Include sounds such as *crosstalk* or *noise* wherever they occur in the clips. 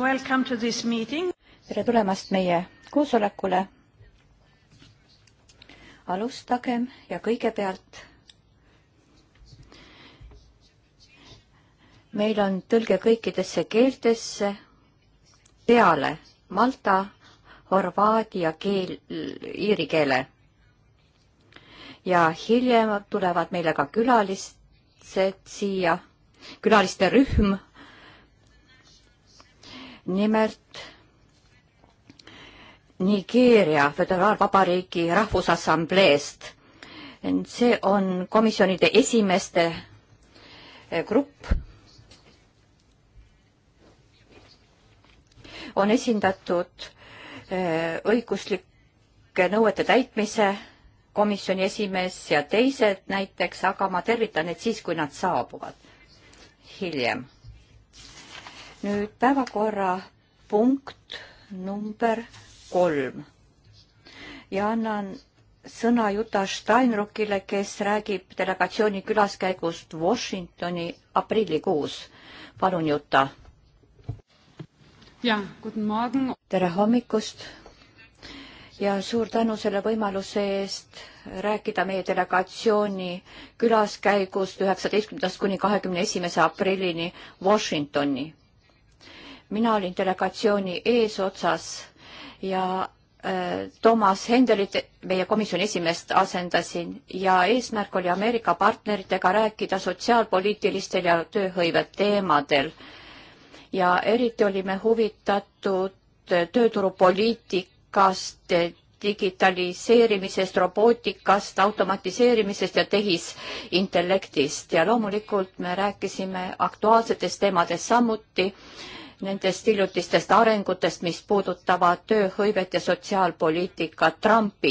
Welcome to this meeting. tere tulemast meie koosolekule. alustagem ja kõigepealt meil on tõlge kõikidesse keeltesse peale malta, horvaadia keel, iiri keele. ja hiljem tulevad meile ka külalised siia, külaliste rühm nimelt Nigeeria Föderaalvabariigi Rahvusassambleest. see on komisjonide esimeste eh, grupp. on esindatud eh, õiguslike nõuete täitmise komisjoni esimees ja teised näiteks, aga ma tervitan neid siis, kui nad saabuvad hiljem nüüd päevakorrapunkt number kolm ja annan sõna Juta Steinrockile, kes räägib delegatsiooni külaskäigust Washingtoni aprillikuus. palun, Juta. tere hommikust ja suur tänu selle võimaluse eest rääkida meie delegatsiooni külaskäigust üheksateistkümnendast kuni kahekümne esimese aprillini Washingtoni mina olin delegatsiooni eesotsas ja äh, Toomas Hendelit, meie komisjoni esimeest, asendasin ja eesmärk oli Ameerika partneritega rääkida sotsiaalpoliitilistel ja tööhõivet teemadel. ja eriti olime huvitatud äh, tööturupoliitikast, digitaliseerimisest, robootikast, automatiseerimisest ja tehisintellektist ja loomulikult me rääkisime aktuaalsetest teemadest samuti nendest hiljutistest arengutest, mis puudutavad tööhõivet ja sotsiaalpoliitikat Trumpi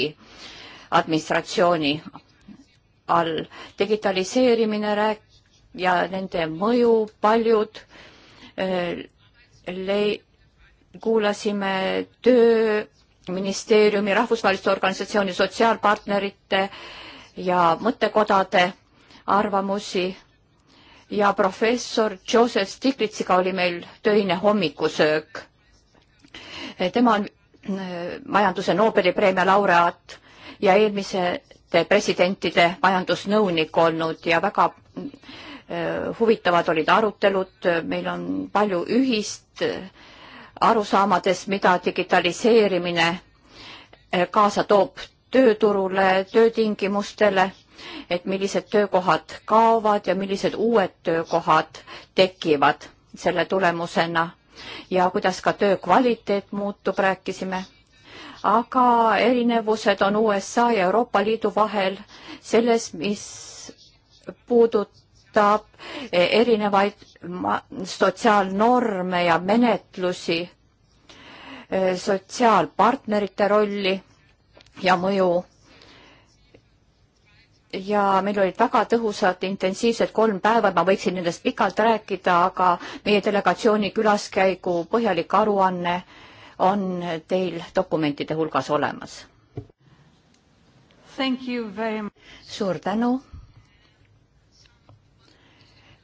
administratsiooni all. digitaliseerimine rääk- ja nende mõju paljud le-, kuulasime Tööministeeriumi, rahvusvaheliste organisatsiooni sotsiaalpartnerite ja mõttekodade arvamusi ja professor Joseph Stiglitsiga oli meil töine hommikusöök. tema on äh, majanduse Nobeli preemia laureaat ja eelmiste presidentide majandusnõunik olnud ja väga äh, huvitavad olid arutelud, meil on palju ühist äh, arusaamades, mida digitaliseerimine kaasa toob tööturule, töötingimustele et millised töökohad kaovad ja millised uued töökohad tekivad selle tulemusena ja kuidas ka töö kvaliteet muutub, rääkisime. aga erinevused on USA ja Euroopa Liidu vahel selles, mis puudutab erinevaid sotsiaalnorme ja menetlusi, sotsiaalpartnerite rolli ja mõju ja meil olid väga tõhusad intensiivsed kolm päeva, ma võiksin nendest pikalt rääkida, aga meie delegatsiooni külaskäigu põhjalik aruanne on teil dokumentide hulgas olemas. suur tänu.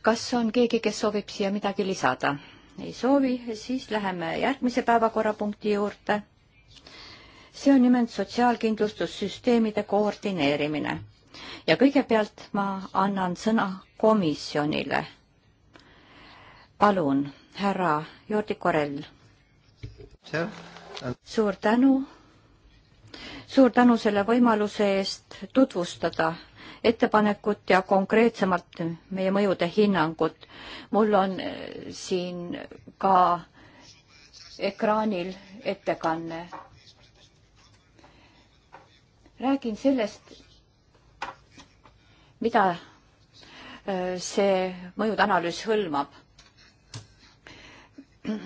kas on keegi, kes soovib siia midagi lisada? ei soovi, siis läheme järgmise päevakorrapunkti juurde. see on nimelt sotsiaalkindlustussüsteemide koordineerimine ja kõigepealt ma annan sõna komisjonile. palun, härra Jordi Korell. suur tänu. suur tänu selle võimaluse eest tutvustada ettepanekut ja konkreetsemalt meie mõjude hinnangut. mul on eh, siin ka ekraanil ettekanne. räägin sellest, mida äh, see mõjude analüüs hõlmab. Äh,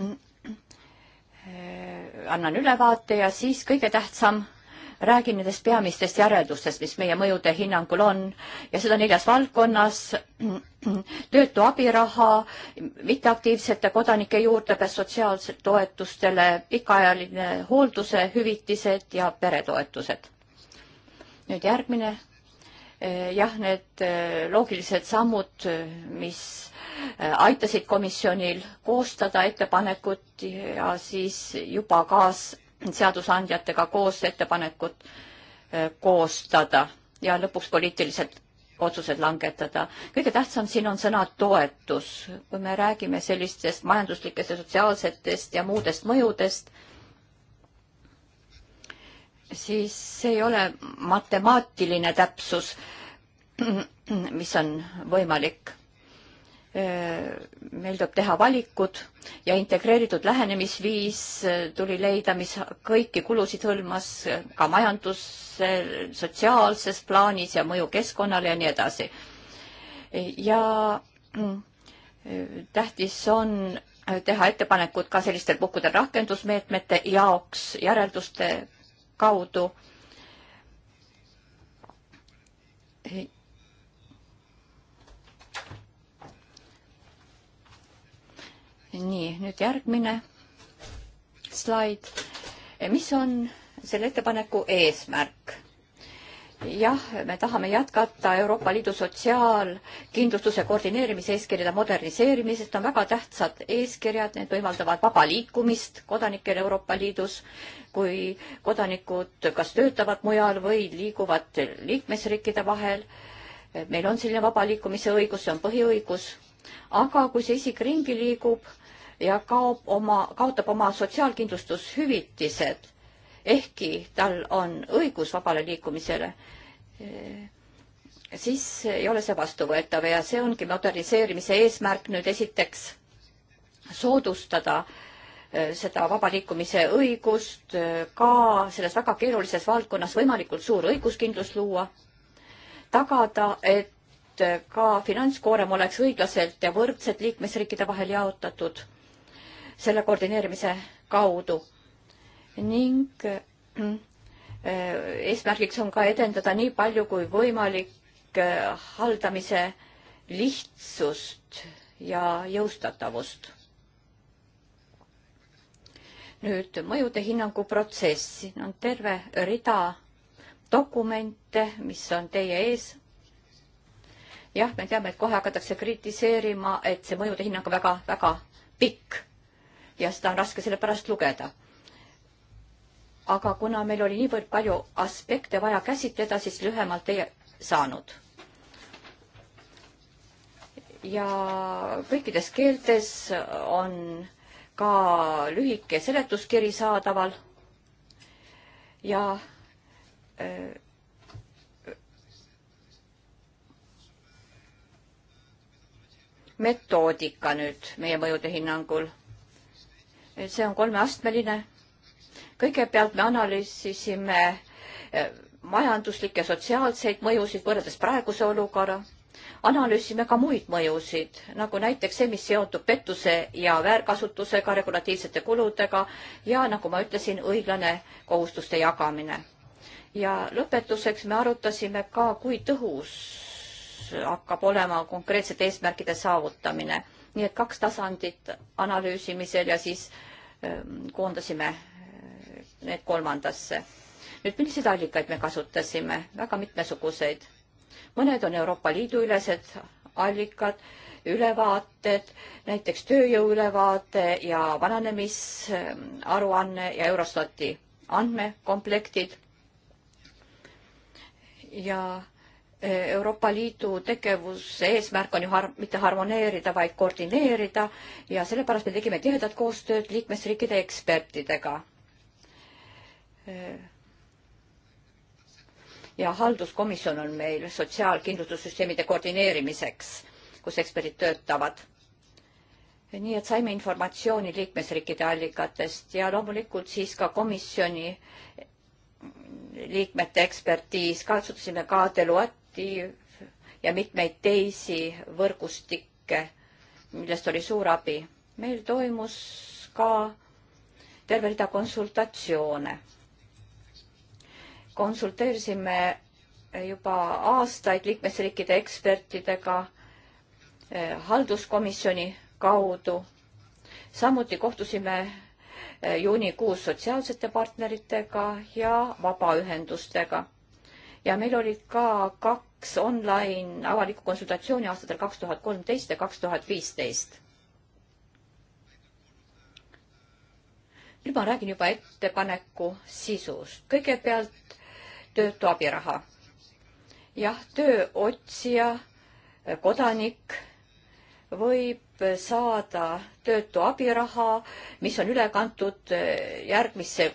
annan ülevaate ja siis kõige tähtsam, räägin nendest peamistest järeldustest, mis meie mõjude hinnangul on ja seda neljas valdkonnas, *clears throat* töötu abiraha, mitteaktiivsete kodanike juurdepääs sotsiaaltoetustele, pikaajaline hoolduse hüvitised ja peretoetused. nüüd järgmine Eh, jah, need eh, loogilised sammud, eh, mis aitasid komisjonil koostada ettepanekut ja siis juba kaasseadusandjatega koos ettepanekut koostada ja lõpuks poliitilised otsused langetada. kõige tähtsam siin on sõna toetus. kui me räägime sellistest majanduslikest ja sotsiaalsetest ja muudest mõjudest, siis see ei ole matemaatiline täpsus, mis on võimalik. meil tuleb teha valikud ja integreeritud lähenemisviis tuli leida, mis kõiki kulusid hõlmas ka majandus, sotsiaalses plaanis ja mõju keskkonnale ja nii edasi. ja mm, tähtis on teha ettepanekud ka sellistel puhkudel rakendusmeetmete jaoks järelduste kaudu. nii, nüüd järgmine slaid. mis on selle ettepaneku eesmärk? jah, me tahame jätkata Euroopa Liidu sotsiaalkindlustuse koordineerimise eeskirjade moderniseerimisest, on väga tähtsad eeskirjad, need võimaldavad vaba liikumist kodanikel Euroopa Liidus, kui kodanikud kas töötavad mujal või liiguvad liikmesriikide vahel. meil on selline vaba liikumise õigus, see on põhiõigus, aga kui see isik ringi liigub ja kaob oma, kaotab oma sotsiaalkindlustushüvitised ehkki tal on õigus vabale liikumisele, eh, siis ei ole see vastuvõetav ja see ongi moderniseerimise eesmärk nüüd esiteks soodustada eh, seda vaba liikumise õigust eh, ka selles väga keerulises valdkonnas võimalikult suur õiguskindlus luua, tagada, et ka finantskoorem oleks õiglaselt ja võrdselt liikmesriikide vahel jaotatud selle koordineerimise kaudu ning äh, eesmärgiks on ka edendada nii palju kui võimalik äh, haldamise lihtsust ja jõustatavust. nüüd mõjude hinnangu protsess, siin on terve rida dokumente, mis on teie ees. jah, me teame, et kohe hakatakse kritiseerima, et see mõjude hinnang on väga-väga pikk ja seda on raske sellepärast lugeda aga kuna meil oli niivõrd palju aspekte vaja käsitleda, siis lühemalt ei saanud. ja kõikides keeltes on ka lühike seletuskiri saadaval ja öö, äh, metoodika nüüd meie mõjude hinnangul. see on kolmeastmeline kõigepealt me analüüsisime eh, majanduslikke, sotsiaalseid mõjusid võrreldes praeguse olukorra. analüüsime ka muid mõjusid, nagu näiteks see, mis seondub pettuse ja väärkasutusega, regulatiivsete kuludega ja nagu ma ütlesin, õiglane kohustuste jagamine. ja lõpetuseks me arutasime ka, kui tõhus hakkab olema konkreetsete eesmärkide saavutamine. nii et kaks tasandit analüüsimisel ja siis ehm, koondasime need kolmandasse. nüüd, milliseid allikaid me kasutasime? väga mitmesuguseid. mõned on Euroopa Liidu ülesed allikad, ülevaated, näiteks tööjõu ülevaade ja vananemisaruanne ja Eurostati andmekomplektid. ja e, Euroopa Liidu tegevuse eesmärk on ju har mitte harmoneerida, vaid koordineerida ja sellepärast me tegime tihedat koostööd liikmesriikide ekspertidega Äh, ja halduskomisjon on meil sotsiaalkindlustussüsteemide koordineerimiseks, kus eksperdid töötavad nii et saime informatsiooni liikmesriikide allikatest ja loomulikult siis ka komisjoni liikmete ekspertiis, katsutasime ka Deloitti ja mitmeid teisi võrgustikke, millest oli suur abi. meil toimus ka terve rida konsultatsioone konsulteerisime juba aastaid liikmesriikide ekspertidega eh, halduskomisjoni kaudu. samuti kohtusime eh, juunikuus sotsiaalsete partneritega ja vabaühendustega. ja meil oli ka kaks online avalikku konsultatsiooni aastatel kaks tuhat kolmteist ja kaks tuhat viisteist. nüüd ma räägin juba ettepaneku sisust. kõigepealt töötu abiraha. jah, tööotsija, kodanik võib saada töötu abiraha, mis on üle kantud eh, järgmisse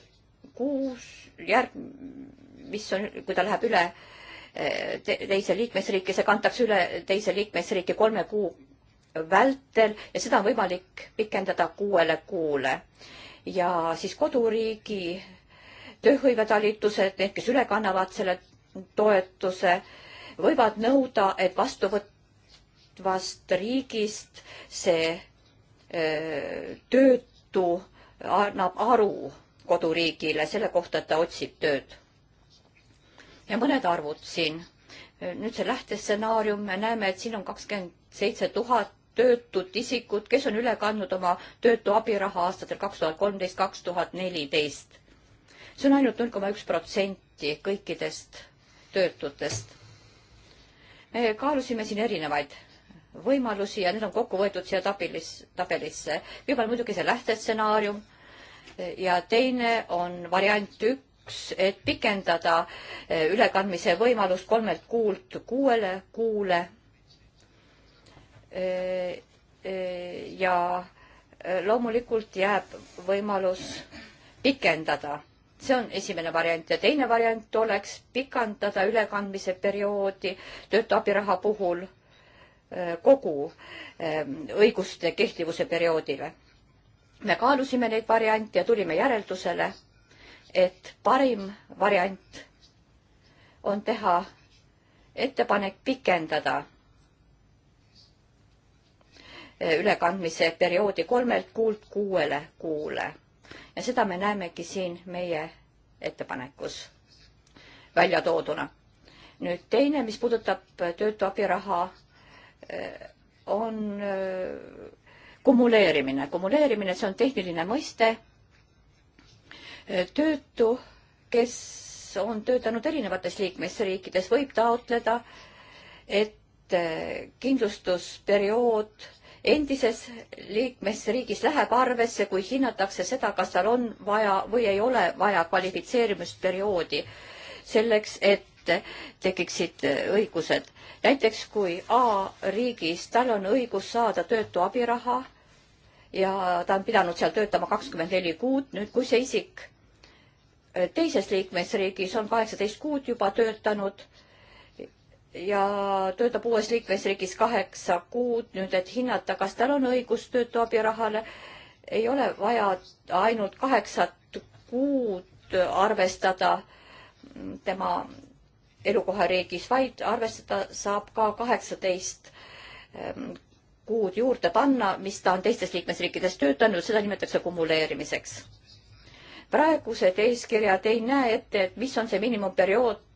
kuus, järg-, mis on, kui ta läheb üle eh, te, teise liikmesriiki, see kantakse üle teise liikmesriiki kolme kuu vältel ja seda on võimalik pikendada kuuele kuule. ja siis koduriigi tööhõivetalitused, need, kes üle kannavad selle toetuse, võivad nõuda, et vastuvõtvast riigist see öö, töötu annab aru koduriigile selle kohta, et ta otsib tööd. ja mõned arvud siin. nüüd see lähtestsenaarium, me näeme, et siin on kakskümmend seitse tuhat töötut isikut, kes on üle kandnud oma töötu abiraha aastatel kaks tuhat kolmteist, kaks tuhat neliteist see on ainult null koma üks protsenti kõikidest töötutest. me kaalusime siin erinevaid võimalusi ja need on kokku võetud siia tabelis, tabelisse. kõigepealt muidugi see lähtestsenaarium ja teine on variant üks, et pikendada eh, ülekandmise võimalust kolmelt kuult kuuele kuule. Eh, eh, ja loomulikult jääb võimalus pikendada see on esimene variant ja teine variant oleks pikendada ülekandmise perioodi töötu abiraha puhul äh, kogu ähm, õiguste kehtivuse perioodile. me kaalusime neid variante ja tulime järeldusele, et parim variant on teha ettepanek pikendada äh, ülekandmise perioodi kolmelt kuult kuuele kuule ja seda me näemegi siin meie ettepanekus välja tooduna. nüüd teine, mis puudutab töötu abiraha, eh, on eh, kumuleerimine. kumuleerimine, see on tehniline mõiste. Eh, töötu, kes on töötanud erinevates liikmesriikides, võib taotleda, et kindlustusperiood endises liikmesriigis läheb arvesse, kui hinnatakse seda, kas tal on vaja või ei ole vaja kvalifitseerimisperioodi selleks, et tekiksid õigused. näiteks kui A riigis tal on õigus saada töötu abiraha ja ta on pidanud seal töötama kakskümmend neli kuud, nüüd kui see isik teises liikmesriigis on kaheksateist kuud juba töötanud ja töötab uues liikmesriigis kaheksa kuud nüüd, et hinnata, kas tal on õigus töötu abirahale. ei ole vaja ainult kaheksat kuud arvestada tema elukohariigis, vaid arvestada saab ka kaheksateist ähm, kuud juurde panna, mis ta on teistes liikmesriikides töötanud, seda nimetatakse kumuleerimiseks. praegused eeskirjad ei näe ette, et mis on see miinimumperiood,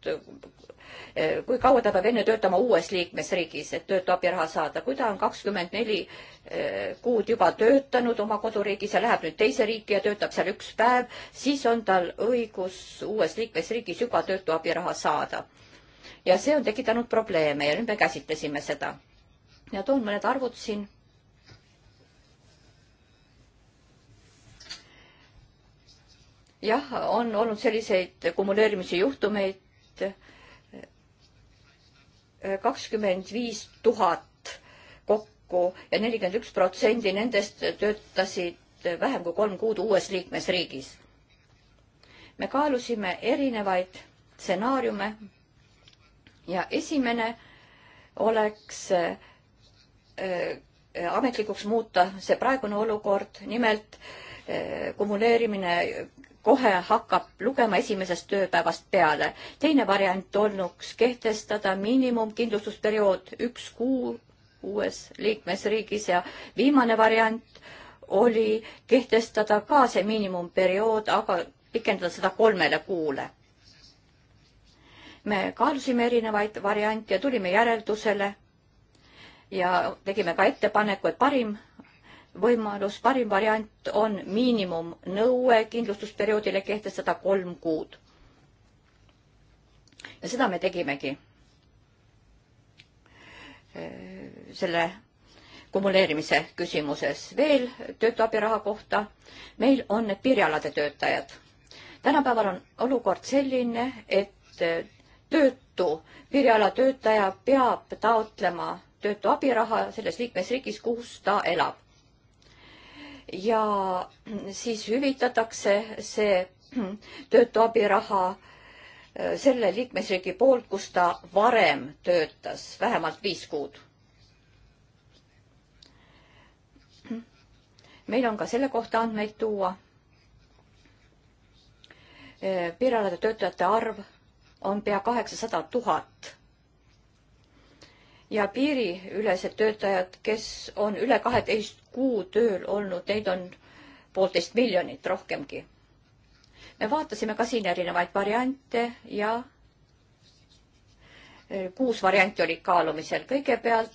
kui kaua ta peab enne töötama uues liikmesriigis, et töötu abiraha saada, kui ta on kakskümmend neli eh, kuud juba töötanud oma koduriigis ja läheb nüüd teise riiki ja töötab seal üks päev, siis on tal õigus uues liikmesriigis juba töötu abiraha saada. ja see on tekitanud probleeme ja nüüd me käsitlesime seda. ja toon mõned arvud siin jah, on olnud selliseid kumuleerimise juhtumeid kakskümmend viis tuhat kokku ja nelikümmend üks protsendi nendest töötasid vähem kui kolm kuud uues liikmesriigis. me kaalusime erinevaid stsenaariume ja esimene oleks äh, ametlikuks muuta see praegune olukord, nimelt äh, kumuleerimine kohe hakkab lugema esimesest tööpäevast peale. teine variant olnuks kehtestada miinimumkindlustusperiood üks kuu uues liikmesriigis ja viimane variant oli kehtestada ka see miinimumperiood, aga pikendada seda kolmele kuule. me kaalusime erinevaid variante ja tulime järeldusele ja tegime ka ettepaneku, et parim võimalus, parim variant on miinimumnõue kindlustusperioodile kehtestada kolm kuud. ja seda me tegimegi äh, selle kumuleerimise küsimuses. veel töötu abiraha kohta. meil on need piirialade töötajad. tänapäeval on olukord selline, et äh, töötu piiriala töötaja peab taotlema töötu abiraha selles liikmesriigis, kus ta elab ja siis hüvitatakse see töötu abiraha äh, selle liikmesriigi poolt, kus ta varem töötas, vähemalt viis kuud. meil on ka selle kohta andmeid tuua. Äh, piirialade töötajate arv on pea kaheksasada tuhat ja piiriülesed töötajad, kes on üle kaheteist kuu tööl olnud, neid on poolteist miljonit rohkemgi. me vaatasime ka siin erinevaid variante ja eh, kuus varianti olid kaalumisel. kõigepealt,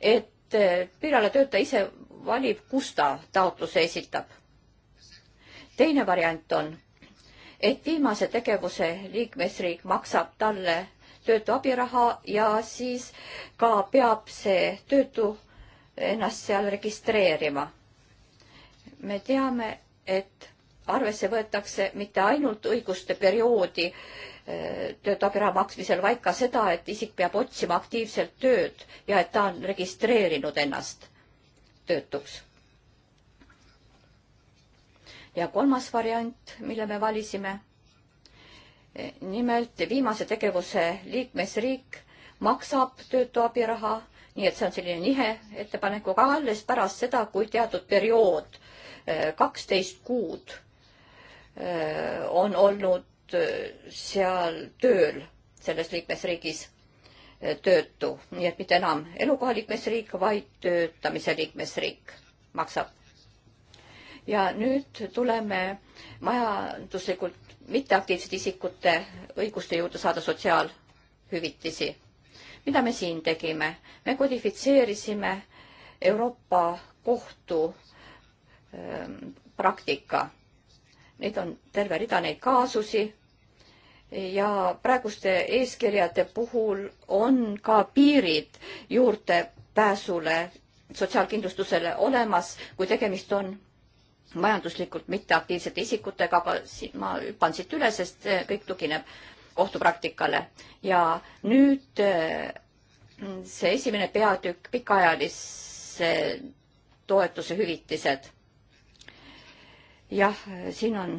et eh, piirialatöötaja ise valib, kus ta taotluse esitab. teine variant on, et viimase tegevuse liikmesriik maksab talle töötu abiraha ja siis ka peab see töötu ennast seal registreerima. me teame, et arvesse võetakse mitte ainult õiguste perioodi äh, töötu abiraha maksmisel, vaid ka seda, et isik peab otsima aktiivselt tööd ja et ta on registreerinud ennast töötuks. ja kolmas variant, mille me valisime nimelt viimase tegevuse liikmesriik maksab töötu abiraha, nii et see on selline nihe ettepanek, aga alles pärast seda, kui teatud periood, eh, kaksteist kuud eh, on olnud eh, seal tööl selles liikmesriigis töötu, nii et mitte enam elukoha liikmesriik, vaid töötamise liikmesriik maksab ja nüüd tuleme majanduslikult mitteaktiivsete isikute õiguste juurde saada sotsiaalhüvitisi. mida me siin tegime? me kodifitseerisime Euroopa kohtu ähm, praktika. Neid on terve rida neid kaasusi ja praeguste eeskirjade puhul on ka piirid juurdepääsule sotsiaalkindlustusele olemas, kui tegemist on majanduslikult mitteaktiivsete isikutega, aga siin ma hüppan siit üle, sest eh, kõik tugineb kohtupraktikale ja nüüd eh, see esimene peatükk, pikaajalise toetuse hüvitised. jah, siin on,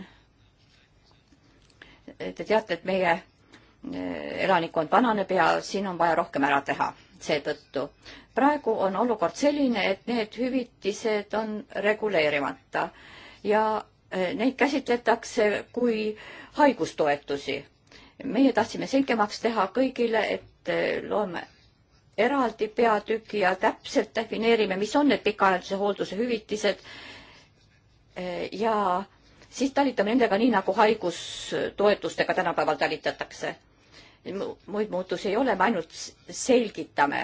eh, te teate, et meie elanikkond vananeb ja siin on vaja rohkem ära teha seetõttu praegu on olukord selline, et need hüvitised on reguleerimata ja e, neid käsitletakse kui haigustoetusi. meie tahtsime selgemaks teha kõigile, et e, loome eraldi peatüki ja täpselt defineerime, mis on need pikaajalise hoolduse hüvitised e, ja siis talitame nendega nii, nagu haigustoetustega tänapäeval talitatakse. muid muutusi ei ole, me ainult selgitame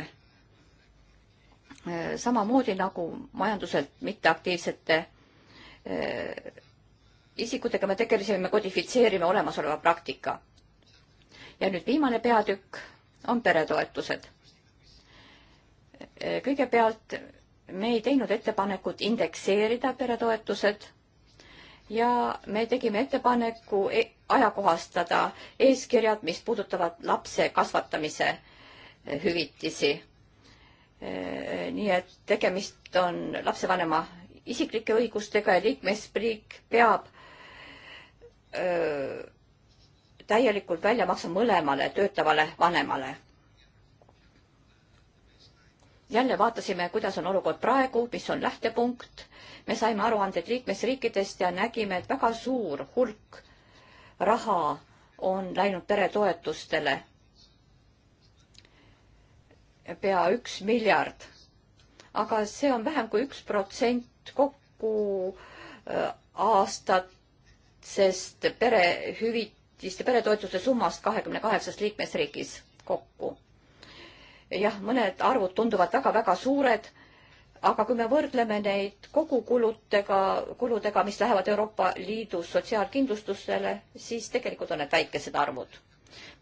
Äh, samamoodi nagu majanduselt mitteaktiivsete äh, isikutega me tegelesime, me kodifitseerime olemasoleva praktika. ja nüüd viimane peatükk on peretoetused. Äh, kõigepealt me ei teinud ettepanekut indekseerida peretoetused ja me tegime ettepaneku e-, ajakohastada eeskirjad, mis puudutavad lapse kasvatamise hüvitisi Äh, nii et tegemist on lapsevanema isiklike õigustega ja liikmesriik peab öö, äh, täielikult välja maksma mõlemale töötavale vanemale. jälle vaatasime, kuidas on olukord praegu, mis on lähtepunkt. me saime aruandeid liikmesriikidest ja nägime, et väga suur hulk raha on läinud peretoetustele pea üks miljard. aga see on vähem kui üks protsent kokku äh, aastatsest perehüvitiste, peretoetuste summast kahekümne kaheksas liikmesriigis kokku. jah, mõned arvud tunduvad väga-väga suured, aga kui me võrdleme neid kogukuludega, kuludega, mis lähevad Euroopa Liidus sotsiaalkindlustusele, siis tegelikult on need väikesed arvud.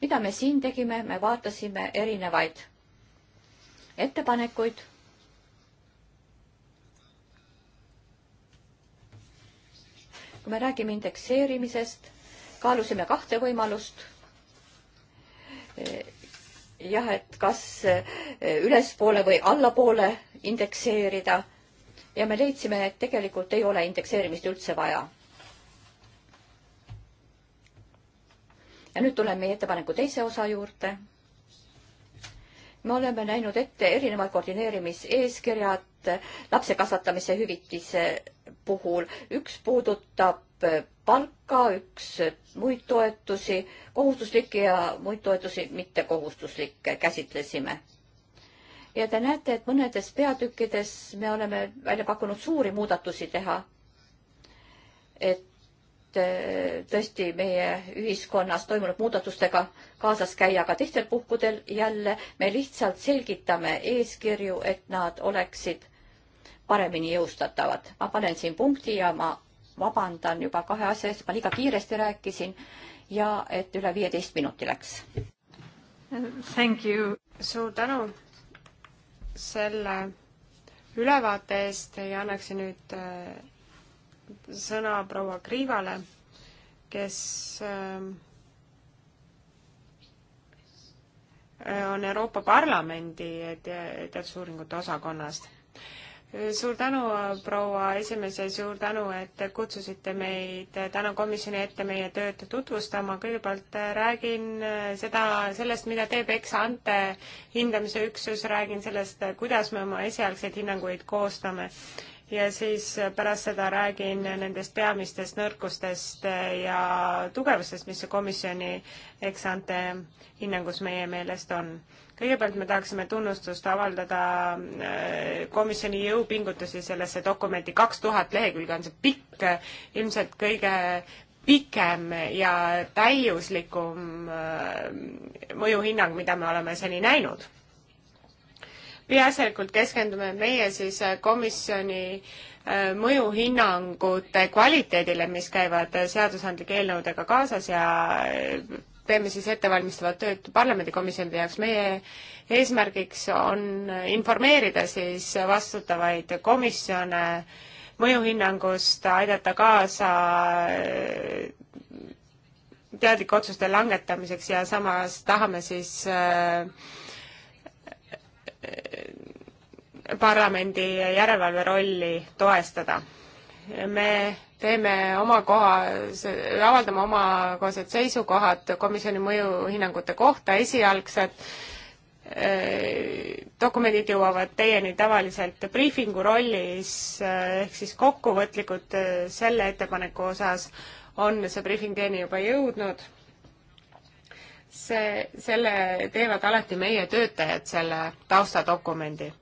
mida me siin tegime, me vaatasime erinevaid ettepanekuid. kui me räägime indekseerimisest, kaalusime kahte võimalust. jah, et kas ülespoole või allapoole indekseerida ja me leidsime, et tegelikult ei ole indekseerimist üldse vaja ja nüüd tulen meie ettepaneku teise osa juurde me oleme näinud ette erinevad koordineerimiseeskirjad lapse kasvatamise hüvitise puhul. üks puudutab palka, üks muid toetusi, kohustuslikke ja muid toetusi mittekohustuslikke käsitlesime. ja te näete, et mõnedes peatükkides me oleme välja pakkunud suuri muudatusi teha. et Eh, tõesti meie ühiskonnas toimunud muudatustega kaasas käia, aga teistel puhkudel jälle me lihtsalt selgitame eeskirju, et nad oleksid paremini jõustatavad. ma panen siin punkti ja ma vabandan juba kahe asja eest, ma liiga kiiresti rääkisin ja et üle viieteist minuti läks. Thank you, suur tänu selle ülevaate eest ja annaksin nüüd eh, sõna proua Kriivale, kes ähm, on Euroopa Parlamendi teadusuuringute osakonnast. suur tänu, proua esimees ja suur tänu, et kutsusite meid täna komisjoni ette meie tööd tutvustama. kõigepealt räägin seda, sellest, mida teeb ex-ante hindamise üksus, räägin sellest, kuidas me oma esialgseid hinnanguid koostame ja siis äh, pärast seda räägin nendest peamistest nõrkustest äh, ja tugevustest, mis see komisjoni eksante hinnangus meie meelest on. kõigepealt me tahaksime tunnustust avaldada äh, komisjoni jõupingutusi sellesse dokumenti, kaks tuhat lehekülge on see pikk, ilmselt kõige pikem ja täiuslikum mõjuhinnang, mida me oleme seni näinud peaasjalikult keskendume meie siis äh, komisjoni äh, mõjuhinnangute kvaliteedile, mis käivad äh, seadusandlike eelnõudega kaasas ja teeme siis ettevalmistavat tööd parlamendikomisjonide jaoks. meie eesmärgiks on informeerida siis vastutavaid komisjone mõjuhinnangust, aidata kaasa teadlike otsuste langetamiseks ja samas tahame siis äh, parlamendi järelevalve rolli toestada. me teeme oma koha, avaldame omakohased seisukohad komisjoni mõjuhinnangute kohta, esialgsed äh, dokumendid jõuavad teieni tavaliselt briifingu rollis, äh, ehk siis kokkuvõtlikud äh, selle ettepaneku osas on see briifing teieni juba jõudnud see, selle teevad alati meie töötajad, selle taustadokumendi.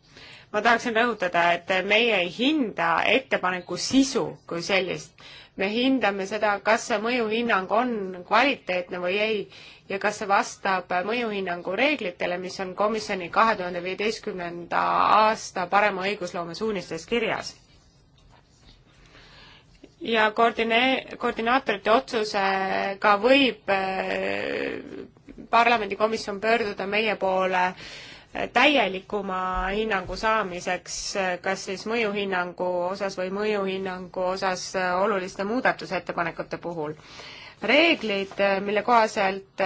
ma tahaksin rõhutada, et meie ei hinda ettepaneku sisu kui sellist. me hindame seda, kas see mõjuhinnang on kvaliteetne või ei ja kas see vastab mõjuhinnangu reeglitele, mis on komisjoni kahe tuhande viieteistkümnenda aasta parema õigusloome suunistes kirjas ja koordine-, koordinaatorite otsusega võib äh, parlamendikomisjon pöörduda meie poole eh, täielikuma hinnangu saamiseks, eh, kas siis mõjuhinnangu osas või mõjuhinnangu osas eh, oluliste muudatusettepanekute puhul. reeglid, mille kohaselt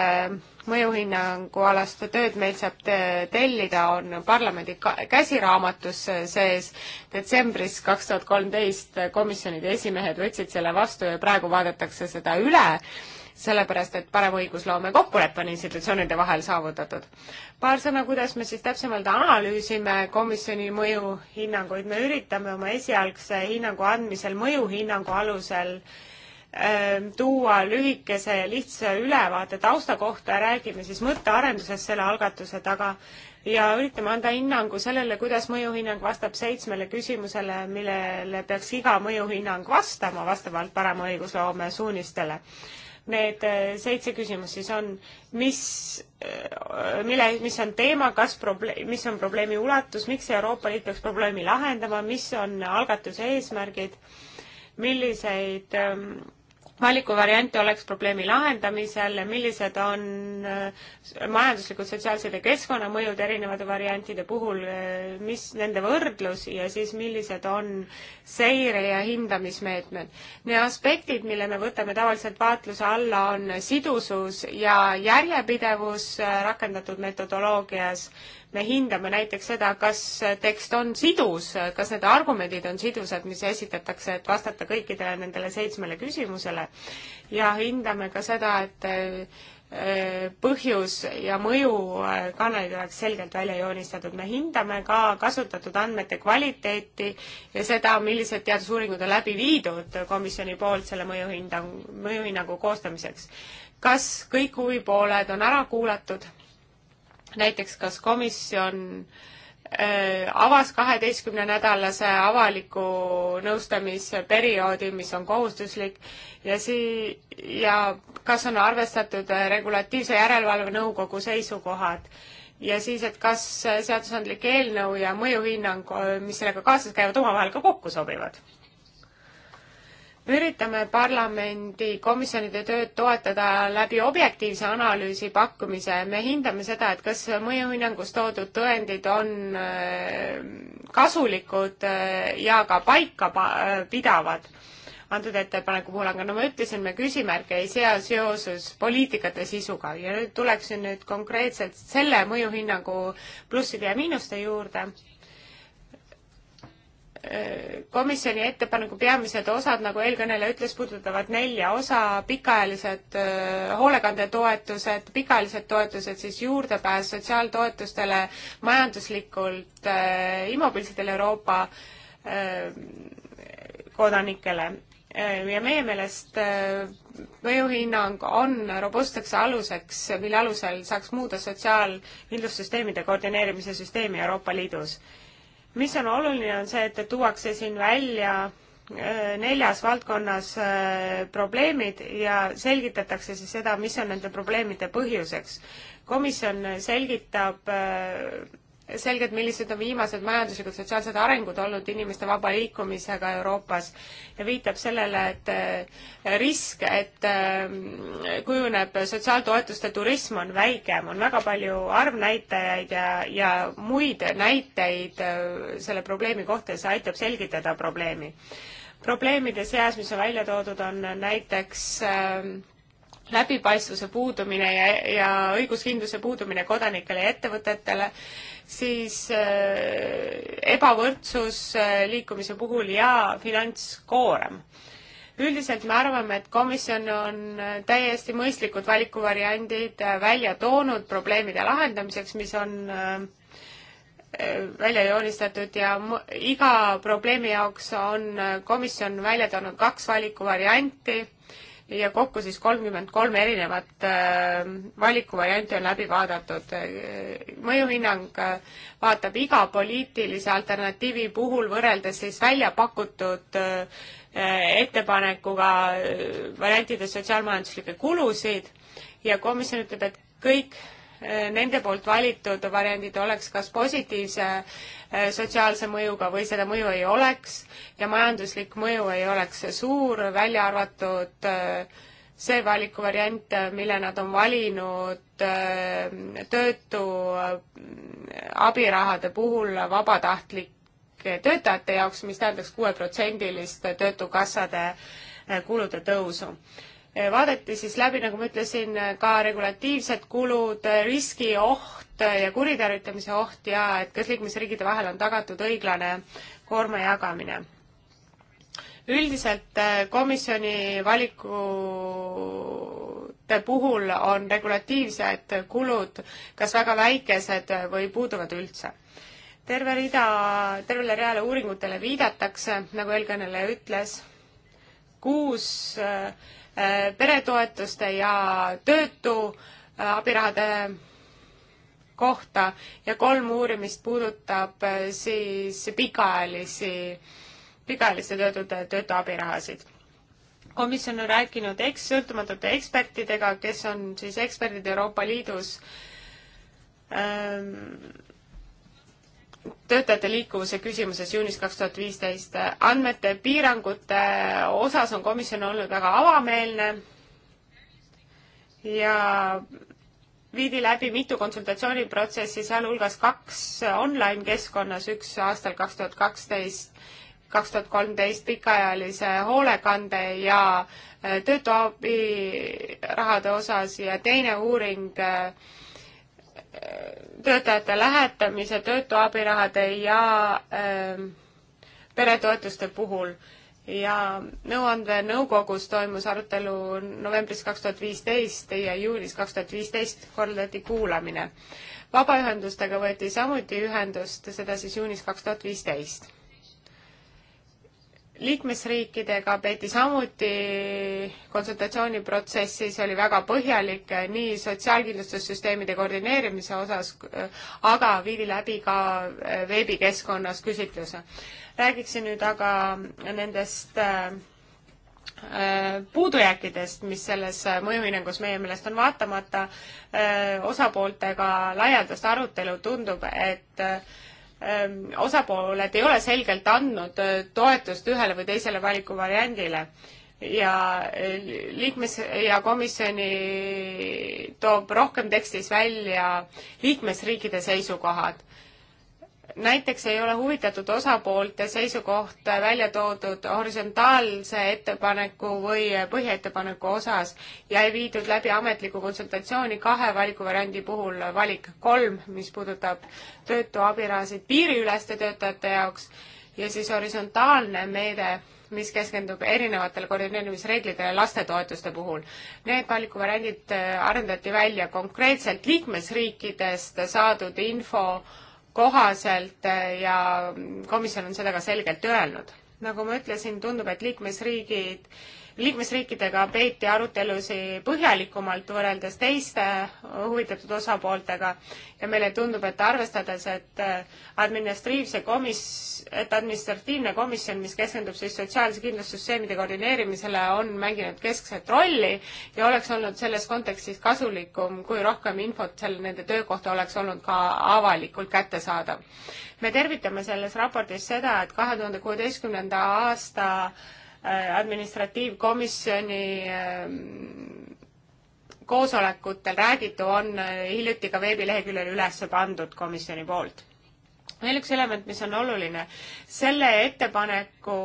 mõjuhinnangualast tööd meil saab tellida, on parlamendi käsiraamatus sees. detsembris kaks tuhat kolmteist komisjonide esimehed võtsid selle vastu ja praegu vaadatakse seda üle sellepärast, et parem õigusloome kokkulepe on institutsioonide vahel saavutatud. paar sõna, kuidas me siis täpsemalt analüüsime komisjoni mõjuhinnanguid, me üritame oma esialgse hinnangu andmisel mõjuhinnangu alusel äh, tuua lühikese ja lihtsa ülevaate tausta kohta, räägime siis mõttearendusest selle algatuse taga ja üritame anda hinnangu sellele, kuidas mõjuhinnang vastab seitsmele küsimusele, millele peaks iga mõjuhinnang vastama vastavalt parema õigusloome suunistele need äh, seitse küsimust siis on, mis, äh, mille, mis on teema, kas probleem, mis on probleemi ulatus, miks Euroopa Liit peaks probleemi lahendama, mis on algatuse eesmärgid, milliseid ähm, valikuvariante oleks probleemi lahendamisel, millised on äh, majanduslikud, sotsiaalsed ja keskkonnamõjud erinevate variantide puhul, äh, mis nende võrdlus ja siis millised on seire- ja hindamismeetmed. Need aspektid, mille me võtame tavaliselt vaatluse alla, on sidusus ja järjepidevus äh, rakendatud metodoloogias me hindame näiteks seda, kas tekst on sidus, kas need argumendid on sidusad, mis esitatakse, et vastata kõikidele nendele seitsmele küsimusele ja hindame ka seda, et äh, põhjus ja mõju äh, kanalid oleks selgelt välja joonistatud. me hindame ka kasutatud andmete kvaliteeti ja seda, millised teadusuuringud on läbi viidud komisjoni poolt selle mõjuhinnangu, mõjuhinnangu koostamiseks. kas kõik huvipooled on ära kuulatud? näiteks kas komisjon äh, avas kaheteistkümnenädalase avaliku nõustamisperioodi, mis on kohustuslik ja sii- ja kas on arvestatud äh, regulatiivse järelevalve nõukogu seisukohad ja siis, et kas äh, seadusandlik eelnõu ja mõjuhinnang, mis sellega kaasas käivad, omavahel ka kokku sobivad üritame parlamendi komisjonide tööd toetada läbi objektiivse analüüsi pakkumise. me hindame seda, et kas mõjuhinnangus toodud tõendid on äh, kasulikud äh, ja ka paikapidavad. Äh, antud ettepaneku puhul, aga no ma ütlesin, me küsimärke ei sea seoses poliitikate sisuga ja nüüd tuleksin nüüd konkreetselt selle mõjuhinnangu plusside ja miinuste juurde komisjoni ettepaneku peamised osad, nagu eelkõneleja ütles, puudutavad nelja osa, pikaajalised äh, hoolekandetoetused, pikaajalised toetused, siis juurdepääs sotsiaaltoetustele, majanduslikult äh, immobiilsetele Euroopa äh, kodanikele. ja meie meelest mõjuhinnang on robustseks aluseks, mille alusel saaks muuda sotsiaalkindlustussüsteemide koordineerimise süsteemi Euroopa Liidus mis on oluline, on see, et tuuakse siin välja äh, neljas valdkonnas äh, probleemid ja selgitatakse siis seda, mis on nende probleemide põhjuseks. komisjon selgitab äh, selgelt, millised on viimased majanduslikud, sotsiaalsed arengud olnud inimeste vaba liikumisega Euroopas ja viitab sellele, et äh, risk, et äh, kujuneb sotsiaaltoetuste turism, on väikem, on väga palju arvnäitajaid ja, ja muid näiteid äh, selle probleemi kohta ja see aitab selgitada probleemi. probleemide seas, mis on välja toodud, on näiteks äh, läbipaistvuse puudumine ja, ja õiguskindluse puudumine kodanikele ja ettevõtetele siis äh, ebavõrdsus äh, liikumise puhul ja finantskoorem. üldiselt me arvame, et komisjon on äh, täiesti mõistlikud valikuvariandid välja toonud probleemide lahendamiseks, mis on välja joonistatud ja iga probleemi jaoks on komisjon välja toonud kaks valikuvarianti ja kokku siis kolmkümmend kolm erinevat äh, valikuvarianti on läbi vaadatud. Äh, mõjuhinnang äh, vaatab iga poliitilise alternatiivi puhul võrreldes siis välja pakutud ettepanekuga variantide sotsiaalmajanduslikke kulusid ja komisjon ütleb, et kõik Eh, nende poolt valitud variandid oleks kas positiivse eh, sotsiaalse mõjuga või seda mõju ei oleks ja majanduslik mõju ei oleks suur, välja arvatud eh, see valikuvariant, mille nad on valinud töötu abirahade puhul vabatahtlike töötajate jaoks mis, mis tähendaks kuueprotsendilist töötukassade kulude tõusu Eh, vaadati siis läbi, nagu ma ütlesin, eh, ka regulatiivsed kulud, eh, riskioht ja kuritarvitamise oht ja et kas liikmesriigide vahel on tagatud õiglane koorma jagamine. üldiselt komisjoni valikute puhul on regulatiivsed kulud kas väga väikesed või puuduvad üldse terve rida, tervele reale uuringutele viidatakse, nagu eelkõneleja ütles, kuus äh, Äh, peretoetuste ja töötu äh, abirahade kohta ja kolm uurimist puudutab äh, siis pikaajalisi, pikaajaliste töötute, töötu abirahasid. komisjon on rääkinud eks-, sõltumatute ekspertidega, kes on siis eksperdid Euroopa Liidus ähm, töötajate liikuvuse küsimuses juunis kaks tuhat viisteist. andmete piirangute osas on komisjon olnud väga avameelne ja viidi läbi mitu konsultatsiooniprotsessi, sealhulgas kaks online keskkonnas, üks aastal kaks tuhat kaksteist, kaks tuhat kolmteist pikaajalise hoolekande ja äh, töötu abirahade osas ja teine uuring äh, töötajate lähetamise, töötu abirahade ja äh, peretoetuste puhul ja nõuandenõukogus toimus arutelu novembris kaks tuhat viisteist ja juulis kaks tuhat viisteist korraldati kuulamine. vabaühendustega võeti samuti ühendust, seda siis juunis kaks tuhat viisteist liikmesriikidega peeti samuti konsultatsiooniprotsessis, oli väga põhjalik nii sotsiaalkindlustussüsteemide koordineerimise osas, aga viidi läbi ka äh, veebikeskkonnas küsitluse. räägiksin nüüd aga nendest äh, puudujääkidest, mis selles mõjuhinnangus meie meelest on, vaatamata äh, osapooltega laialdast arutelu, tundub, et Ehm, osapooled ei ole selgelt andnud äh, toetust ühele või teisele valikuvariandile ja äh, liikmes- ja komisjoni toob rohkem tekstis välja liikmesriikide seisukohad näiteks ei ole huvitatud osapoolte seisukoht välja toodud horisontaalse ettepaneku või põhiettepaneku osas ja ei viidud läbi ametlikku konsultatsiooni kahe valikuvariandi puhul valik kolm, mis puudutab töötu abirahasid piiriüleste töötajate jaoks ja siis horisontaalne meede, mis keskendub erinevatele koordineerimisreeglidele lastetoetuste puhul. Need valikuvariandid äh, arendati välja konkreetselt liikmesriikidest saadud info äh, kohaselt eh, ja komisjon on seda ka selgelt öelnud. nagu ma ütlesin, tundub, et liikmesriigid liikmesriikidega peeti arutelusi põhjalikumalt võrreldes teiste huvitatud osapooltega ja meile tundub, et arvestades, et äh, administratiivse komis-, et administratiivne komisjon, mis keskendub siis sotsiaalse kindlustussüsteemide koordineerimisele, on mänginud keskset rolli ja oleks olnud selles kontekstis kasulikum, kui rohkem infot selle, nende töö kohta oleks olnud ka avalikult kättesaadav. me tervitame selles raportis seda, et kahe tuhande kuueteistkümnenda aasta Äh, administratiivkomisjoni ähm, koosolekutel räägitu on äh, hiljuti ka veebileheküljel üles pandud komisjoni poolt. veel üks element, mis on oluline, selle ettepaneku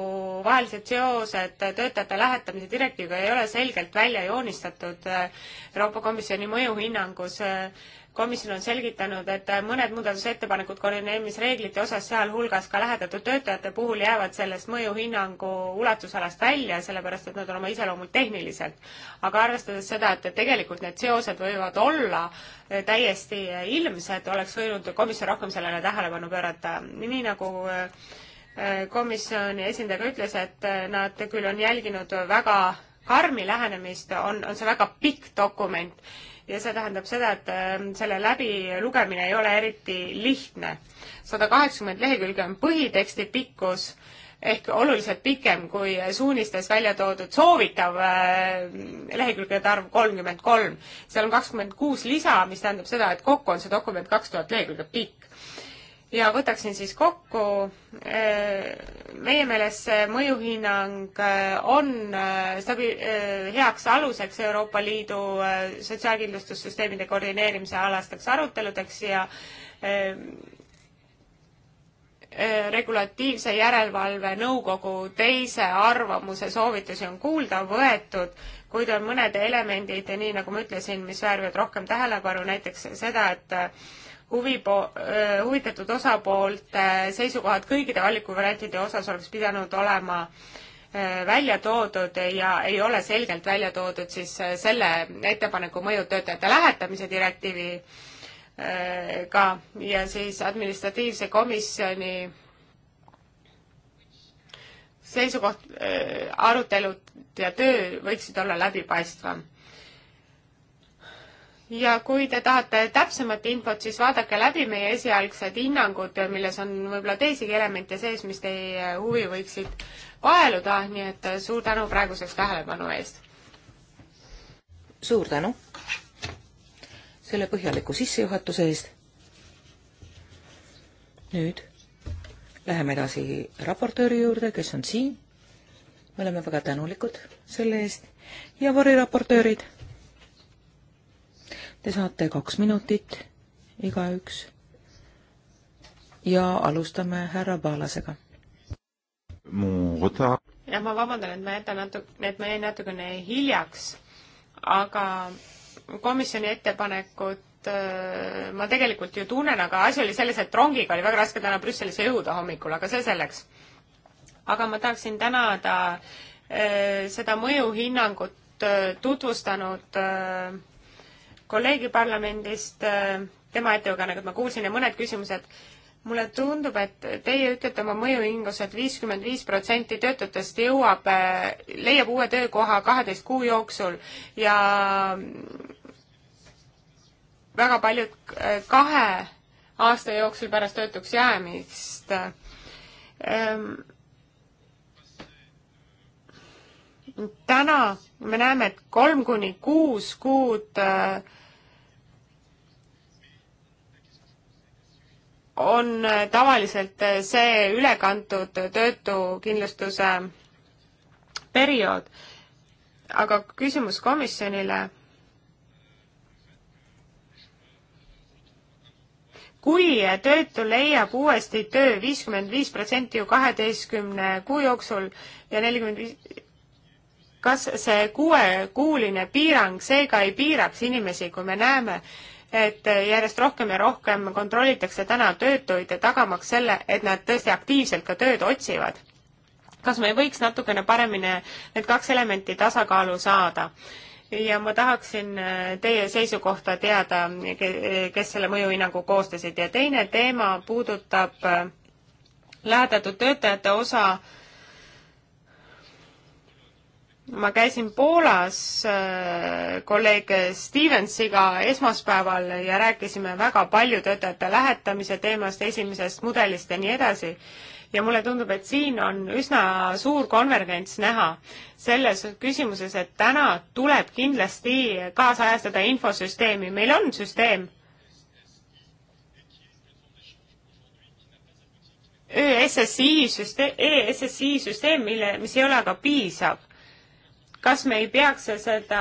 vahelised seosed töötajate lähetamise direktiiviga ei ole selgelt välja joonistatud äh, Euroopa Komisjoni mõjuhinnangus komisjon on selgitanud, et mõned muudatusettepanekud koordineerimisreeglite osas, sealhulgas ka lähedatud töötajate puhul, jäävad sellest mõjuhinnangu ulatusalast välja, sellepärast et nad on oma iseloomult tehnilised. aga arvestades seda, et, et tegelikult need seosed võivad olla eh, täiesti eh, ilmsed, oleks võinud komisjon rohkem sellele tähelepanu pöörata, nii nagu eh, komisjoni esindaja ka ütles, et nad küll on jälginud väga karmi lähenemist, on, on see väga pikk dokument ja see tähendab seda, et ähm, selle läbilugemine ei ole eriti lihtne. sada kaheksakümmend lehekülge on põhiteksti pikkus ehk oluliselt pikem kui suunistes välja toodud soovitav äh, lehekülgede arv kolmkümmend kolm. seal on kakskümmend kuus lisa, mis tähendab seda, et kokku on see dokument kaks tuhat lehekülge pikk ja võtaksin siis kokku, eh, meie meelest see mõjuhinnang eh, on eh, stabi-, heaks aluseks Euroopa Liidu sotsiaalkindlustussüsteemide koordineerimise alasteks aruteludeks ja regulatiivse järelevalve nõukogu teise arvamuse soovitusi on kuulda võetud, kuid on mõned elemendid, nii nagu ma ütlesin, mis väärivad rohkem tähelepanu, näiteks seda, et huvipo-, huvitatud osapoolte seisukohad kõikide valikuvariantide osas oleks pidanud olema välja toodud ja ei ole selgelt välja toodud siis selle ettepaneku mõju töötajate lähetamise direktiiviga ja siis administratiivse komisjoni seisukoht, arutelud ja töö võiksid olla läbipaistvam ja kui te tahate täpsemat infot, siis vaadake läbi meie esialgsed hinnangud, milles on võib-olla teisigi elemente sees, mis teie huvi võiksid vaeluda, nii et äh, suur tänu praeguseks tähelepanu eest! suur tänu selle põhjaliku sissejuhatuse eest! nüüd läheme edasi raportööri juurde, kes on siin. me oleme väga tänulikud selle eest ja variraportöörid Te saate kaks minutit igaüks ja alustame härra Paalasega. jah, ma vabandan, et ma jätan natuke, et ma jäin natukene hiljaks, aga komisjoni ettepanekut äh, ma tegelikult ju tunnen, aga asi oli selles, et rongiga oli väga raske täna Brüsselisse jõuda hommikul, aga see selleks. aga ma tahaksin tänada äh, seda mõjuhinnangut äh, tutvustanud kolleegi parlamendist, äh, tema ettekannet ma kuulsin ja mõned küsimused. mulle tundub, et teie ütlete oma mõjuhingus et, et viiskümmend viis protsenti töötutest jõuab, äh, leiab uue töökoha kaheteist kuu jooksul ja mm, väga paljud äh, kahe aasta jooksul pärast töötuks jäämist ähm, täna me näeme, et kolm kuni kuus kuud äh, on äh, tavaliselt äh, see ülekantud töötukindlustuse periood. aga küsimus komisjonile. kui töötu leiab uuesti töö viiskümmend viis protsenti ju kaheteistkümne kuu jooksul ja nelikümmend viis kas see kuuekuuline piirang seega ei piiraks inimesi, kui me näeme, et järjest rohkem ja rohkem kontrollitakse täna töötuid ja tagamaks selle, et nad tõesti aktiivselt ka tööd otsivad? kas me ei võiks natukene paremini need kaks elementi tasakaalu saada? ja ma tahaksin äh, teie seisukohta teada, kes selle mõjuhinnangu koostasid ja teine teema puudutab äh, lähedatud töötajate osa äh, ma käisin Poolas äh, kolleeg Stevensiga esmaspäeval ja rääkisime väga palju töötajate lähetamise teemast, esimesest mudelist ja nii edasi. ja mulle tundub, et siin on üsna suur konvergents näha selles küsimuses, et täna tuleb kindlasti kaasajastada infosüsteemi, meil on süsteem. ÖSSI e süsteem, ESSI süsteem, mille, mis ei ole aga piisav kas me ei peaks seda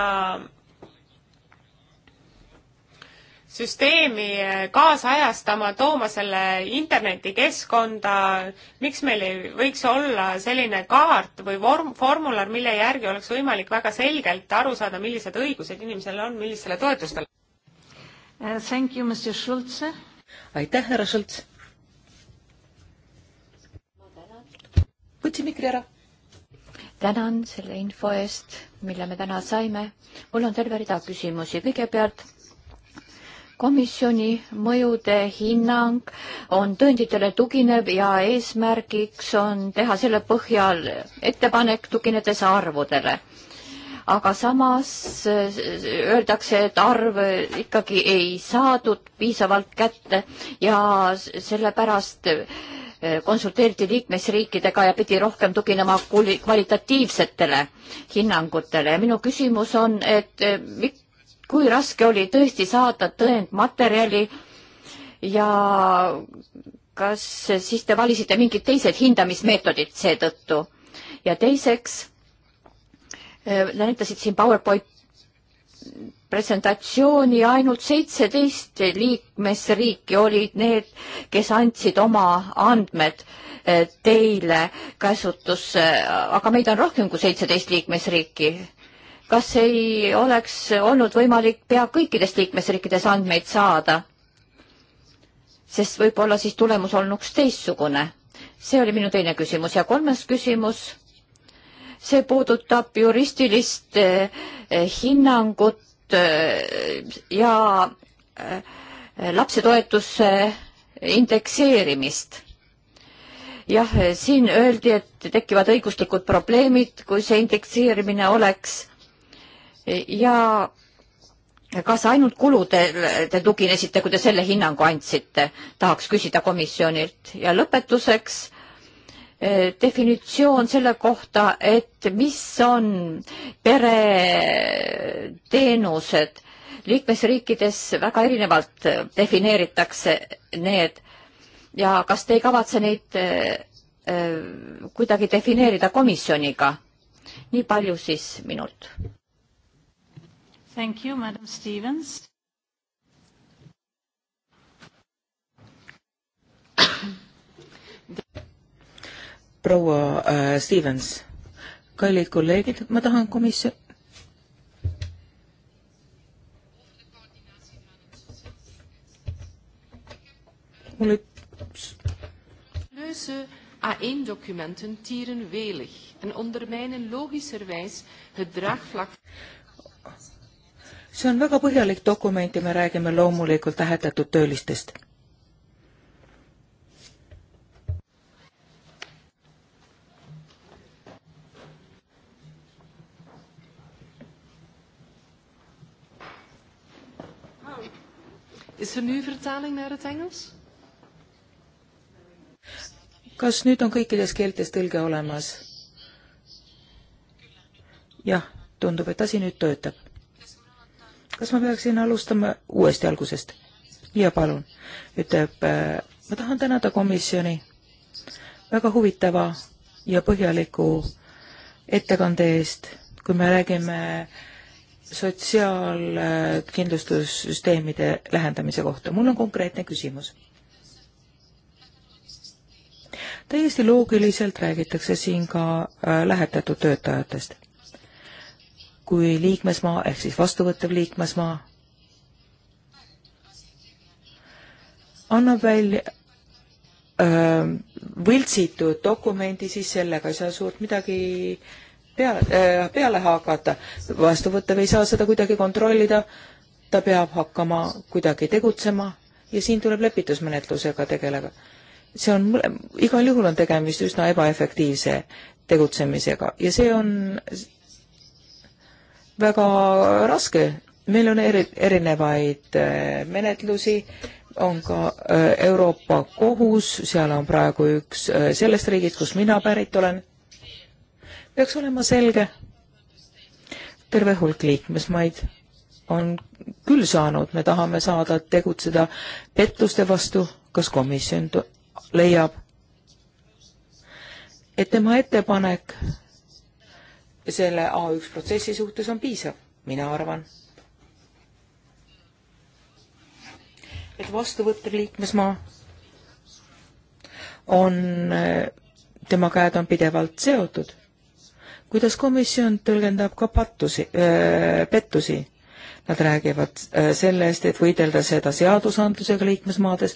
süsteemi kaasajastama, tooma selle internetikeskkonda, miks meil ei võiks olla selline kaart või vorm, formular, mille järgi oleks võimalik väga selgelt aru saada, millised õigused inimesel on, millistele toetustele uh,? Thank you, Mr Schulze. aitäh, härra Schulz. võtsin mikri ära tänan selle info eest, mille me täna saime. mul on terve rida küsimusi. kõigepealt komisjoni mõjude hinnang on tõenditele tuginev ja eesmärgiks on teha selle põhjal ettepanek tuginedes arvudele. aga samas eh, öeldakse, et arv ikkagi ei saadud piisavalt kätte ja sellepärast Eh, konsulteeriti liikmesriikidega ja pidi rohkem tuginema kvalitatiivsetele hinnangutele ja minu küsimus on, et eh, kui raske oli tõesti saada tõendmaterjali ja kas siis te valisite mingid teised hindamismeetodid seetõttu? ja teiseks, eh, näitasid siin PowerPoint presentatsiooni ainult seitseteist liikmesriiki olid need, kes andsid oma andmed eh, teile käsutusse, aga meid on rohkem kui seitseteist liikmesriiki. kas ei oleks olnud võimalik pea kõikides liikmesriikides andmeid saada? sest võib-olla siis tulemus olnuks teistsugune. see oli minu teine küsimus ja kolmas küsimus see puudutab juristilist eh, hinnangut Äh, ja äh, lapsetoetuse indekseerimist. jah, siin öeldi, et tekivad õiguslikud probleemid, kui see indekseerimine oleks ja kas ainult kuludele te tuginesite, kui te selle hinnangu andsite, tahaks küsida komisjonilt ja lõpetuseks Eh, definitsioon selle kohta, et mis on pereteenused. liikmesriikides väga erinevalt defineeritakse need ja kas te ei kavatse neid eh, eh, kuidagi defineerida komisjoniga? nii palju siis minult. Thank you, madam Stevens. proua äh, Stevens, kallid kolleegid, ma tahan komisjon mul üks. Leuze A1-documenten tieren welig en ondermijnen logischerwijs het draagvlak. see on väga põhjalik dokument ja me räägime loomulikult lähetatud töölistest Is er nu vertaling naar het Engels? kas nüüd on kõikides keeltes tõlge olemas? jah, tundub, et asi nüüd töötab. kas ma peaksin alustama uuesti algusest? ja palun, ütleb, äh, ma tahan tänada komisjoni väga huvitava ja põhjaliku ettekande eest, kui me räägime äh, sotsiaalkindlustussüsteemide lähendamise kohta. mul on konkreetne küsimus. täiesti loogiliselt räägitakse siin ka äh, lähetatud töötajatest. kui liikmesmaa ehk siis vastuvõttev liikmesmaa annab välja äh, võltsitud dokumendi, siis sellega ei saa suurt midagi äh, pea, äh, peale hakata. vastuvõttev ei saa seda kuidagi kontrollida, ta peab hakkama kuidagi tegutsema ja siin tuleb lepitusmenetlusega tegeleda. see on, igal juhul on tegemist üsna ebaefektiivse tegutsemisega ja see on väga raske. meil on eri, erinevaid äh, menetlusi, on ka äh, Euroopa Kohus, seal on praegu üks sellest riigist, kus mina pärit olen peaks olema selge. terve hulk liikmesmaid on küll saanud, me tahame saada tegutseda pettuste vastu, kas komisjon leiab, et tema ettepanek selle A1 protsessi suhtes on piisav, mina arvan. et vastuvõttev liikmesmaa on, tema käed on pidevalt seotud kuidas komisjon tõlgendab ka pattusi äh,, pettusi? Nad räägivad äh, sellest, et võidelda seda seadusandlusega liikmesmaades.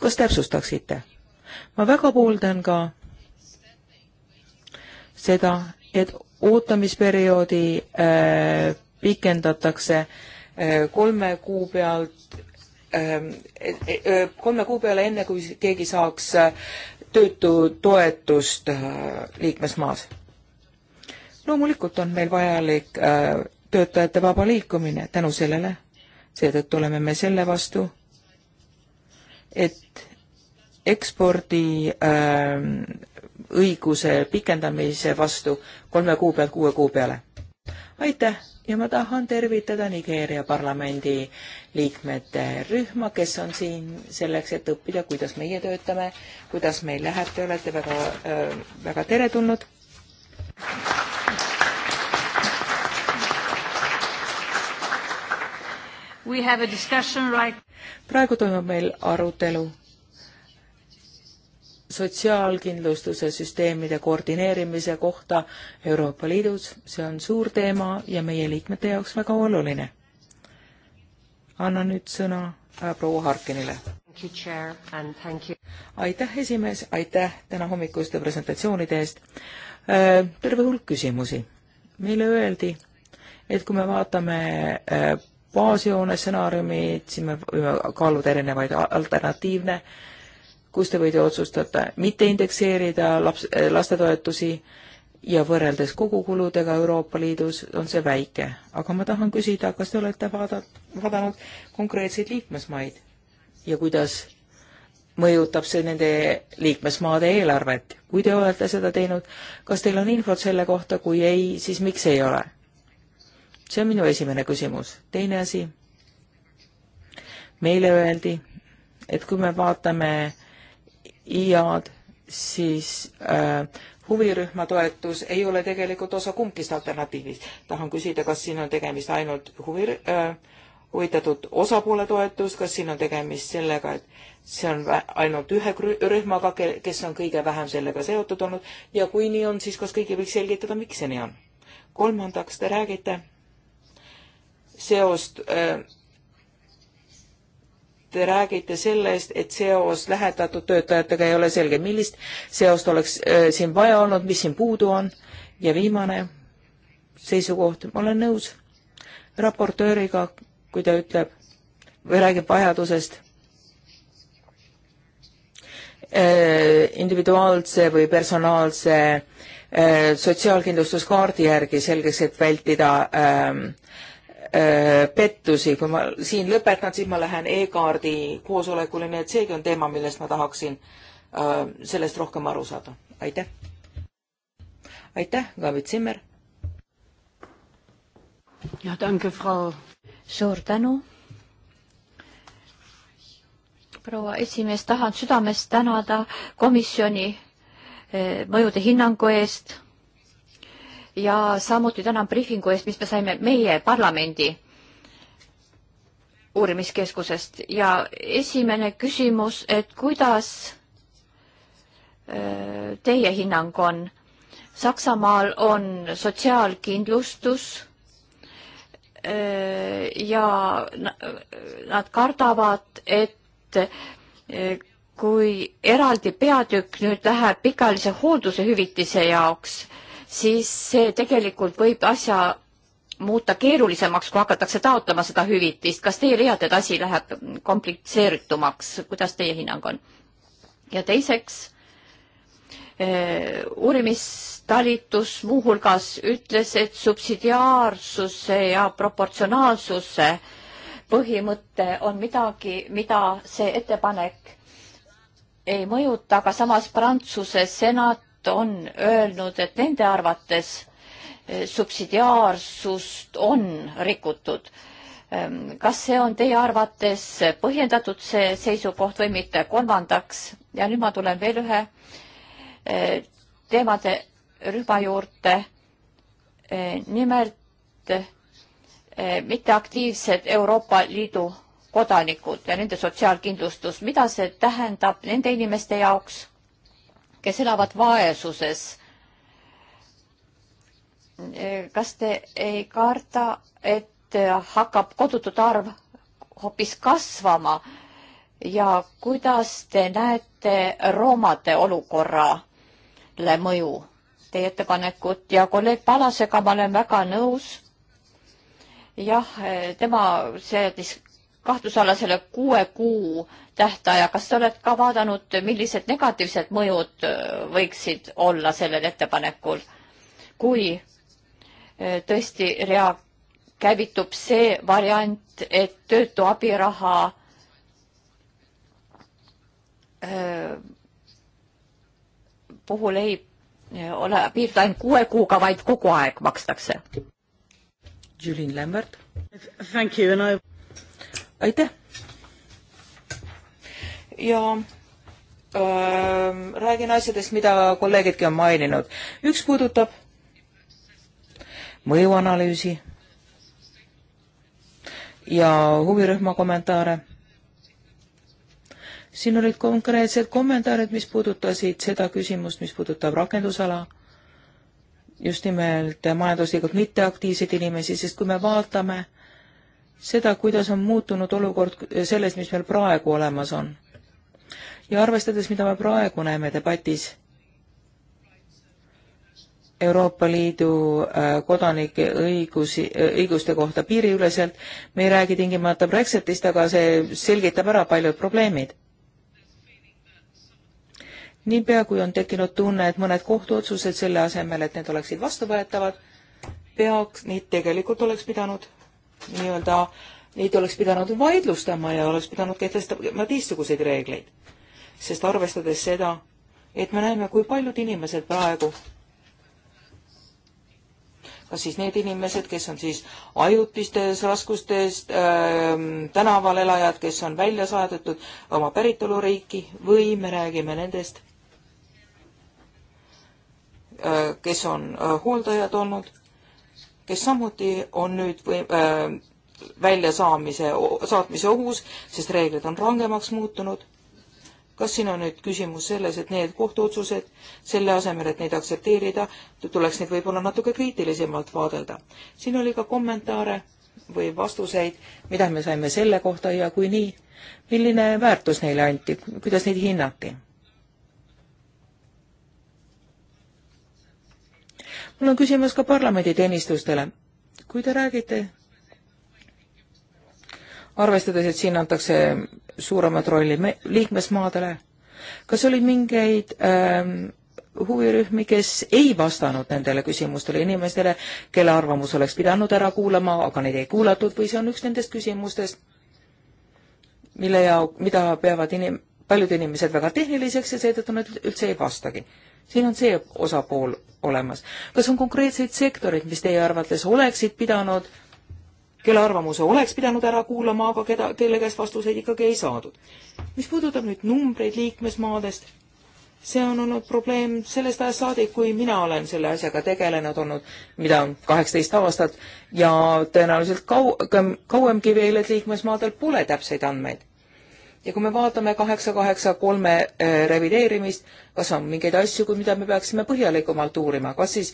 kas täpsustaksite? ma väga pooldan ka seda, et ootamisperioodi äh, pikendatakse kolme kuu pealt, e, e, kolme kuu peale, enne kui keegi saaks töötutoetust liikmesmaas loomulikult on meil vajalik äh, töötajate vaba liikumine tänu sellele, seetõttu oleme me selle vastu, et ekspordi äh, õiguse pikendamise vastu kolme kuu pealt kuue kuu peale. aitäh ja ma tahan tervitada Nigeeria parlamendi liikmete rühma, kes on siin selleks, et õppida, kuidas meie töötame, kuidas meil läheb, te olete väga äh,, väga teretulnud. Right... praegu toimub meil arutelu sotsiaalkindlustuse süsteemide koordineerimise kohta Euroopa Liidus, see on suur teema ja meie liikmete jaoks väga oluline. annan nüüd sõna äh, proua Harkinile. aitäh, esimees, aitäh täna hommikuste presentatsioonide eest. Äh, terve hulk küsimusi. meile öeldi, et kui me vaatame äh, baasjoone stsenaariumid, siin me võime kaaluda erinevaid alternatiivne, kus te võite otsustada mitte indekseerida laps, lastetoetusi ja võrreldes kogukuludega Euroopa Liidus on see väike. aga ma tahan küsida, kas te olete vaada-, vaadanud konkreetseid liikmesmaid ja kuidas mõjutab see nende liikmesmaade eelarvet? kui te olete seda teinud, kas teil on infot selle kohta, kui ei, siis miks ei ole? see on minu esimene küsimus. teine asi, meile öeldi, et kui me vaatame IA-d, siis äh, huvirühma toetus ei ole tegelikult osa kumbkist alternatiivist. tahan küsida, kas siin on tegemist ainult huvi äh,, huvitatud osapoole toetus, kas siin on tegemist sellega, et see on ainult ühe rühmaga, kes on kõige vähem sellega seotud olnud ja kui nii on, siis kas keegi võiks selgitada, miks see nii on? kolmandaks, te räägite seost äh, Te räägite sellest, et seos lähetatud töötajatega ei ole selge. Millist seost oleks äh, siin vaja olnud, mis siin puudu on? Ja viimane seisukoht. Ma olen nõus raportööriga, kui ta ütleb või räägib vajadusest äh, individuaalse või personaalse sotsiaalkindlustuskaardi järgi selgeks, et vältida ähm, Äh, pettusi, kui ma siin lõpetan, siis ma lähen e-kaardi koosolekule, nii et seegi on teema, millest ma tahaksin äh, sellest rohkem aru saada. aitäh! aitäh, Gabi Zimmer! jah, tänke, Frau! suur tänu! proua esimees, tahan südamest tänada komisjoni äh, mõjude hinnangu eest ja samuti tänan briifingu eest, mis me saime meie parlamendi uurimiskeskusest ja esimene küsimus, et kuidas äh, teie hinnang on? Saksamaal on sotsiaalkindlustus äh, ja nad kardavad, et äh, kui eraldi peatükk nüüd läheb pikaajalise hoolduse hüvitise jaoks, siis see tegelikult võib asja muuta keerulisemaks, kui hakatakse taotlema seda hüvitist. kas teie leiate, et asi läheb komplitseeritumaks, kuidas teie hinnang on? ja teiseks eh, uurimistalitus muuhulgas ütles, et subsidiaarsuse ja proportsionaalsuse põhimõte on midagi, mida see ettepanek ei mõjuta, aga samas Prantsuse senat on öelnud, et nende arvates eh, subsidiaarsust on rikutud. Ehm, kas see on teie arvates põhjendatud, see seisukoht või mitte? kolmandaks, ja nüüd ma tulen veel ühe eh, teemade rühma juurde. Eh, nimelt mitteaktiivsed Euroopa Liidu kodanikud ja nende sotsiaalkindlustus, mida see tähendab nende inimeste jaoks kes elavad vaesuses. kas te ei karda, et hakkab kodutute arv hoopis kasvama ja kuidas te näete roomade olukorrale mõju? Teie ettepanekut ja kolleeg Palasega ma olen väga nõus. jah, tema seadis kahtluse alla selle kuue kuu tähtaja, kas sa oled ka vaadanud, millised negatiivsed mõjud äh, võiksid olla sellel ettepanekul? kui äh, tõesti rea-, käivitub see variant, et töötu abiraha äh, puhul ei ole piirdu ainult kuue kuuga, vaid kogu aeg makstakse. Julin Lambert. Thank you and I aitäh! ja öö, ähm, räägin asjadest, mida kolleegidki on maininud. üks puudutab mõjuanalüüsi ja huvirühma kommentaare. siin olid konkreetsed kommentaarid, mis puudutasid seda küsimust, mis puudutab rakendusala, just nimelt majanduslikult mitteaktiivseid inimesi, sest kui me vaatame äh, seda, kuidas on muutunud olukord selles, mis meil praegu olemas on. ja arvestades, mida me praegu näeme debatis Euroopa Liidu äh, kodanike õigusi, äh, õiguste kohta piiriüleselt, me ei räägi tingimata Brexitist, aga see selgitab ära paljud probleemid. niipea, kui on tekkinud tunne, et mõned kohtuotsused selle asemel, et need oleksid vastuvõetavad, peaks, neid tegelikult oleks pidanud nii-öelda, neid oleks pidanud vaidlustama ja oleks pidanud kehtestama teistsuguseid reegleid. sest arvestades seda, et me näeme, kui paljud inimesed praegu, kas siis need inimesed, kes on siis ajutistes raskustes äh,, tänaval elajad, kes on välja saadetud oma päritoluriiki või me räägime nendest, äh, kes on äh, hooldajad olnud kes samuti on nüüd või, äh, väljasaamise, saatmise ohus, sest reeglid on rangemaks muutunud. kas siin on nüüd küsimus selles, et need kohtuotsused, selle asemel, et neid aktsepteerida, tuleks neid võib-olla natuke kriitilisemalt vaadelda? siin oli ka kommentaare või vastuseid, mida me saime selle kohta ja kui nii, milline väärtus neile anti, kuidas neid hinnati? mul on küsimus ka parlamenditeenistustele. kui te räägite, arvestades, et siin antakse suuremat rolli me-, liikmesmaadele, kas oli mingeid ähm, huvirühmi, kes ei vastanud nendele küsimustele, inimestele, kelle arvamus oleks pidanud ära kuulama, aga neid ei kuulatud või see on üks nendest küsimustest, mille jaoks, mida peavad inim-, paljud inimesed väga tehniliseks ja seetõttu nad üldse ei vastagi siin on see osapool olemas. kas on konkreetseid sektoreid, mis teie arvates oleksid pidanud, kelle arvamuse oleks pidanud ära kuulama, aga keda, kelle käest vastuseid ikkagi ei saadud? mis puudutab nüüd numbreid liikmesmaadest, see on olnud probleem sellest ajast saadik, kui mina olen selle asjaga tegelenud olnud, mida on kaheksateist aastat ja tõenäoliselt kauem, kauemgi veel, et liikmesmaadel pole täpseid andmeid ja kui me vaatame kaheksa, kaheksa, kolme eh, revideerimist, kas on mingeid asju, mida me peaksime põhjalikumalt uurima, kas siis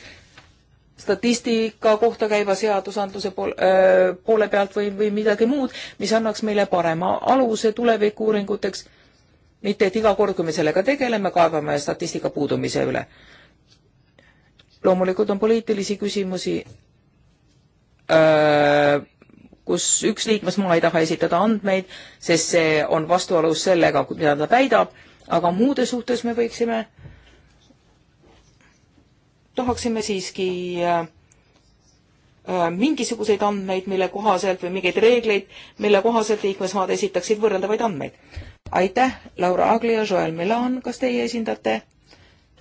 statistika kohta käiva seadusandluse pool, öö, eh, poole pealt või, või midagi muud, mis annaks meile parema aluse tulevikuuuringuteks, mitte et iga kord, kui me sellega tegeleme, kaevame statistika puudumise üle. loomulikult on poliitilisi küsimusi öö, eh, kus üks liikmesmaa ei taha esitada andmeid, sest see on vastuolus sellega, mida ta väidab, aga muude suhtes me võiksime, tahaksime siiski äh, äh, mingisuguseid andmeid, mille kohaselt või mingeid reegleid, mille kohaselt liikmesmaad esitaksid võrreldavaid andmeid. aitäh, Laura Agli ja Joel Milan, kas teie esindate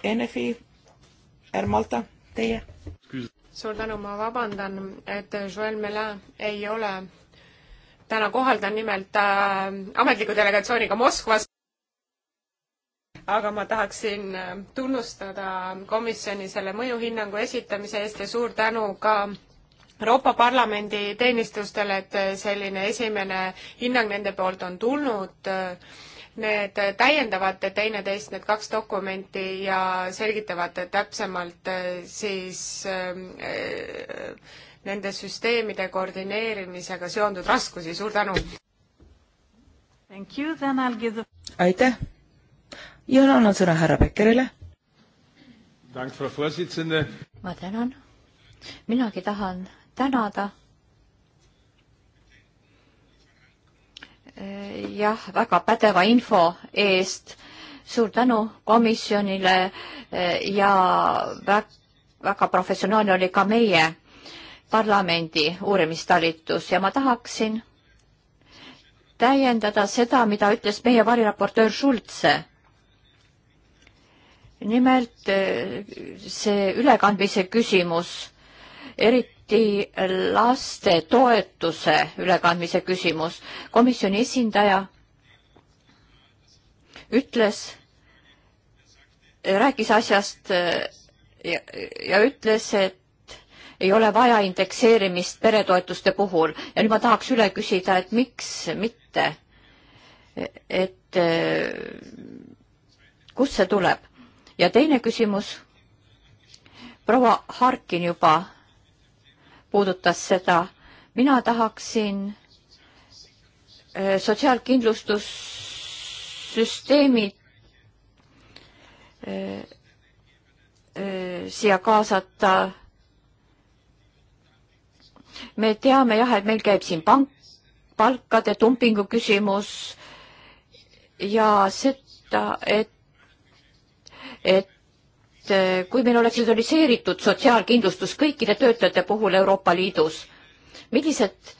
NF-i? Ermalta, teie? suur tänu, ma vabandan, et Joel Melin ei ole täna kohal, ta on nimelt äh, ametliku delegatsiooniga Moskvas. aga ma tahaksin äh, tunnustada komisjoni selle mõjuhinnangu esitamise eest ja suur tänu ka Euroopa Parlamendi teenistustele, et selline esimene hinnang nende poolt on tulnud äh, Need täiendavad teineteist, need kaks dokumenti ja selgitavad täpsemalt äh, siis ähm, äh, nende süsteemide koordineerimisega seonduvaid raskusi, suur tänu! The... aitäh ja annan sõna härra Beckerile. ma tänan, minagi tahan tänada jah, väga pädeva info eest. suur tänu komisjonile e, ja väga, väga professionaalne oli ka meie parlamendi uurimistalitus ja ma tahaksin täiendada seda, mida ütles meie variraportöör Schulze. nimelt e, see ülekandmise küsimus eriti laste toetuse ülekandmise küsimus. komisjoni esindaja ütles, rääkis asjast äh, ja, ja ütles, et ei ole vaja indekseerimist peretoetuste puhul ja nüüd ma tahaks üle küsida, et miks mitte? et äh, kust see tuleb? ja teine küsimus, proua Harkin juba puudutas seda. mina tahaksin äh, sotsiaalkindlustussüsteemi äh, äh, siia kaasata. me teame jah, et meil käib siin pank, palkade dumpingu küsimus ja seda, et, et Eh, kui meil oleks isolatsiooniseeritud sotsiaalkindlustus kõikide töötajate puhul Euroopa Liidus, millised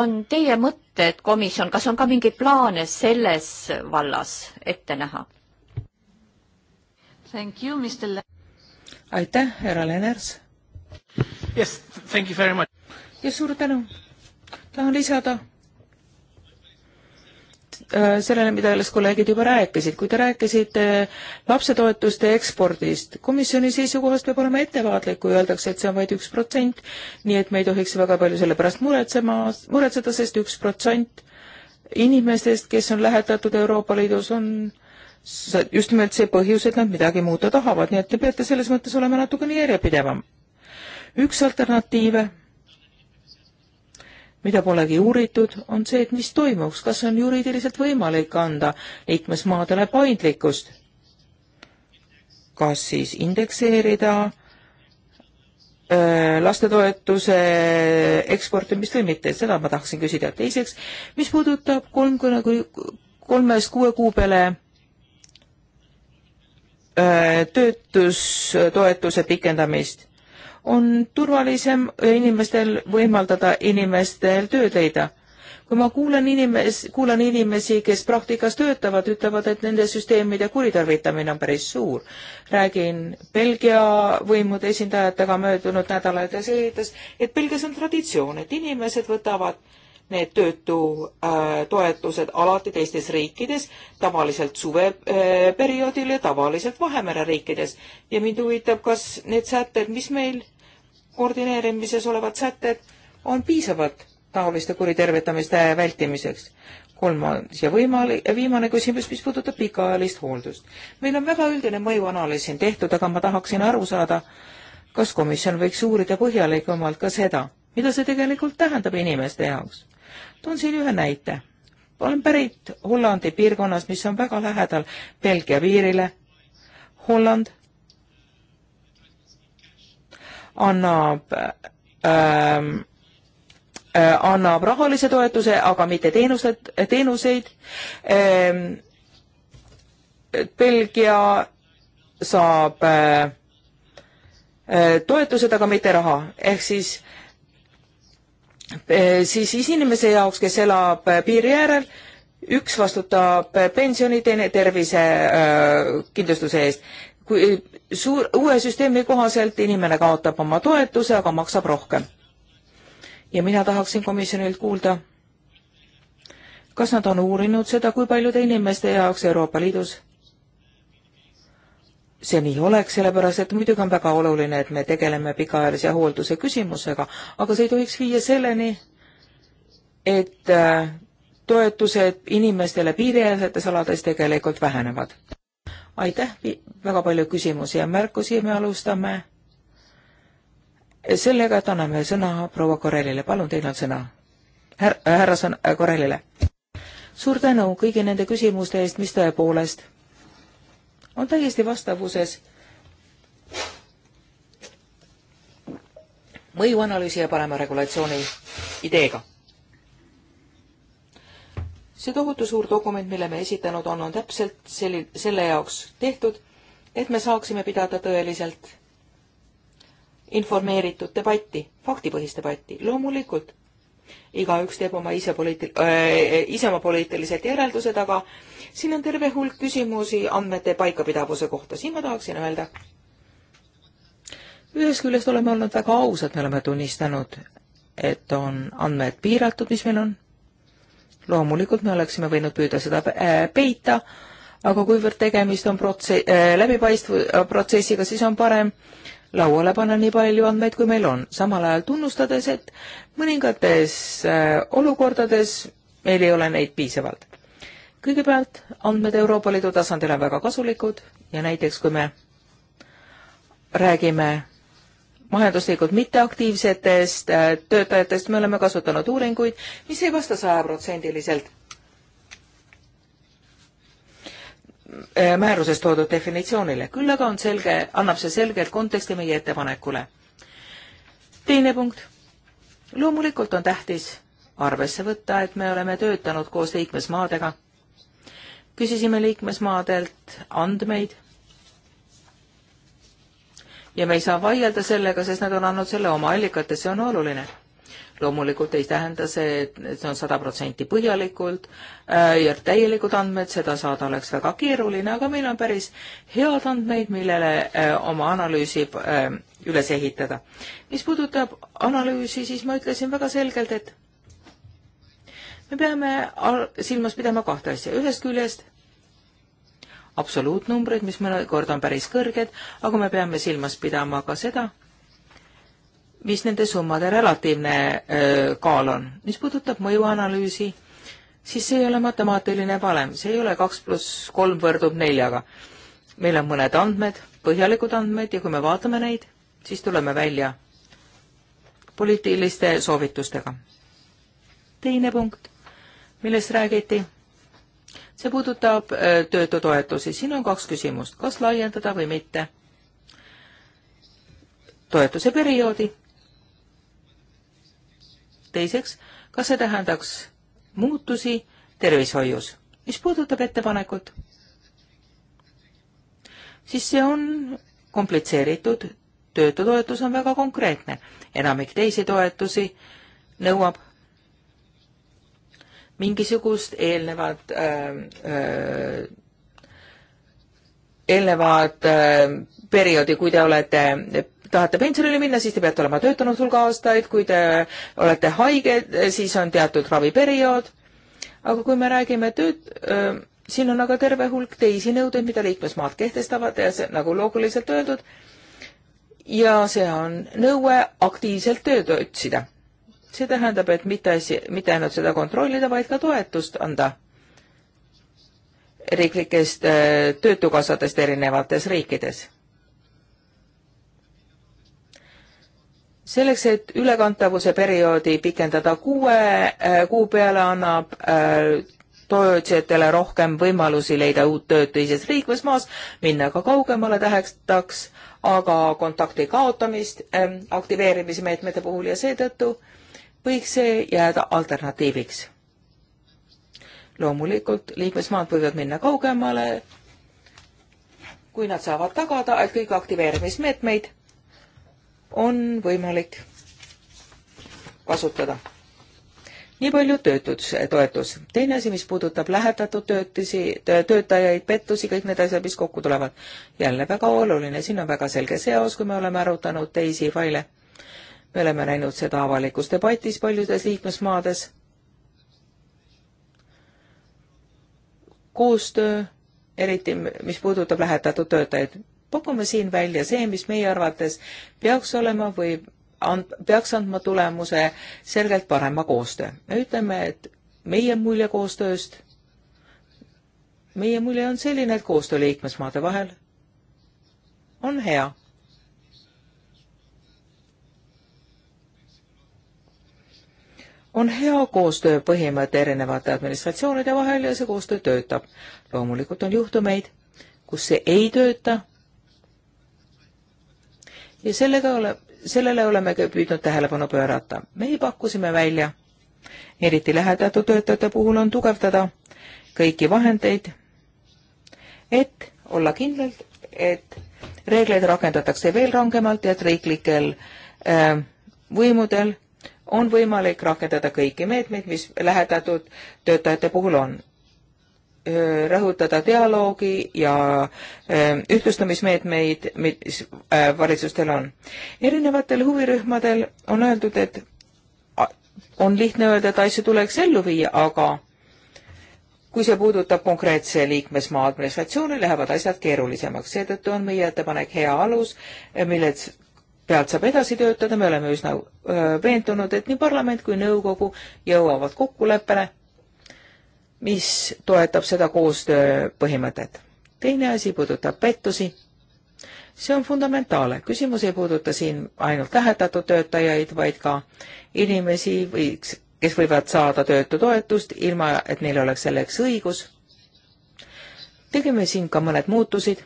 on teie mõtted, komisjon, kas on ka mingeid plaane selles vallas ette näha? aitäh, härra Lenners yes,! ja suur tänu! tahan lisada Äh, sellele, mida alles kolleegid juba rääkisid. kui te rääkisite äh, lapsetoetuste ekspordist, komisjoni seisukohast peab olema ettevaatlik, kui öeldakse, et see on vaid üks protsent, nii et me ei tohiks väga palju selle pärast muretsema, muretseda, sest üks protsent inimestest, kes on lähetatud Euroopa Liidus, on just nimelt see põhjus, et nad midagi muuta tahavad, nii et te peate selles mõttes olema natukene järjepidevam. üks alternatiive mida polegi uuritud, on see, et mis toimuks, kas on juriidiliselt võimalik anda liikmesmaadele paindlikkust, kas siis indekseerida lastetoetuse eksportimist või mitte, seda ma tahaksin küsida. teiseks, mis puudutab kolm kuni kolmest kuue kuu peale töötustoetuse pikendamist on turvalisem inimestel võimaldada inimestel tööd leida. kui ma kuulen inimes-, kuulan inimesi, kes praktikas töötavad, ütlevad, et nende süsteemide kuritarvitamine on päris suur. räägin Belgia võimude esindajatega möödunud nädalal, ta selgitas, et Belgias on traditsioon, et inimesed võtavad need töötutoetused äh, alati teistes riikides, tavaliselt suveperioodil äh, ja tavaliselt Vahemere riikides. ja mind huvitab, kas need sätted, mis meil koordineerimises olevad sätted on piisavad taoliste kuritervitamiste vältimiseks. kolmas ja võimalik, viimane küsimus, mis puudutab pikaajalist hooldust. meil on väga üldine mõjuanalüüs siin tehtud, aga ma tahaksin aru saada, kas komisjon võiks uurida põhjalikumalt ka seda, mida see tegelikult tähendab inimeste jaoks. toon siin ühe näite. olen pärit Hollandi piirkonnast, mis on väga lähedal Belgia piirile. Holland annab ähm, äh, annab rahalise toetuse, aga mitte teenused, teenuseid ähm,. Belgia saab äh, äh toetused, aga mitte raha, ehk siis äh, siis inimese jaoks, kes elab äh, piiri äärel, üks vastutab äh, pensioni, teine tervisekindlustuse äh, eest. kui suur, uue süsteemi kohaselt inimene kaotab oma toetuse, aga maksab rohkem. ja mina tahaksin komisjonilt kuulda, kas nad on uurinud seda, kui paljude inimeste jaoks Euroopa Liidus see nii oleks, sellepärast et muidugi on väga oluline, et me tegeleme pikaajalise hoolduse küsimusega, aga see ei tohiks viia selleni, et äh, toetused inimestele piiriäärsetes alades tegelikult vähenevad aitäh, väga palju küsimusi ja märkusi, me alustame sellega, et anname sõna proua Korelile, palun, teil on sõna Här,. Äh, härra sõna äh, Korelile. suur tänu kõigi nende küsimuste eest, mis tõepoolest on täiesti vastavuses mõjuanalüüsi ja parema regulatsiooni ideega see tohutu suur dokument, mille me esitanud on, on täpselt selli-, selle jaoks tehtud, et me saaksime pidada tõeliselt informeeritud debatti, faktipõhist debatti, loomulikult. igaüks teeb oma ise poliitil- äh,, ise oma poliitilised järeldused, aga siin on terve hulk küsimusi andmete paikapidavuse kohta, siin ma tahaksin öelda. ühest küljest oleme olnud väga ausad, me oleme tunnistanud, et on andmed piiratud, mis meil on loomulikult me oleksime võinud püüda seda äh, peita, aga kuivõrd tegemist on protse-, äh, läbipaistva äh, protsessiga, siis on parem lauale panna nii palju andmeid, kui meil on, samal ajal tunnustades, et mõningates olukordades meil ei ole neid piisavalt. kõigepealt, andmed Euroopa Liidu tasandil on väga kasulikud ja näiteks kui me räägime majanduslikult mitteaktiivsetest äh, töötajatest me oleme kasutanud uuringuid, mis ei vasta sajaprotsendiliselt äh, määruses toodud definitsioonile, küll aga on selge, annab see selgelt konteksti meie ettepanekule. teine punkt. loomulikult on tähtis arvesse võtta, et me oleme töötanud koos liikmesmaadega. küsisime liikmesmaadelt andmeid ja me ei saa vaielda sellega, sest nad on andnud selle oma allikates, see on oluline. loomulikult ei tähenda see, et see on sada protsenti põhjalikult äh, ja täielikud andmed, seda saada oleks väga keeruline, aga meil on päris head andmeid, millele äh, oma analüüsi äh, üles ehitada. mis puudutab analüüsi, siis ma ütlesin väga selgelt, et me peame silmas pidama kahte asja, ühest küljest absoluutnumbreid, mis mõnikord on päris kõrged, aga me peame silmas pidama ka seda, mis nende summade relatiivne öö, kaal on. mis puudutab mõjuanalüüsi, siis see ei ole matemaatiline valem, see ei ole kaks pluss kolm võrdub neljaga. meil on mõned andmed, põhjalikud andmed ja kui me vaatame neid, siis tuleme välja poliitiliste soovitustega. teine punkt, millest räägiti see puudutab äh, töötutoetusi, siin on kaks küsimust, kas laiendada või mitte. toetuse perioodi. teiseks, kas see tähendaks muutusi tervishoius, mis puudutab ettepanekut, siis see on komplitseeritud, töötutoetus on väga konkreetne, enamik teisi toetusi nõuab mingisugust eelnevat äh, äh, eelnevat äh, perioodi, kui te olete tahate pensionile minna, siis te peate olema töötanud hulga aastaid, kui te olete haige, siis on teatud raviperiood. aga kui me räägime tööd äh,, siin on aga terve hulk teisi nõudeid, mida liikmesmaad kehtestavad ja see, nagu loogiliselt öeldud, ja see on nõue aktiivselt tööd otsida see tähendab, et mitte, mitte ainult seda kontrollida, vaid ka toetust anda riiklikest äh, töötukassadest erinevates riikides. selleks, et ülekantavuse perioodi pikendada kuue äh, kuu peale, annab äh, töötajatele rohkem võimalusi leida uut tööd teises liikmesmaas, minna ka kaugemale tähendaks, aga kontakti kaotamist ähm, aktiveerimismeetmete puhul ja seetõttu äh, võiks see jääda alternatiiviks. loomulikult liikmesmaad võivad minna kaugemale, kui nad saavad tagada, et kõik aktiveerimismeetmeid on võimalik kasutada. nii palju töötuse toetus. teine asi, mis puudutab lähetatud töötisi, töötajaid, pettusi, kõik need asjad, mis kokku tulevad. jälle väga oluline, siin on väga selge seos, kui me oleme arutanud teisi faile me oleme näinud seda avalikus debatis paljudes liikmesmaades. koostöö, eriti mis puudutab lähetatud töötajaid, pakume siin välja see, mis meie arvates peaks olema või and-, peaks andma tulemuse selgelt parema koostöö. me ütleme, et meie mulje koostööst, meie mulje on selline, et koostöö liikmesmaade vahel on hea on hea koostööpõhimõte erinevate administratsioonide vahel ja see koostöö töötab. loomulikult on juhtumeid, kus see ei tööta. ja sellega ole, sellele oleme ka püüdnud tähelepanu pöörata. meie pakkusime välja, eriti lähedatud töötajate puhul on tugevdada kõiki vahendeid, et olla kindlalt, et reegleid rakendatakse veel rangemalt ja et riiklikel äh, võimudel on võimalik rakendada kõiki meetmeid, mis lähedatud töötajate puhul on. rõhutada dialoogi ja ühtlustamismeetmeid, mis valitsustel on. erinevatel huvirühmadel on öeldud, et on lihtne öelda, et asju tuleks ellu viia, aga kui see puudutab konkreetse liikmesmaa administratsiooni, lähevad asjad keerulisemaks. seetõttu on meie ettepanek hea alus, milles pealt saab edasi töötada, me oleme üsna veendunud, et nii parlament kui nõukogu jõuavad kokkuleppele, mis toetab seda koostöö põhimõtet. teine asi puudutab pettusi. see on fundamentaalne, küsimus ei puuduta siin ainult lähetatud töötajaid, vaid ka inimesi või kes võivad saada töötutoetust, ilma et neil oleks selleks õigus. tegime siin ka mõned muutused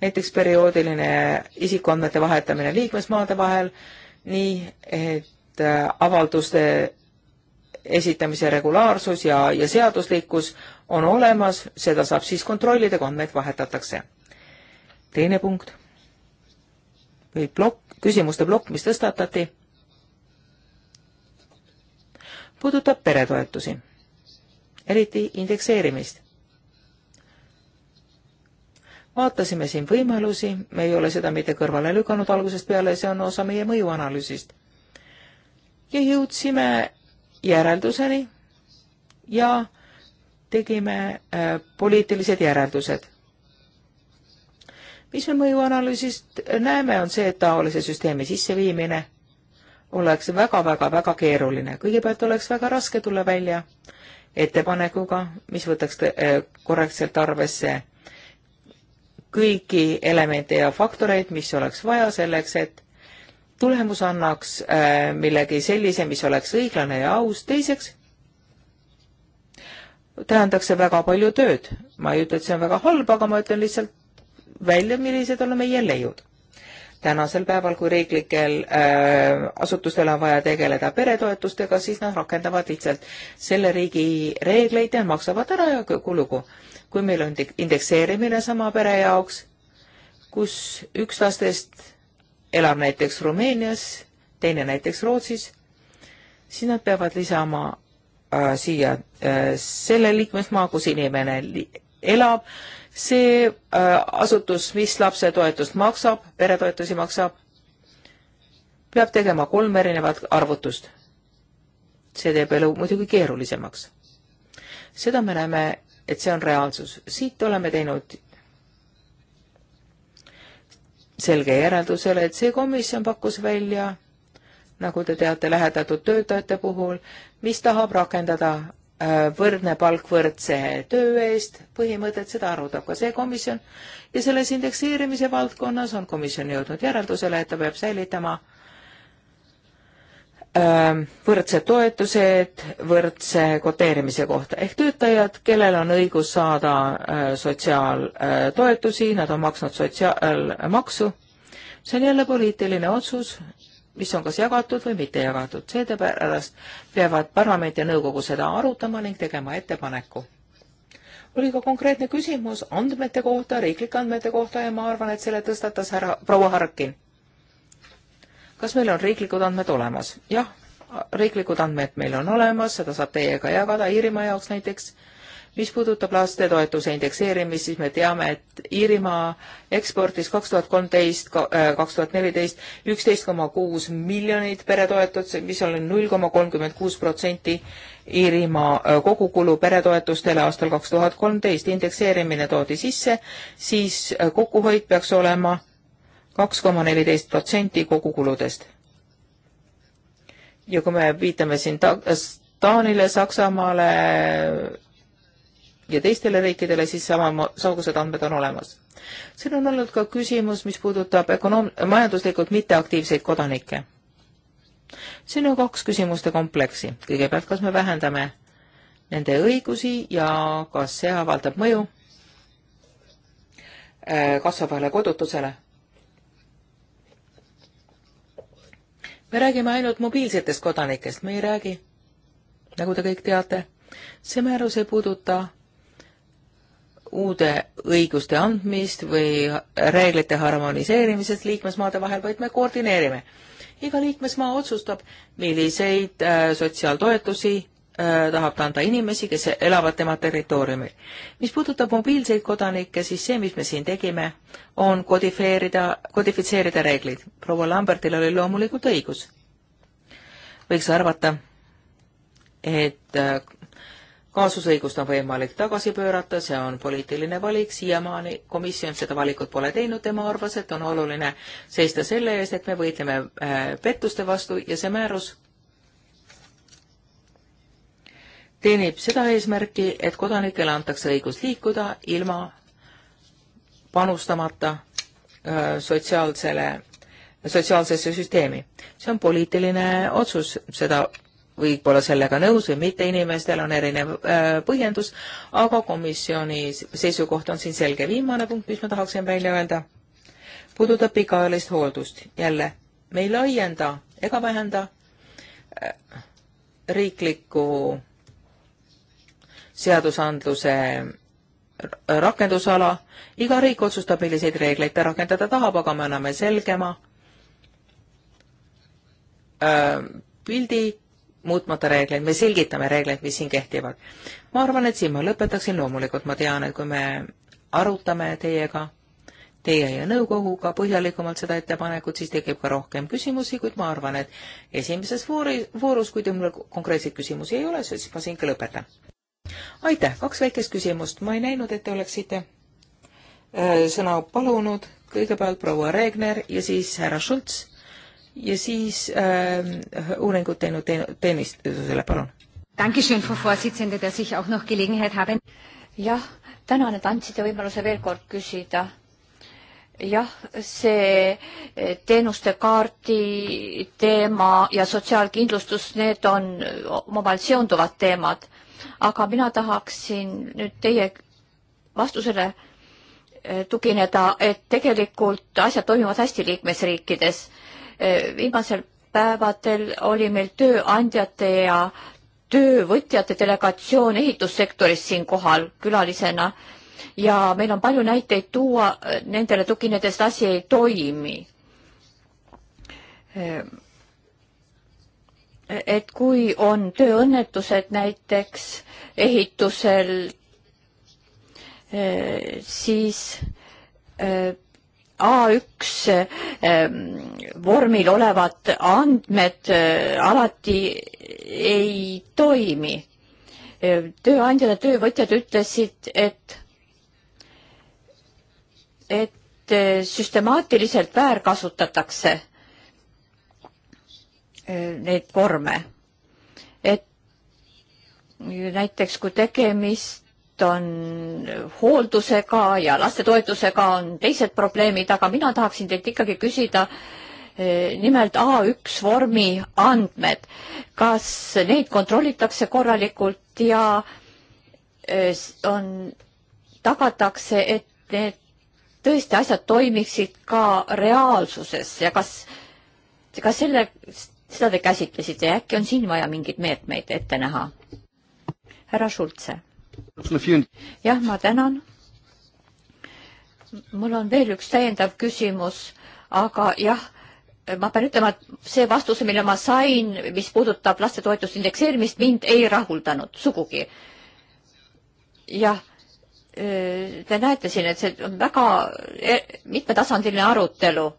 näiteks perioodiline isikuandmete vahetamine liikmesmaade vahel, nii et äh, avalduste esitamise regulaarsus ja, ja seaduslikkus on olemas, seda saab siis kontrollida, kui andmeid vahetatakse. teine punkt või plokk, küsimuste plokk, mis tõstatati, puudutab peretoetusi, eriti indekseerimist vaatasime siin võimalusi, me ei ole seda mitte kõrvale lükanud algusest peale, see on osa meie mõjuanalüüsist. ja jõudsime järelduseni ja tegime äh, poliitilised järeldused. mis me mõjuanalüüsist näeme, on see, et taolise süsteemi sisseviimine oleks väga-väga-väga keeruline. kõigepealt oleks väga raske tulla välja ettepanekuga, mis võtaks äh, korrektselt arvesse äh, kõiki elemente ja faktoreid, mis oleks vaja selleks, et tulemus annaks äh, millegi sellise, mis oleks õiglane ja aus. teiseks, tähendaks see väga palju tööd. ma ei ütle, et see on väga halb, aga ma ütlen lihtsalt välja, millised on meie leiud. tänasel päeval, kui riiklikel äh, asutustel on vaja tegeleda peretoetustega, siis nad rakendavad lihtsalt selle riigi reegleid ja maksavad ära ja kogu lugu kui meil on indekseerimine sama pere jaoks, kus üks lastest elab näiteks Rumeenias, teine näiteks Rootsis, siis nad peavad lisama äh, siia äh, selle liikmesmaa, kus inimene li elab, see äh, asutus, mis lapsetoetust maksab, peretoetusi maksab, peab tegema kolm erinevat arvutust. see teeb elu muidugi keerulisemaks. seda me näeme et see on reaalsus. siit oleme teinud selge järeldusele, et see komisjon pakkus välja, nagu te teate, lähedatud töötajate puhul, mis tahab rakendada äh, võrdne palk võrdse töö eest, põhimõtet, seda arutab ka see komisjon ja selles indekseerimise valdkonnas on komisjon jõudnud järeldusele, et ta peab säilitama äh, võrdsed toetused võrdse koteerimise kohta ehk töötajad, kellel on õigus saada sotsiaaltoetusi, nad on maksnud sotsiaalmaksu. see on jälle poliitiline otsus, mis on kas jagatud või mitte jagatud, seepärast peavad parlament ja nõukogu seda arutama ning tegema ettepaneku. oli ka konkreetne küsimus andmete kohta, riiklike andmete kohta ja ma arvan, et selle tõstatas härra proua Harkin kas meil on riiklikud andmed olemas? jah, riiklikud andmed meil on olemas, seda saab teiega jagada Iirimaa jaoks näiteks. mis puudutab lastetoetuse indekseerimist, siis me teame, et Iirimaa eksportis kaks tuhat kolmteist, äh, kaks tuhat neliteist üksteist koma kuus miljonit peretoetust, mis oli null koma kolmkümmend kuus protsenti Iirimaa äh, kogukulu peretoetustele aastal kaks tuhat kolmteist. indekseerimine toodi sisse, siis äh, kokkuhoid peaks olema kaks koma neliteist protsenti kogukuludest. ja kui me viitame siin ta-, Taanile, Saksamaale ja teistele riikidele, siis sama, samasugused andmed on olemas. siin on olnud ka küsimus, mis puudutab ökonoom-, majanduslikult mitteaktiivseid kodanikke. siin on kaks küsimuste kompleksi. kõigepealt, kas me vähendame nende õigusi ja kas see avaldab mõju äh, kasvavale kodutusele me räägime ainult mobiilsetest kodanikest, me ei räägi, nagu te kõik teate, see määrus ei puuduta uude õiguste andmist või reeglite harmoniseerimisest liikmesmaade vahel, vaid me koordineerime. iga liikmesmaa otsustab, milliseid äh, sotsiaaltoetusi Äh, tahab ta anda inimesi, kes elavad tema territooriumil. mis puudutab mobiilseid kodanikke, siis see, mis me siin tegime, on kodifeerida, kodifitseerida reeglid. proua Lambertil oli loomulikult õigus. võiks arvata, et äh, kaasusõigust on võimalik tagasi pöörata, see on poliitiline valik, siiamaani komisjon seda valikut pole teinud, tema arvas, et on oluline seista selle eest, et me võitleme äh, pettuste vastu ja see määrus teenib seda eesmärki, et kodanikele antakse õigus liikuda ilma panustamata sotsiaalsele, sotsiaalsesse süsteemi. see on poliitiline otsus, seda võib olla sellega nõus või mitte, inimestel on erinev äh, põhjendus, aga komisjoni seisukoht on siin selge. viimane punkt, mis ma tahaksin välja öelda, puudutab pikaajalist hooldust. jälle, me ei laienda ega vähenda äh, riiklikku seadusandluse rakendusala, iga riik otsustab, milliseid reegleid ta rakendada tahab, aga me anname selgema pildi muutmata reegleid, me selgitame reegleid, mis siin kehtivad. ma arvan, et siin ma lõpetaksin, loomulikult ma tean, et kui me arutame teiega, teie ja nõukoguga põhjalikumalt seda ettepanekut, siis tekib ka rohkem küsimusi, kuid ma arvan, et esimeses vooris, voorus, kui teil konkreetseid küsimusi ei ole, siis ma siingi lõpetan aitäh, kaks väikest küsimust, ma ei näinud, et te oleksite äh, sõna palunud, kõigepealt proua Regner ja siis härra Schultz ja siis äh, uuringut teinud teenistusele, palun. jah, tänan, et andsite võimaluse veel kord küsida. jah, see eh, teenuste kaardi teema ja sotsiaalkindlustus, need on omavahel seonduvad teemad aga mina tahaksin nüüd teie vastusele eh, tugineda, et tegelikult asjad toimuvad hästi liikmesriikides. Eh, viimasel päevadel oli meil tööandjate ja töövõtjate delegatsioon ehitussektoris siin kohal külalisena ja meil on palju näiteid tuua, eh, nendele tuginedes asi ei toimi et kui on tööõnnetused näiteks ehitusel, eh, siis eh, A1 eh, vormil olevad andmed alati ei toimi. tööandjad ja töövõtjad ütlesid, et, et süstemaatiliselt väärkasutatakse neid vorme. et näiteks kui tegemist on hooldusega ja lastetoetusega on teised probleemid, aga mina tahaksin teilt ikkagi küsida eh, nimelt A1 vormi andmed. kas neid kontrollitakse korralikult ja eh, on, tagatakse, et need tõesti asjad toimiksid ka reaalsuses ja kas, ka sellest seda te käsitlesite ja äkki on siin vaja mingeid meetmeid ette näha? härra Schultze. jah, ma tänan. mul on veel üks täiendav küsimus, aga jah, ma pean ütlema, et see vastuse, mille ma sain, mis puudutab lastetoetuste indekseerimist, mind ei rahuldanud sugugi. jah te näete siin, et see on väga e-, mitmetasandiline arutelu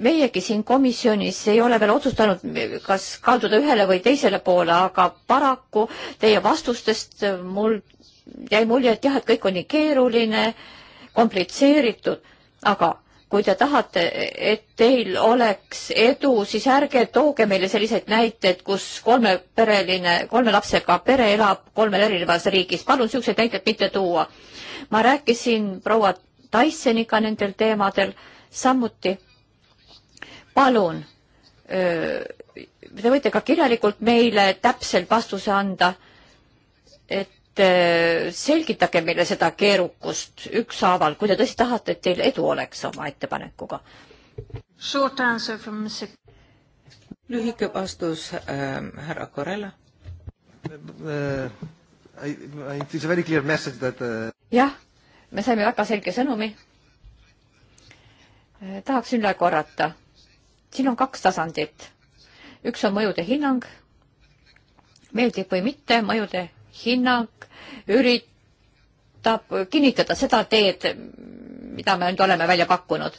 meiegi siin komisjonis ei ole veel otsustanud, kas kalduda ühele või teisele poole, aga paraku teie vastustest mul jäi mulje, et jah, et kõik on nii keeruline, komplitseeritud, aga kui te tahate, et teil oleks edu, siis ärge tooge meile selliseid näiteid, kus kolmepereline, kolme lapsega pere elab kolmel erinevas riigis. palun niisuguseid näiteid mitte tuua. ma rääkisin proua Tysoniga nendel teemadel samuti palun, te võite ka kirjalikult meile täpselt vastuse anda, et selgitage meile seda keerukust ükshaaval, kui te tõesti tahate, et teil edu oleks oma ettepanekuga. lühike vastus äh, härra Corella. Äh, äh, äh, jah, me saime väga selge sõnumi. tahaks üle korrata siin on kaks tasandit. üks on mõjude hinnang, meeldib või mitte, mõjude hinnang üritab kinnitada seda teed, mida me nüüd oleme välja pakkunud.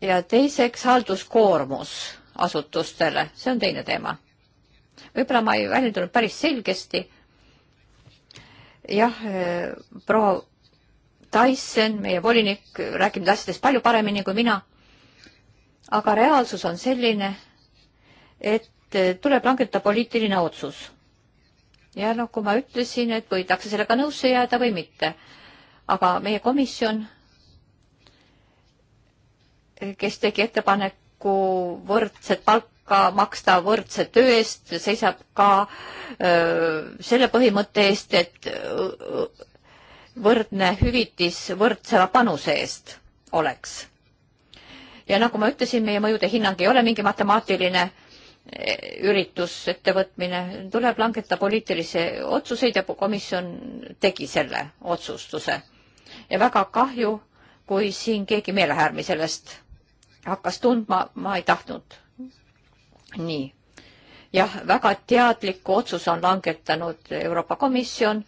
ja teiseks halduskoormus asutustele, see on teine teema. võib-olla ma ei väljendunud päris selgesti. jah, proua Tyson, meie volinik, räägib asjadest palju paremini kui mina aga reaalsus on selline, et tuleb langetada poliitiline otsus. ja noh, kui ma ütlesin, et võidakse sellega nõusse jääda või mitte, aga meie komisjon, kes tegi ettepaneku võrdset palka maksta võrdse töö eest, seisab ka öö, selle põhimõtte eest, et öö, võrdne hüvitis võrdseva panuse eest oleks ja nagu ma ütlesin, meie mõjude hinnang ei ole mingi matemaatiline eh, üritus, ettevõtmine, tuleb langetada poliitilisi otsuseid ja komisjon tegi selle otsustuse. ja väga kahju, kui siin keegi meelehärmi sellest hakkas tundma, ma ei tahtnud. nii. jah, väga teadliku otsuse on langetanud Euroopa Komisjon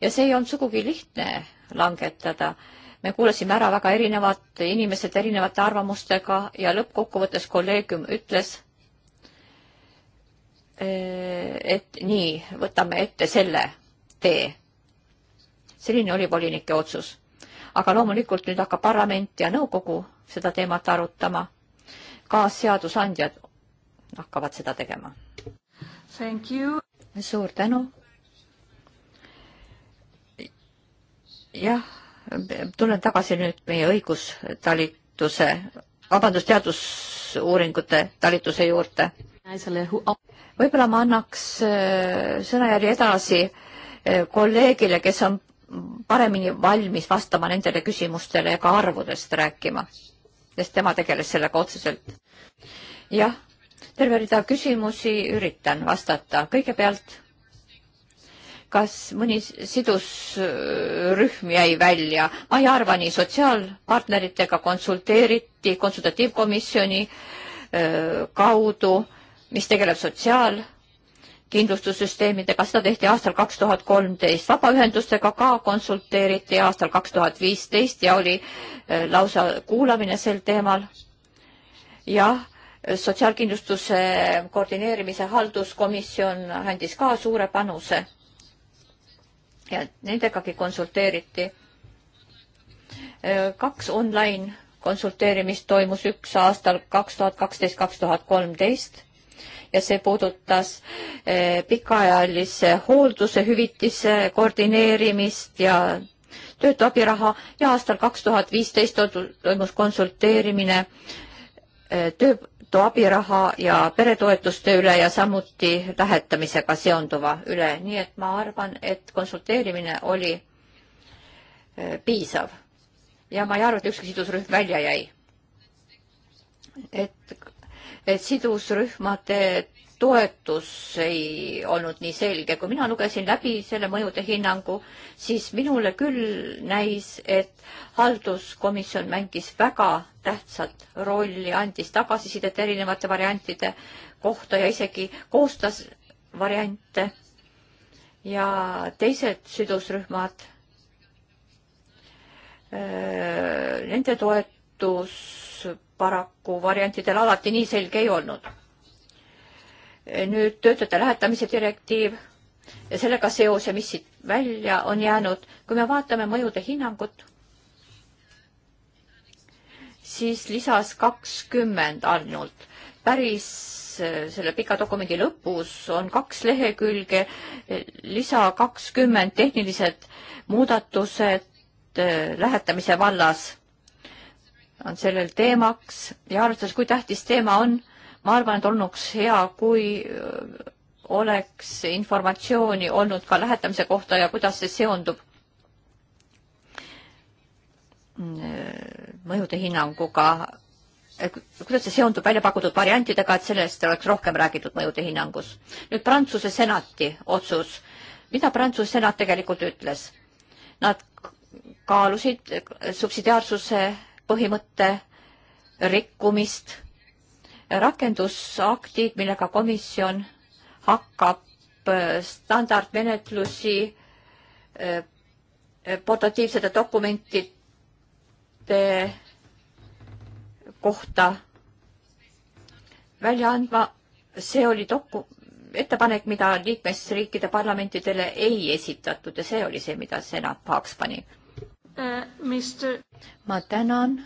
ja see ei olnud sugugi lihtne langetada me kuulasime ära väga erinevad inimesed erinevate arvamustega ja lõppkokkuvõttes kolleegium ütles, eh, et nii, võtame ette selle tee. selline oli volinike otsus. aga loomulikult nüüd hakkab parlament ja nõukogu seda teemat arutama. ka seadusandjad hakkavad seda tegema. suur tänu. jah tulen tagasi nüüd meie õigustalituse, vabandust, teadusuuringute talituse juurde. võib-olla ma annaks äh, sõnajärje edasi äh, kolleegile, kes on paremini valmis vastama nendele küsimustele ja ka arvudest rääkima, sest tema tegeles sellega otseselt. jah, terve rida küsimusi üritan vastata. kõigepealt kas mõni sidusrühm jäi välja? ma ei arva nii, sotsiaalpartneritega konsulteeriti konsultatiivkomisjoni äh, kaudu, mis tegeleb sotsiaal kindlustussüsteemidega, seda tehti aastal kaks tuhat kolmteist, vabaühendustega ka konsulteeriti aastal kaks tuhat viisteist ja oli äh, lausa kuulamine sel teemal. jah, äh, sotsiaalkindlustuse koordineerimise halduskomisjon andis ka suure panuse ja nendegagi konsulteeriti. Äh, kaks online konsulteerimist toimus üks aastal kaks tuhat kaksteist, kaks tuhat kolmteist ja see puudutas äh, pikaajalise hoolduse hüvitise koordineerimist ja töötu abiraha ja aastal kaks tuhat viisteist toimus konsulteerimine töötu abiraha ja peretoetuste üle ja samuti lähetamisega seonduva üle, nii et ma arvan, et konsulteerimine oli äh, piisav. ja ma ei arva, et ükski sidusrühm välja jäi. et, et sidusrühmade toetus ei olnud nii selge. kui mina lugesin läbi selle mõjude hinnangu, siis minule küll näis, et halduskomisjon mängis väga tähtsat rolli, andis tagasisidet erinevate variantide kohta ja isegi koostas variante. ja teised sidusrühmad, nende toetus paraku variantidel alati nii selge ei olnud nüüd töötajate lähetamise direktiiv ja sellega seos ja mis siit välja on jäänud. kui me vaatame mõjude hinnangut, siis lisas kakskümmend ainult. päris äh, selle pika dokumendi lõpus on kaks lehekülge, lisa kakskümmend tehnilised muudatused äh, lähetamise vallas on sellel teemaks ja arvestades, kui tähtis teema on ma arvan, et olnuks hea, kui äh, oleks informatsiooni olnud ka lähetamise kohta ja kuidas see seondub äh, mõjude hinnanguga, kuidas see seondub välja pakutud variantidega, et sellest oleks rohkem räägitud mõjude hinnangus. nüüd Prantsuse senati otsus, mida Prantsuse senat tegelikult ütles? Nad kaalusid subsidiaarsuse põhimõtte rikkumist rakendusaktid, millega komisjon hakkab äh, standardmenetlusi äh, äh, portatiivsete dokumentide kohta välja andma. see oli doku-, ettepanek, mida liikmesriikide parlamentidele ei esitatud ja see oli see, mida senat pahaks pani äh,. Mister... ma tänan.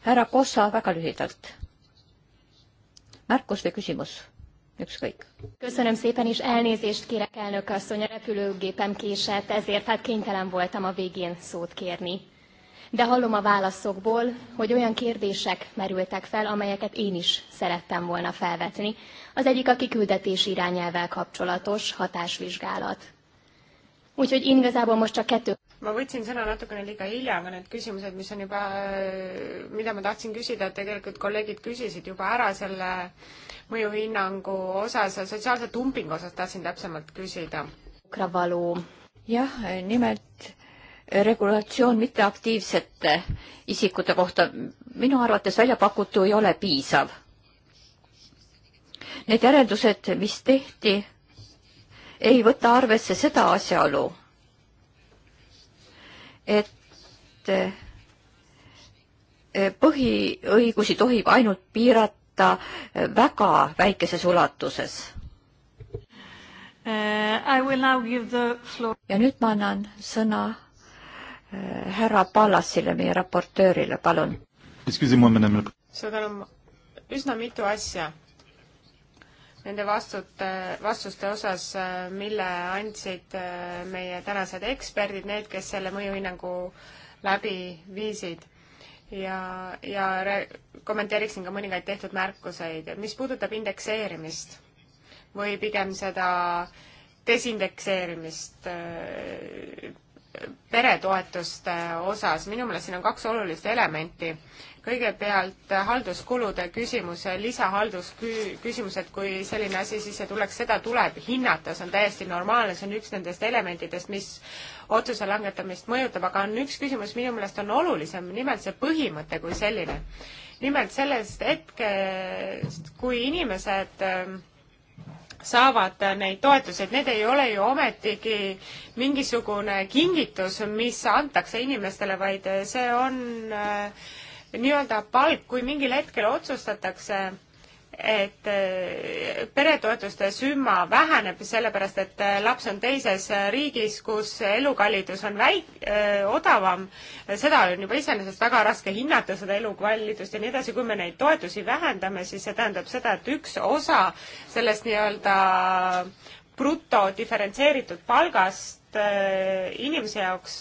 härra Kossa, väga lühidalt märkus või küsimus? ükskõik. Köszönöm szépen, és elnézést kérek elnök asszony, a repülőgépem késett, ezért hát kénytelen voltam a végén szót kérni. De hallom a válaszokból, hogy olyan kérdések merültek fel, amelyeket én is szerettem volna felvetni. Az egyik a kiküldetés irányelvel kapcsolatos hatásvizsgálat. Úgyhogy én igazából most csak kettő ma võtsin sõna natukene liiga hilja, aga need küsimused, mis on juba, mida ma tahtsin küsida, tegelikult kolleegid küsisid juba ära selle mõjuhinnangu osas, sotsiaalse dumpingu osas tahtsin täpsemalt küsida. Kravalu. jah, nimelt regulatsioon mitteaktiivsete isikute kohta minu arvates välja pakutu ei ole piisav. Need järeldused, mis tehti, ei võta arvesse seda asjaolu, et eh, põhiõigusi tohib ainult piirata eh, väga väikeses ulatuses. Eh, ja nüüd ma annan sõna härra Pallasile, meie raportöörile, palun. suur tänu, üsna mitu asja nende vastute, vastuste osas, äh, mille andsid äh, meie tänased eksperdid, need, kes selle mõjuhinnangu läbi viisid. ja, ja kommenteeriksin ka mõningaid tehtud märkuseid. mis puudutab indekseerimist või pigem seda desindekseerimist, äh, peretoetuste osas, minu meelest siin on kaks olulist elementi. kõigepealt halduskulude küsimus, lisahaldusküsimused, kui selline asi sisse tuleks, seda tuleb hinnata, see on täiesti normaalne, see on üks nendest elementidest, mis otsuse langetamist mõjutab, aga on üks küsimus, minu meelest on olulisem, nimelt see põhimõte kui selline. nimelt sellest hetkest, kui inimesed äh, saavad neid toetusi, et need ei ole ju ometigi mingisugune kingitus, mis antakse inimestele, vaid see on äh, nii-öelda palk, kui mingil hetkel otsustatakse äh, et eh, peretoetuste summa väheneb sellepärast, et eh, laps on teises eh, riigis, kus elukallidus on väik-, odavam. seda on juba iseenesest väga raske hinnata, seda elukallidust ja nii edasi. kui me neid toetusi vähendame, siis see tähendab seda, et üks osa sellest nii-öelda bruto diferentseeritud palgast inimese jaoks,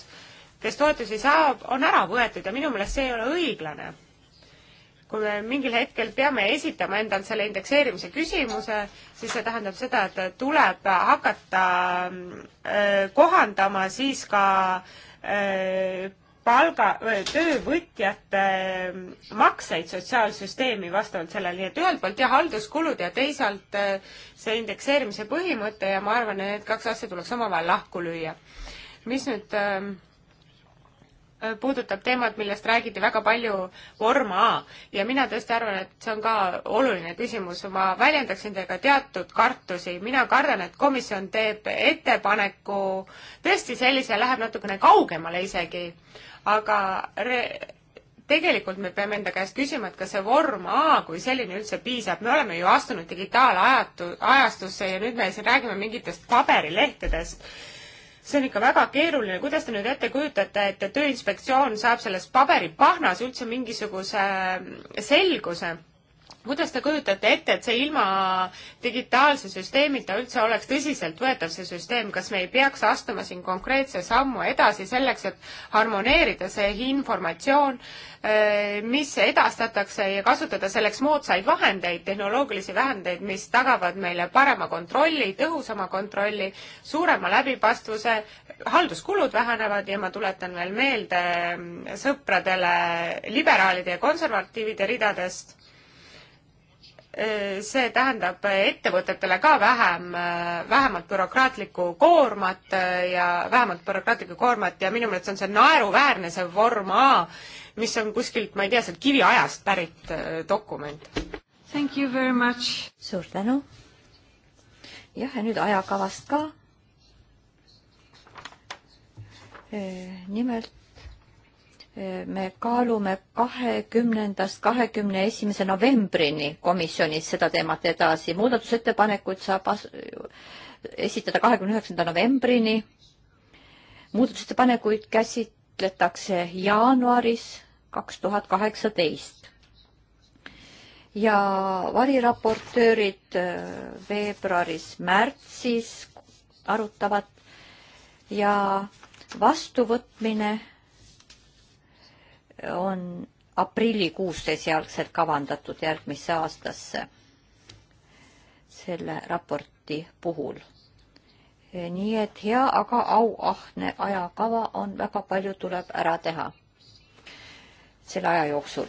kes toetusi saab, on ära võetud ja minu meelest see ei ole õiglane kui me mingil hetkel peame esitama endal selle indekseerimise küsimuse, siis see tähendab seda, et tuleb hakata äh, kohandama siis ka äh, palga, äh, töövõtjate makseid sotsiaalsüsteemi vastavalt sellele, nii et ühelt poolt jah, halduskulud ja teisalt see indekseerimise põhimõte ja ma arvan, et need kaks asja tuleks omavahel lahku lüüa. mis nüüd ähm, Äh, puudutab teemat, millest räägiti väga palju, vorm A. ja mina tõesti arvan, et see on ka oluline küsimus, ma väljendaksin teiega teatud kartusi, mina kardan, et komisjon teeb ettepaneku tõesti sellise, läheb natukene kaugemale isegi, aga re-, tegelikult me peame enda käest küsima, et kas see vorm A kui selline üldse piisab, me oleme ju astunud digitaalajastu, ajastusse ja nüüd me siin räägime mingitest paberilehtedest see on ikka väga keeruline, kuidas te nüüd ette kujutate, et Tööinspektsioon saab selles paberipahnas üldse mingisuguse äh, selguse? kuidas te kujutate ette, et see ilma digitaalse süsteemita üldse oleks tõsiseltvõetav, see süsteem, kas me ei peaks astuma siin konkreetse sammu edasi selleks, et harmoneerida see informatsioon, eh, mis edastatakse ja kasutada selleks moodsaid vahendeid, tehnoloogilisi vahendeid, mis tagavad meile parema kontrolli, tõhusama kontrolli, suurema läbipaistvuse, halduskulud vähenevad ja ma tuletan veel meelde mm, sõpradele liberaalide ja konservatiivide ridadest, see tähendab ettevõtetele ka vähem, vähemat bürokraatlikku koormat ja vähemat bürokraatlikku koormat ja minu meelest on see naeruväärne, see vorm A, mis on kuskilt, ma ei tea, sealt kiviajast pärit äh, dokument. Thank you very much. suur tänu. jah, ja nüüd ajakavast ka. Äh, nimelt me kaalume kahekümnendast kahekümne esimese novembrini komisjonis seda teemat edasi. muudatusettepanekuid saab esitada kahekümne üheksanda novembrini. muudatusettepanekuid käsitletakse jaanuaris kaks tuhat kaheksateist. ja variraportöörid äh, veebruaris-märtsis arutavad ja vastuvõtmine on aprillikuust esialgselt kavandatud järgmisse aastasse selle raporti puhul. nii et hea, aga auahne ajakava on, väga palju tuleb ära teha selle aja jooksul.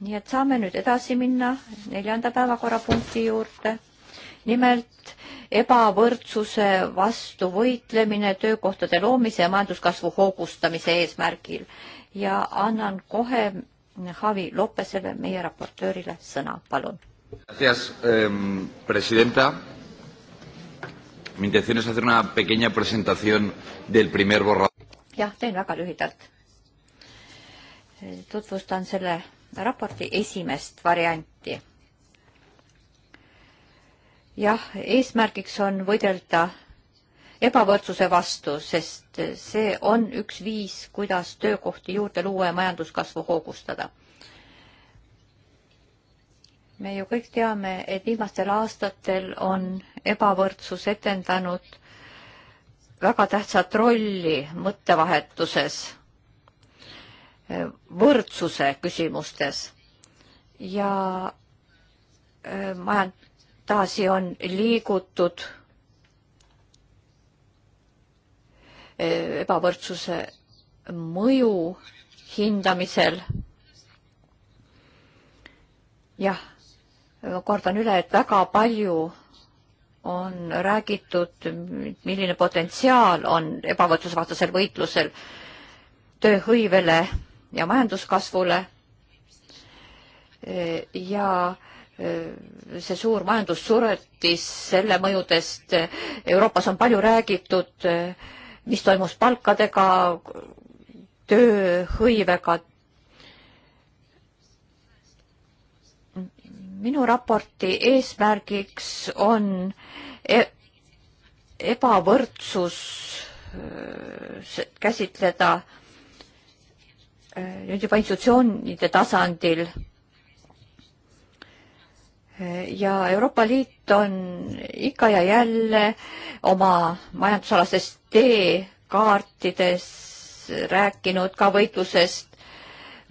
nii et saame nüüd edasi minna neljanda päevakorrapunkti juurde. nimelt ebavõrdsuse vastu võitlemine töökohtade loomise ja majanduskasvu hoogustamise eesmärgil ja annan kohe Javi Lopesele, meie raportöörile, sõna, palun. Gracias, eh, presidenta. Mi intención es hacer una pequeña presentación del primer borrador. jah, teen väga lühidalt. tutvustan selle raporti esimest varianti. jah, eesmärgiks on võidelda ebavõrdsuse vastu, sest see on üks viis, kuidas töökohti juurde luua ja majanduskasvu hoogustada. me ju kõik teame, et viimastel aastatel on ebavõrdsus etendanud väga tähtsat rolli mõttevahetuses, võrdsuse küsimustes ja äh, majand-, taasi on liigutud ebavõrdsuse mõju hindamisel. jah, kordan üle, et väga palju on räägitud, milline potentsiaal on ebavõrdsusvastasel võitlusel tööhõivele ja majanduskasvule. ja e, see suur majandussuretis, selle mõjudest Euroopas on palju räägitud e, mis toimus palkadega, tööhõivega. minu raporti eesmärgiks on e ebavõrdsus äh, käsitleda äh, nüüd juba institutsioonide tasandil ja Euroopa Liit on ikka ja jälle oma majandusalastes teekaartides rääkinud ka võitlusest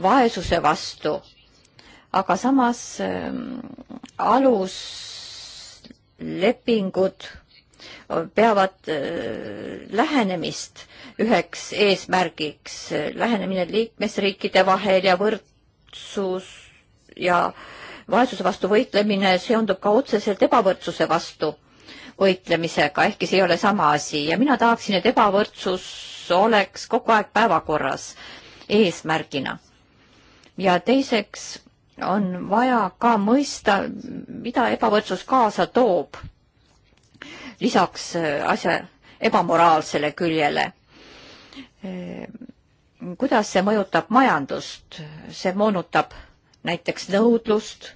vaesuse vastu. aga samas ähm, aluslepingud peavad äh, lähenemist üheks eesmärgiks, lähenemine liikmesriikide vahel ja võrdsus ja äh, vaesuse vastu võitlemine seondub ka otseselt ebavõrdsuse vastu võitlemisega, ehkki see ei ole sama asi ja mina tahaksin, et ebavõrdsus oleks kogu aeg päevakorras eesmärgina. ja teiseks on vaja ka mõista, mida ebavõrdsus kaasa toob, lisaks äh, asja ebamoraalsele küljele. Äh, kuidas see mõjutab majandust, see moonutab näiteks nõudlust.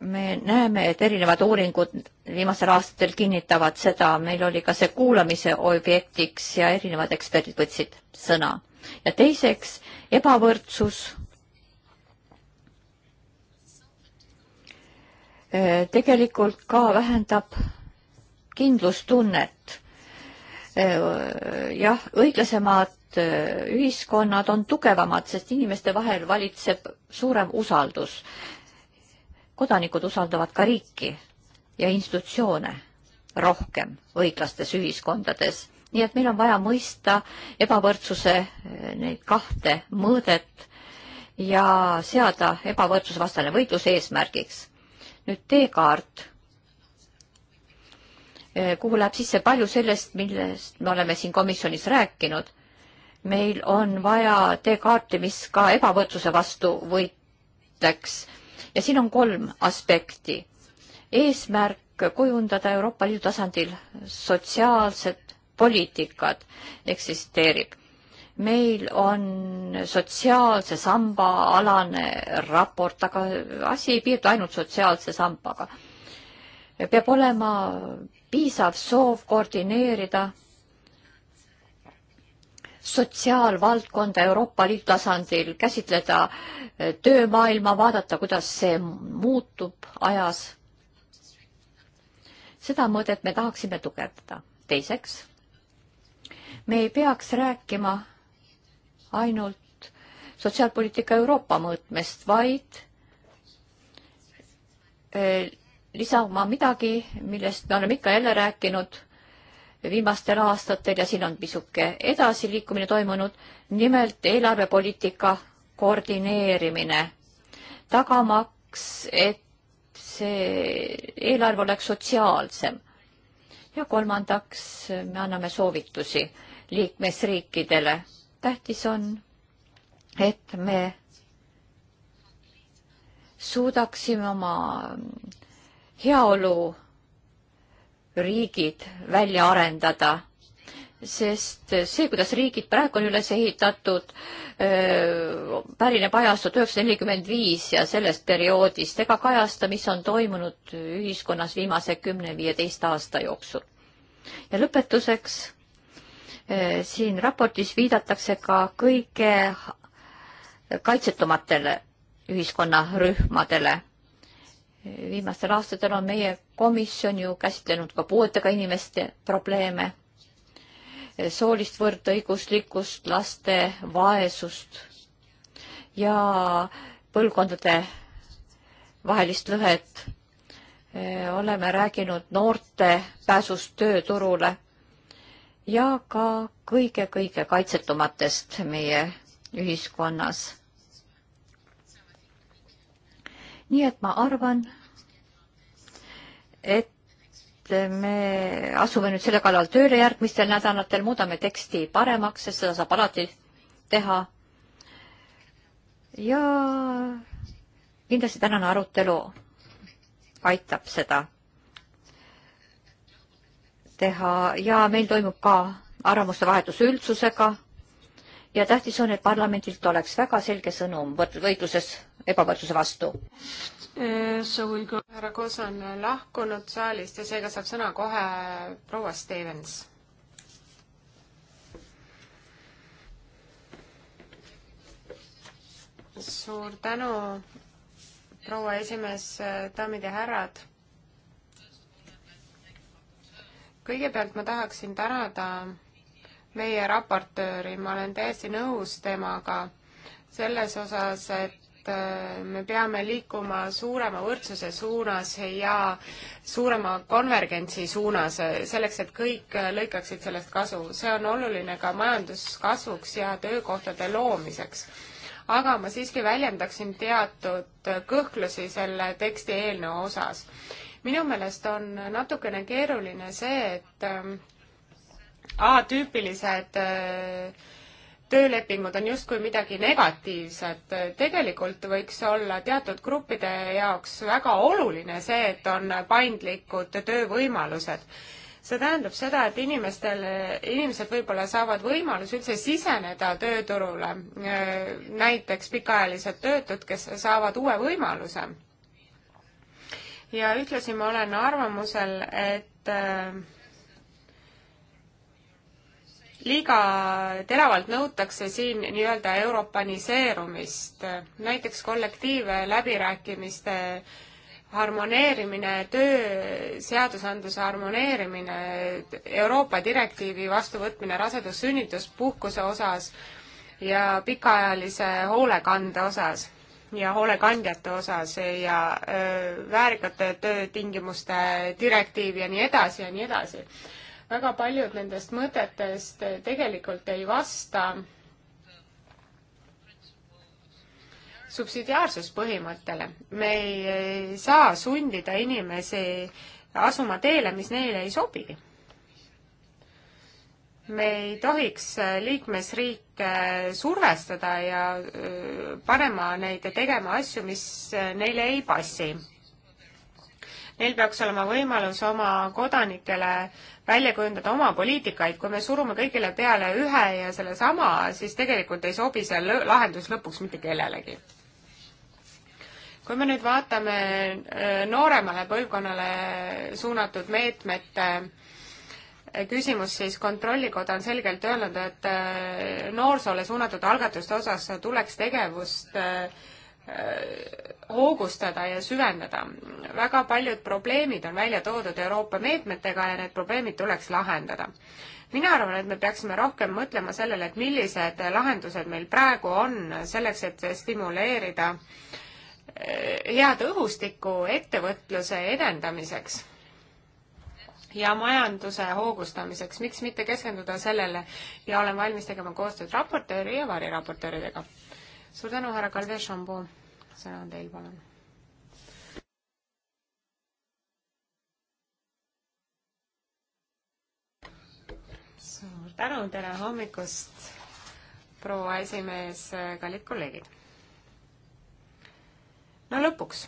me näeme, et erinevad uuringud viimastel aastatel kinnitavad seda, meil oli ka see kuulamise objektiks ja erinevad eksperdid võtsid sõna. ja teiseks, ebavõrdsus. tegelikult ka vähendab kindlustunnet jah, õiglasemad Äh, ühiskonnad on tugevamad, sest inimeste vahel valitseb suurem usaldus. kodanikud usaldavad ka riiki ja institutsioone rohkem õiglastes ühiskondades. nii et meil on vaja mõista ebavõrdsuse äh, neid kahte mõõdet ja seada ebavõrdsusvastane võitlus eesmärgiks. nüüd teekaart äh, kuhu läheb sisse palju sellest, millest me oleme siin komisjonis rääkinud meil on vaja teekaarti, mis ka ebavõrdsuse vastu võitleks. ja siin on kolm aspekti. eesmärk kujundada Euroopa Liidu tasandil sotsiaalsed poliitikad eksisteerib. meil on sotsiaalse samba alane raport, aga asi ei piirdu ainult sotsiaalse sambaga. peab olema piisav soov koordineerida sotsiaalvaldkonda Euroopa Liidu tasandil, käsitleda eh, töömaailma, vaadata, kuidas see muutub ajas. seda mõõdet me tahaksime tugevdada. teiseks, me ei peaks rääkima ainult sotsiaalpoliitika Euroopa mõõtmest, vaid eh, lisama midagi, millest me oleme ikka jälle rääkinud viimastel aastatel ja siin on pisuke edasiliikumine toimunud, nimelt eelarvepoliitika koordineerimine, tagamaks, et see eelarve oleks sotsiaalsem. ja kolmandaks, me anname soovitusi liikmesriikidele. tähtis on, et me suudaksime oma heaolu riigid välja arendada, sest see, kuidas riigid praegu on üles ehitatud, pärineb ajast tuhat üheksasada nelikümmend viis ja sellest perioodist ega kajasta, mis on toimunud ühiskonnas viimase kümne-viieteist aasta jooksul. ja lõpetuseks siin raportis viidatakse ka kõige kaitsetumatele ühiskonnarühmadele viimastel aastatel on meie komisjon ju käsitlenud ka puuetega inimeste probleeme, soolist võrdõiguslikkust, laste vaesust ja põlvkondade vahelist lõhet. oleme rääkinud noorte pääsust tööturule ja ka kõige-kõige kaitsetumatest meie ühiskonnas nii et ma arvan, et me asume nüüd selle kallal tööle järgmistel nädalatel, muudame teksti paremaks, sest seda saab alati teha. ja kindlasti tänane arutelu aitab seda teha ja meil toimub ka arvamuste vahetus üldsusega. ja tähtis on, et parlamendilt oleks väga selge sõnum võitluses ebavõrdsuse vastu. Eh, härra Koos on lahkunud saalist ja seega saab sõna kohe proua Stevens. suur tänu, proua esimees, daamid ja härrad. kõigepealt ma tahaksin tänada meie raportööri, ma olen täiesti nõus temaga selles osas, et et äh, me peame liikuma suurema võrdsuse suunas ja suurema konvergentsi suunas, äh, selleks et kõik äh, lõikaksid sellest kasu. see on oluline ka majanduskasvuks ja töökohtade loomiseks. aga ma siiski väljendaksin teatud kõhklusi selle teksti eelnõu osas. minu meelest on natukene keeruline see, et ähm, A-tüüpilised äh, töölepingud on justkui midagi negatiivset. tegelikult võiks olla teatud gruppide jaoks väga oluline see, et on paindlikud töövõimalused. see tähendab seda, et inimestel, inimesed võib-olla saavad võimaluse üldse siseneda tööturule. näiteks pikaajalised töötud, kes saavad uue võimaluse. ja ühtlasi ma olen arvamusel, et liiga teravalt nõutakse siin nii-öelda europaniseerumist, näiteks kollektiivläbirääkimiste harmoneerimine, tööseadusandluse harmoneerimine, Euroopa direktiivi vastuvõtmine rasedus-sünnituspuhkuse osas ja pikaajalise hoolekande osas ja hoolekandjate osas ja öö, väärikate töötingimuste direktiiv ja nii edasi ja nii edasi väga paljud nendest mõtetest tegelikult ei vasta subsidiaarsuspõhimõttele. me ei saa sundida inimesi asuma teele, mis neile ei sobi. me ei tohiks liikmesriike survestada ja äh, panema neid tegema asju, mis neile ei passi neil peaks olema võimalus oma kodanikele välja kujundada oma poliitikaid, kui me surume kõigile peale ühe ja sellesama, siis tegelikult ei sobi see lahendus lõpuks mitte kellelegi. kui me nüüd vaatame äh, nooremale põlvkonnale suunatud meetmete äh, küsimus, siis Kontrollikoda on selgelt öelnud, et äh, noorsoole suunatud algatuste osas tuleks tegevust hoogustada ja süvendada. väga paljud probleemid on välja toodud Euroopa meetmetega ja need probleemid tuleks lahendada. mina arvan, et me peaksime rohkem mõtlema sellele, et millised lahendused meil praegu on selleks, et stimuleerida eh, head õhustikku ettevõtluse edendamiseks ja majanduse hoogustamiseks, miks mitte keskenduda sellele ja olen valmis tegema koostööd raportööri ja variraportööridega. suur tänu, härra Kalvi Šambu! sõna on teil, palun. suur tänu, tere hommikust, proua esimees, kallid kolleegid. no lõpuks,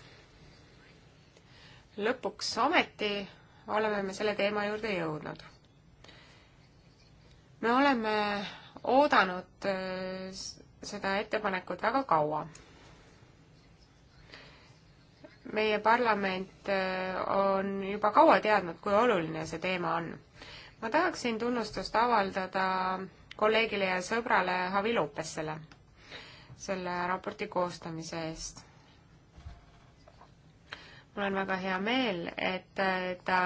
lõpuks ometi oleme me selle teema juurde jõudnud. me oleme oodanud äh, seda ettepanekut väga kaua meie parlament äh, on juba kaua teadnud, kui oluline see teema on. ma tahaksin tunnustust avaldada kolleegile ja sõbrale Javi Lopesele selle raporti koostamise eest. mul on väga hea meel, et äh, ta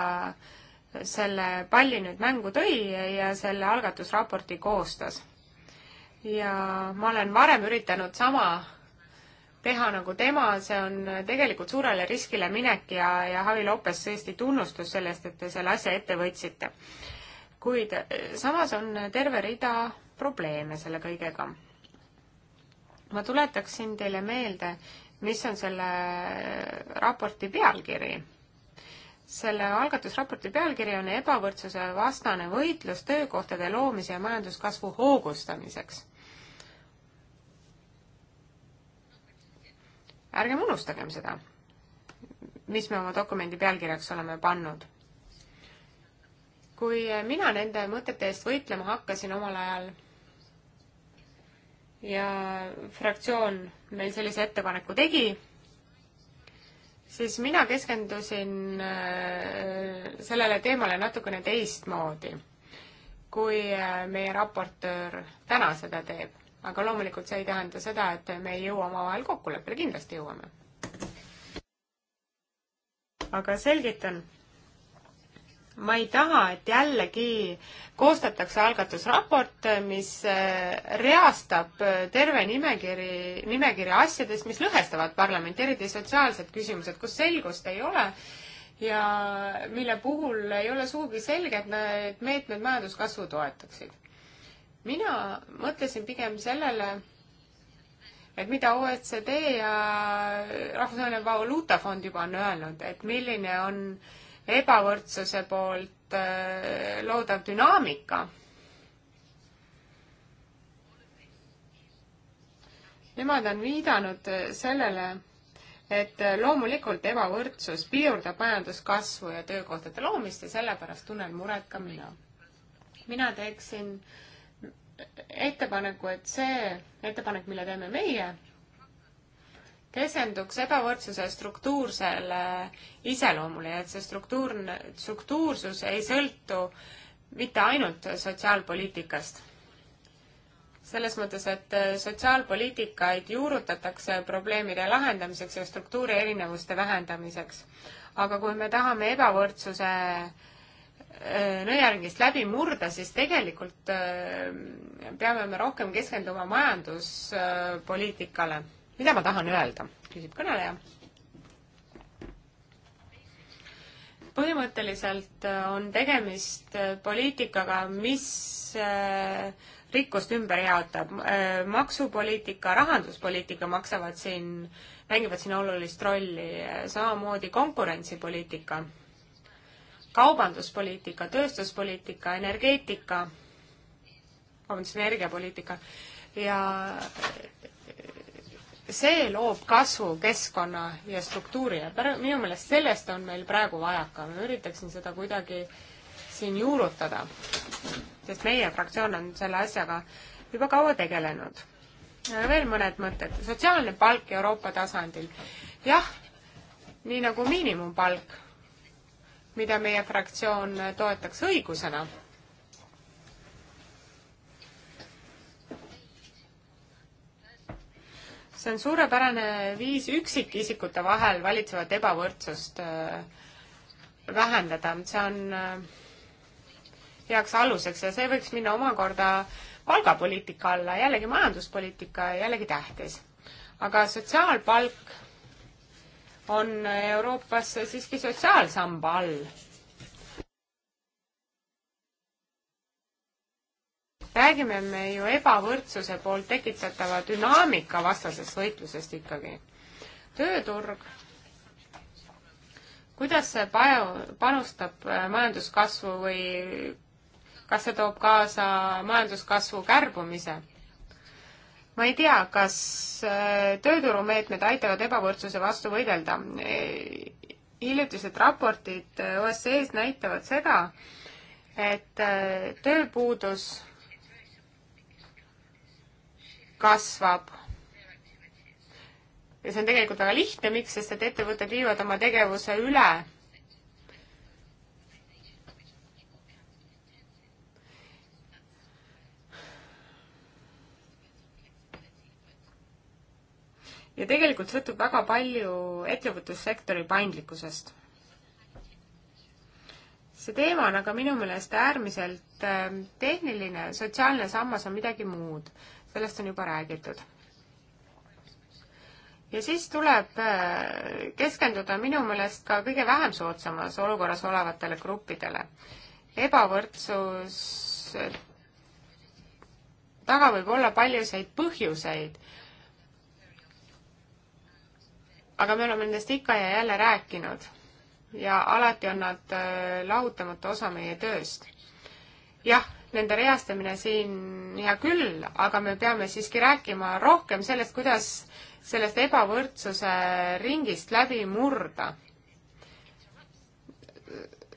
selle palli nüüd mängu tõi ja selle algatusraporti koostas. ja ma olen varem üritanud sama teha nagu tema, see on tegelikult suurele riskile minek ja, ja Javi Lopes tõesti tunnustus selle eest, et te selle asja ette võtsite. kuid eh, samas on terve rida probleeme selle kõigega. ma tuletaksin teile meelde, mis on selle raporti pealkiri. selle algatusraporti pealkiri on ebavõrdsuse vastane võitlus töökohtade loomise ja majanduskasvu hoogustamiseks ärgem unustagem seda, mis me oma dokumendi pealkirjaks oleme pannud. kui mina nende mõtete eest võitlema hakkasin omal ajal ja fraktsioon meil sellise ettepaneku tegi, siis mina keskendusin äh, sellele teemale natukene teistmoodi, kui äh, meie raportöör täna seda teeb aga loomulikult see ei tähenda seda, et me ei jõua omavahel kokkuleppele, kindlasti jõuame. aga selgitan. ma ei taha, et jällegi koostatakse algatusraport, mis äh, reastab äh, terve nimekiri, nimekirja asjadest, mis lõhestavad parlamenti, eriti sotsiaalsed küsimused, kus selgust ei ole ja mille puhul ei ole sugugi selge, et need meetmed majanduskasvu toetaksid mina mõtlesin pigem sellele, et mida OECD ja Rahvusvaheline Valuutafond juba on öelnud, et milline on ebavõrdsuse poolt äh, loodav dünaamika. Nemad on viidanud äh, sellele, et äh, loomulikult ebavõrdsus piirdab majanduskasvu ja töökohtade loomist ja sellepärast tunnen muret ka mina. mina teeksin äh, ettepaneku, et see ettepanek, mille teeme meie, keskenduks ebavõrdsuse struktuursele iseloomule ja et see struktuurne, struktuursus ei sõltu mitte ainult sotsiaalpoliitikast. selles mõttes, et sotsiaalpoliitikaid juurutatakse probleemide lahendamiseks ja struktuuri erinevuste vähendamiseks. aga kui me tahame ebavõrdsuse äh, nõiaringist läbi murda, siis tegelikult äh, peame me rohkem keskenduma majanduspoliitikale. mida ma tahan öelda, küsib kõneleja. põhimõtteliselt äh, on tegemist äh, poliitikaga, mis rikkust ümber jaotab. maksupoliitika, rahanduspoliitika maksavad siin, mängivad siin olulist rolli, samamoodi konkurentsipoliitika kaubanduspoliitika, tööstuspoliitika, energeetika, vabandust, energiapoliitika ja see loob kasvukeskkonna ja struktuuri ja minu meelest sellest on meil praegu vajaka, ma üritaksin seda kuidagi siin juurutada, sest meie fraktsioon on selle asjaga juba kaua tegelenud. veel mõned mõtted, sotsiaalne palk Euroopa tasandil. jah, nii nagu miinimumpalk mida meie fraktsioon toetaks õigusena. see on suurepärane viis üksikisikute vahel valitsevat ebavõrdsust äh, vähendada, see on äh, heaks aluseks ja see võiks minna omakorda palgapoliitika alla, jällegi majanduspoliitika, jällegi tähtis. aga sotsiaalpalk on Euroopas siiski sotsiaalsamba all. räägime me ju ebavõrdsuse poolt tekitatava dünaamika vastasest võitlusest ikkagi. tööturg, kuidas see paju, panustab äh, majanduskasvu või kas see toob kaasa majanduskasvu kärbumise? ma ei tea, kas äh, tööturumeetmed aitavad ebavõrdsuse vastu võidelda. E, hiljutised raportid äh, OSCE-s näitavad seda, et äh, tööpuudus kasvab. ja see on tegelikult väga lihtne, miks, sest et ettevõtted viivad oma tegevuse üle ja tegelikult sõltub väga palju ettevõtlussektori paindlikkusest. see teema on aga minu meelest äärmiselt ähm, tehniline, sotsiaalne sammas on midagi muud, sellest on juba räägitud. ja siis tuleb äh, keskenduda minu meelest ka kõige vähem soodsamas olukorras olevatele gruppidele. ebavõrdsus äh, taga võib olla paljusid põhjuseid aga me oleme nendest ikka ja jälle rääkinud ja alati on nad äh, lahutamatu osa meie tööst. jah, nende reastamine siin hea küll, aga me peame siiski rääkima rohkem sellest, kuidas sellest ebavõrdsuse ringist läbi murda.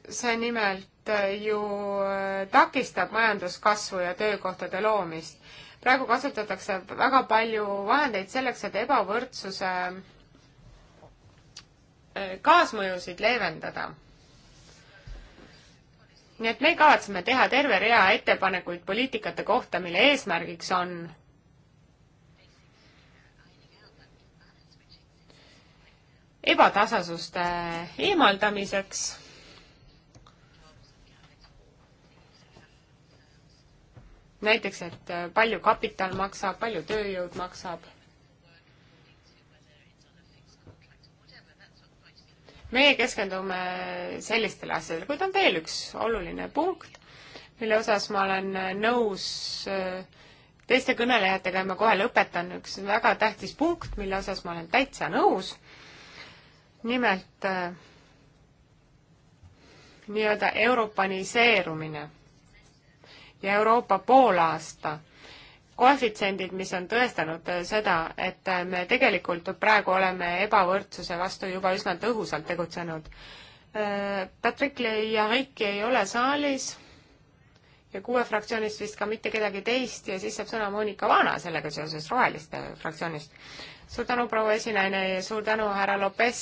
see nimelt äh, ju äh, takistab majanduskasvu ja töökohtade loomist. praegu kasutatakse väga palju vahendeid selleks, et ebavõrdsuse kaasmõjusid leevendada. nii et me kavatseme teha terve rea ettepanekuid poliitikate kohta, mille eesmärgiks on ebatasasuste eemaldamiseks näiteks, et palju kapital maksab, palju tööjõud maksab. meie keskendume sellistele asjadele, kuid on veel üks oluline punkt, mille osas ma olen äh, nõus äh, teiste kõnelejatega ja ma kohe lõpetan, üks väga tähtis punkt, mille osas ma olen täitsa nõus, nimelt äh, nii-öelda europaniseerumine ja Euroopa poolaasta koefitsiendid, mis on tõestanud äh, seda, et äh, me tegelikult praegu oleme ebavõrdsuse vastu juba üsna tõhusalt tegutsenud. Äh, Patrick Lejariki ei ole saalis ja kuue fraktsioonist vist ka mitte kedagi teist ja siis saab sõna Monika Vana sellega seoses Roheliste fraktsioonist. suur tänu, proua esinaine ja suur tänu, härra Lopes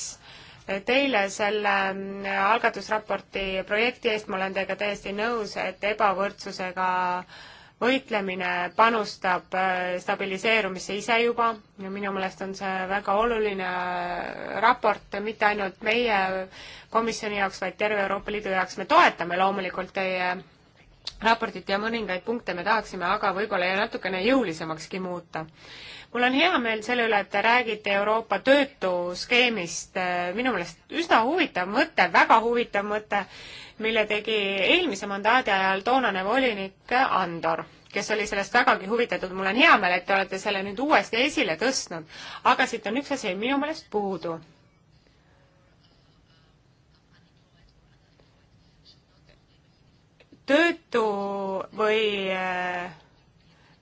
teile selle mm, algatusraporti projekti eest, ma olen teiega täiesti nõus, et ebavõrdsusega äh, võitlemine panustab äh, stabiliseerumisse ise juba ja minu meelest on see väga oluline äh, raport mitte ainult meie komisjoni jaoks, vaid terve Euroopa Liidu jaoks. me toetame loomulikult teie raportit ja mõningaid punkte me tahaksime aga võib-olla natukene jõulisemakski muuta. mul on hea meel selle üle, et te räägite Euroopa töötuskeemist, minu meelest üsna huvitav mõte, väga huvitav mõte mille tegi eelmise mandaadi ajal toonane volinik Andor kes oli sellest vägagi huvitatud. mul on hea meel, et te olete selle nüüd uuesti esile tõstnud, aga siit on üks asi minu meelest puudu. töötu või äh,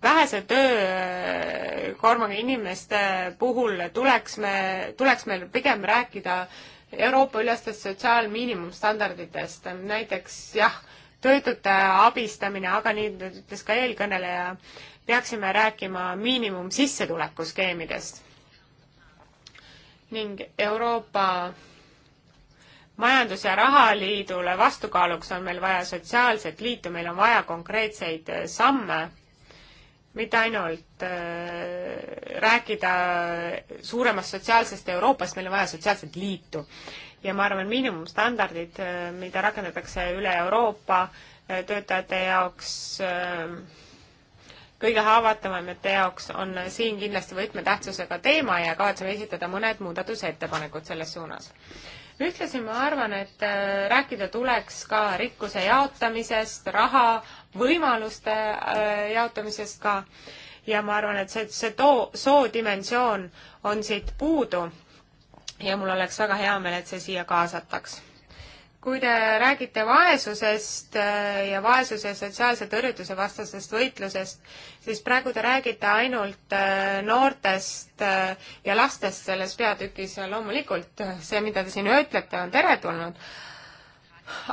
vähese töökoormaga inimeste puhul tuleks me, tuleks meil pigem rääkida äh, Euroopa-ülestest sotsiaalmiinimumstandarditest, näiteks jah, töötute abistamine, aga nii ütles ka eelkõneleja, peaksime rääkima miinimumsissetulekuskeemidest. ning Euroopa majandus- ja rahaliidule vastukaaluks on meil vaja sotsiaalset liitu, meil on vaja konkreetseid samme mitte ainult äh, rääkida suuremast sotsiaalsest Euroopast, meil on vaja sotsiaalset liitu. ja ma arvan, miinimumstandardid, äh, mida rakendatakse üle Euroopa äh, töötajate jaoks äh,, kõige haavatavamate jaoks, on siin kindlasti võtmetähtsusega teema ja kavatseme esitada mõned muudatusettepanekud selles suunas. ühtlasi ma arvan, et äh, rääkida tuleks ka rikkuse jaotamisest, raha võimaluste äh, jaotamisest ka ja ma arvan, et see, see too, soodimensioon on siit puudu ja mul oleks väga hea meel, et see siia kaasataks. kui te räägite vaesusest äh, ja vaesuse sotsiaalse tõrjutuse vastasest võitlusest, siis praegu te räägite ainult äh, noortest ja lastest selles peatükis ja loomulikult see, mida te siin ütlete, on teretulnud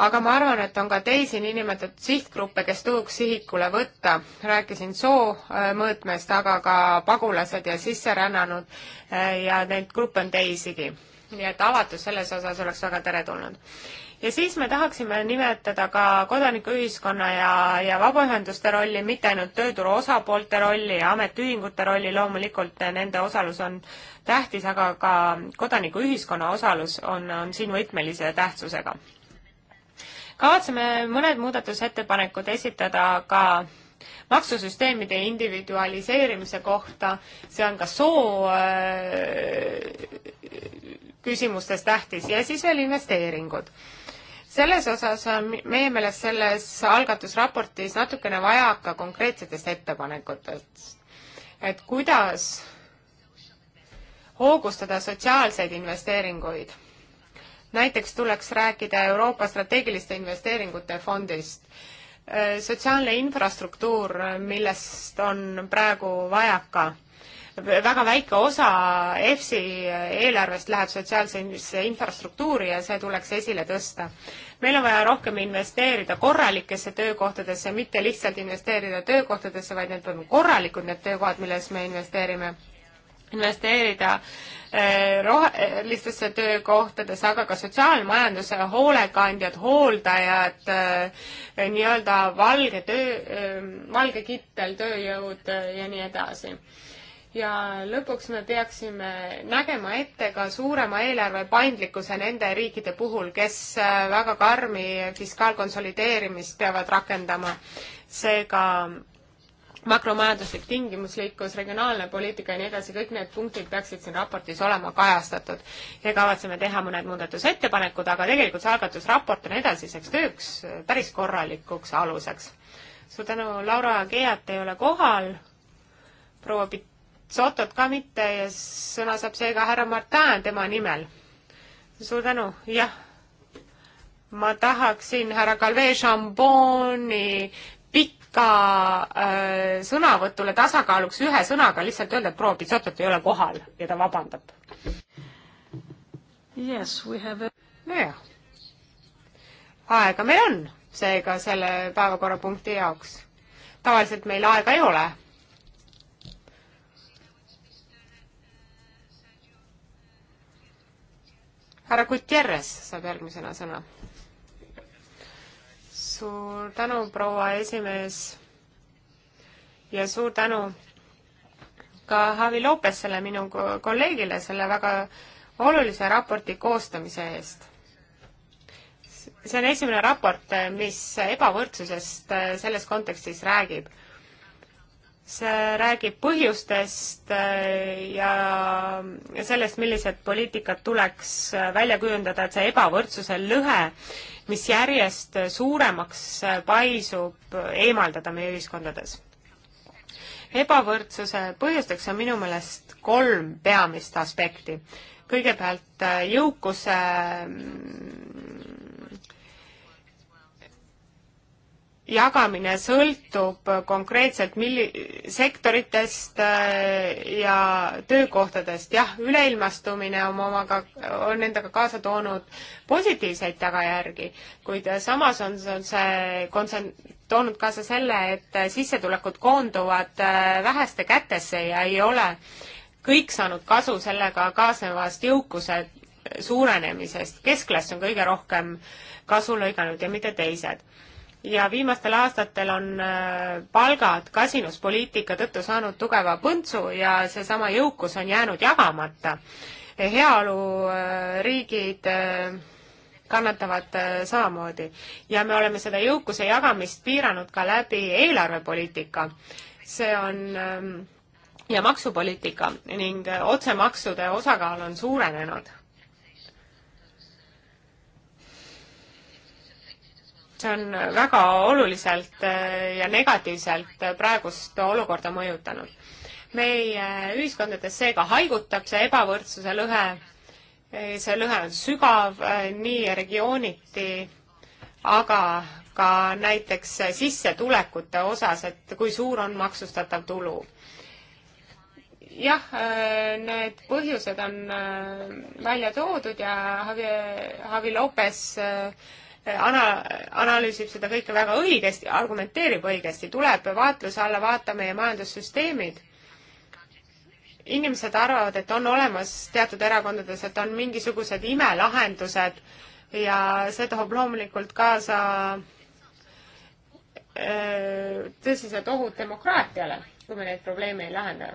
aga ma arvan, et on ka teisi niinimetatud sihtgruppe, kes tuleks sihikule võtta. rääkisin soo äh, mõõtmest, aga ka pagulased ja sisserännanud äh, ja neid gruppe on teisigi. nii et avatus selles osas oleks väga teretulnud. ja siis me tahaksime nimetada ka kodanikuühiskonna ja, ja vabaühenduste rolli, mitte ainult tööturu osapoolte rolli ja ametiühingute rolli, loomulikult nende osalus on tähtis, aga ka kodanikuühiskonna osalus on, on siin võtmelise tähtsusega kavatseme mõned muudatusettepanekud esitada ka maksusüsteemide individualiseerimise kohta, see on ka soo äh, küsimustes tähtis ja siis veel investeeringud selles osas on meie meelest selles algatusraportis natukene vajaka konkreetsetest ettepanekutest, et kuidas hoogustada sotsiaalseid investeeringuid näiteks tuleks rääkida Euroopa strateegiliste investeeringute fondist. Äh, sotsiaalne infrastruktuur, äh, millest on praegu vajaka, väga väike osa EFSI äh, eelarvest läheb sotsiaalsesse infrastruktuuri ja see tuleks esile tõsta. meil on vaja rohkem investeerida korralikesse töökohtadesse, mitte lihtsalt investeerida töökohtadesse, vaid need on korralikud, need töökohad, milles me investeerime investeerida eh, rohelistesse töökohtadesse, aga ka sotsiaalmajanduse hoolekandjad, hooldajad, eh, nii-öelda valge töö, eh, valge kittel tööjõud ja nii edasi ja lõpuks me peaksime nägema ette ka suurema eelarve paindlikkuse nende riikide puhul, kes väga karmi fiskaalkonsolideerimist peavad rakendama. seega makromajanduslik tingimuslikkus, regionaalne poliitika ja nii edasi, kõik need punktid peaksid siin raportis olema kajastatud. ja kavatseme teha mõned muudatusettepanekud, aga tegelikult see algatusraport on edasiseks tööks päris korralikuks aluseks. suur tänu, Laura Geat ei ole kohal, proua Pitsotot ka mitte ja sõna saab seega härra Martin tema nimel. suur tänu, jah ma tahaksin härra Calvet Chamboni ka äh, sõnavõtule tasakaaluks ühe sõnaga lihtsalt öelda, et proua Pitsotot ei ole kohal ja ta vabandab. Yes, we have a... nojah. aega meil on, seega selle päevakorrapunkti jaoks. tavaliselt meil aega ei ole härra Gutierrez saab järgmisena sõna suur tänu, proua esimees ja suur tänu ka Javi Lopesele, minu kolleegile, selle väga olulise raporti koostamise eest. see on esimene raport, mis ebavõrdsusest äh, selles kontekstis räägib. see räägib põhjustest äh, ja sellest, millised poliitikad tuleks äh, välja kujundada, et see ebavõrdsuse lõhe mis järjest suuremaks paisub eemaldada meie ühiskondades. ebavõrdsuse põhjusteks on minu meelest kolm peamist aspekti. kõigepealt jõukuse jagamine sõltub konkreetselt milli-, sektoritest äh, ja töökohtadest. jah, üleilmastumine on omaga, on endaga kaasa toonud positiivseid tagajärgi, kuid samas on, on see kontsen-, toonud kaasa selle, et sissetulekud koonduvad äh, väheste kätesse ja ei ole kõik saanud kasu sellega kaasnevast jõukuse suurenemisest. keskklass on kõige rohkem kasu lõiganud ja mitte teised ja viimastel aastatel on äh, palgad kasinuspoliitika tõttu saanud tugeva põntsu ja seesama jõukus on jäänud jagamata. heaoluriigid äh, äh, kannatavad samamoodi ja me oleme seda jõukuse jagamist piiranud ka läbi eelarvepoliitika. see on ähm, ja maksupoliitika ning otsemaksude osakaal on suurenenud see on väga oluliselt äh, ja negatiivselt praegust olukorda mõjutanud. meie äh, ühiskondades seega haigutab see ebavõrdsuse lõhe, äh, see lõhe on sügav nii regiooniti, aga ka näiteks sissetulekute osas, et kui suur on maksustatav tulu jah, need põhjused on välja toodud ja Javi, Javi Lopes ana-, analüüsib seda kõike väga õigesti, argumenteerib õigesti, tuleb vaatluse alla vaata meie majandussüsteemid. inimesed arvavad, et on olemas teatud erakondades, et on mingisugused imelahendused ja see toob loomulikult kaasa äh, tõsised ohud demokraatiale, kui me neid probleeme ei lahenda.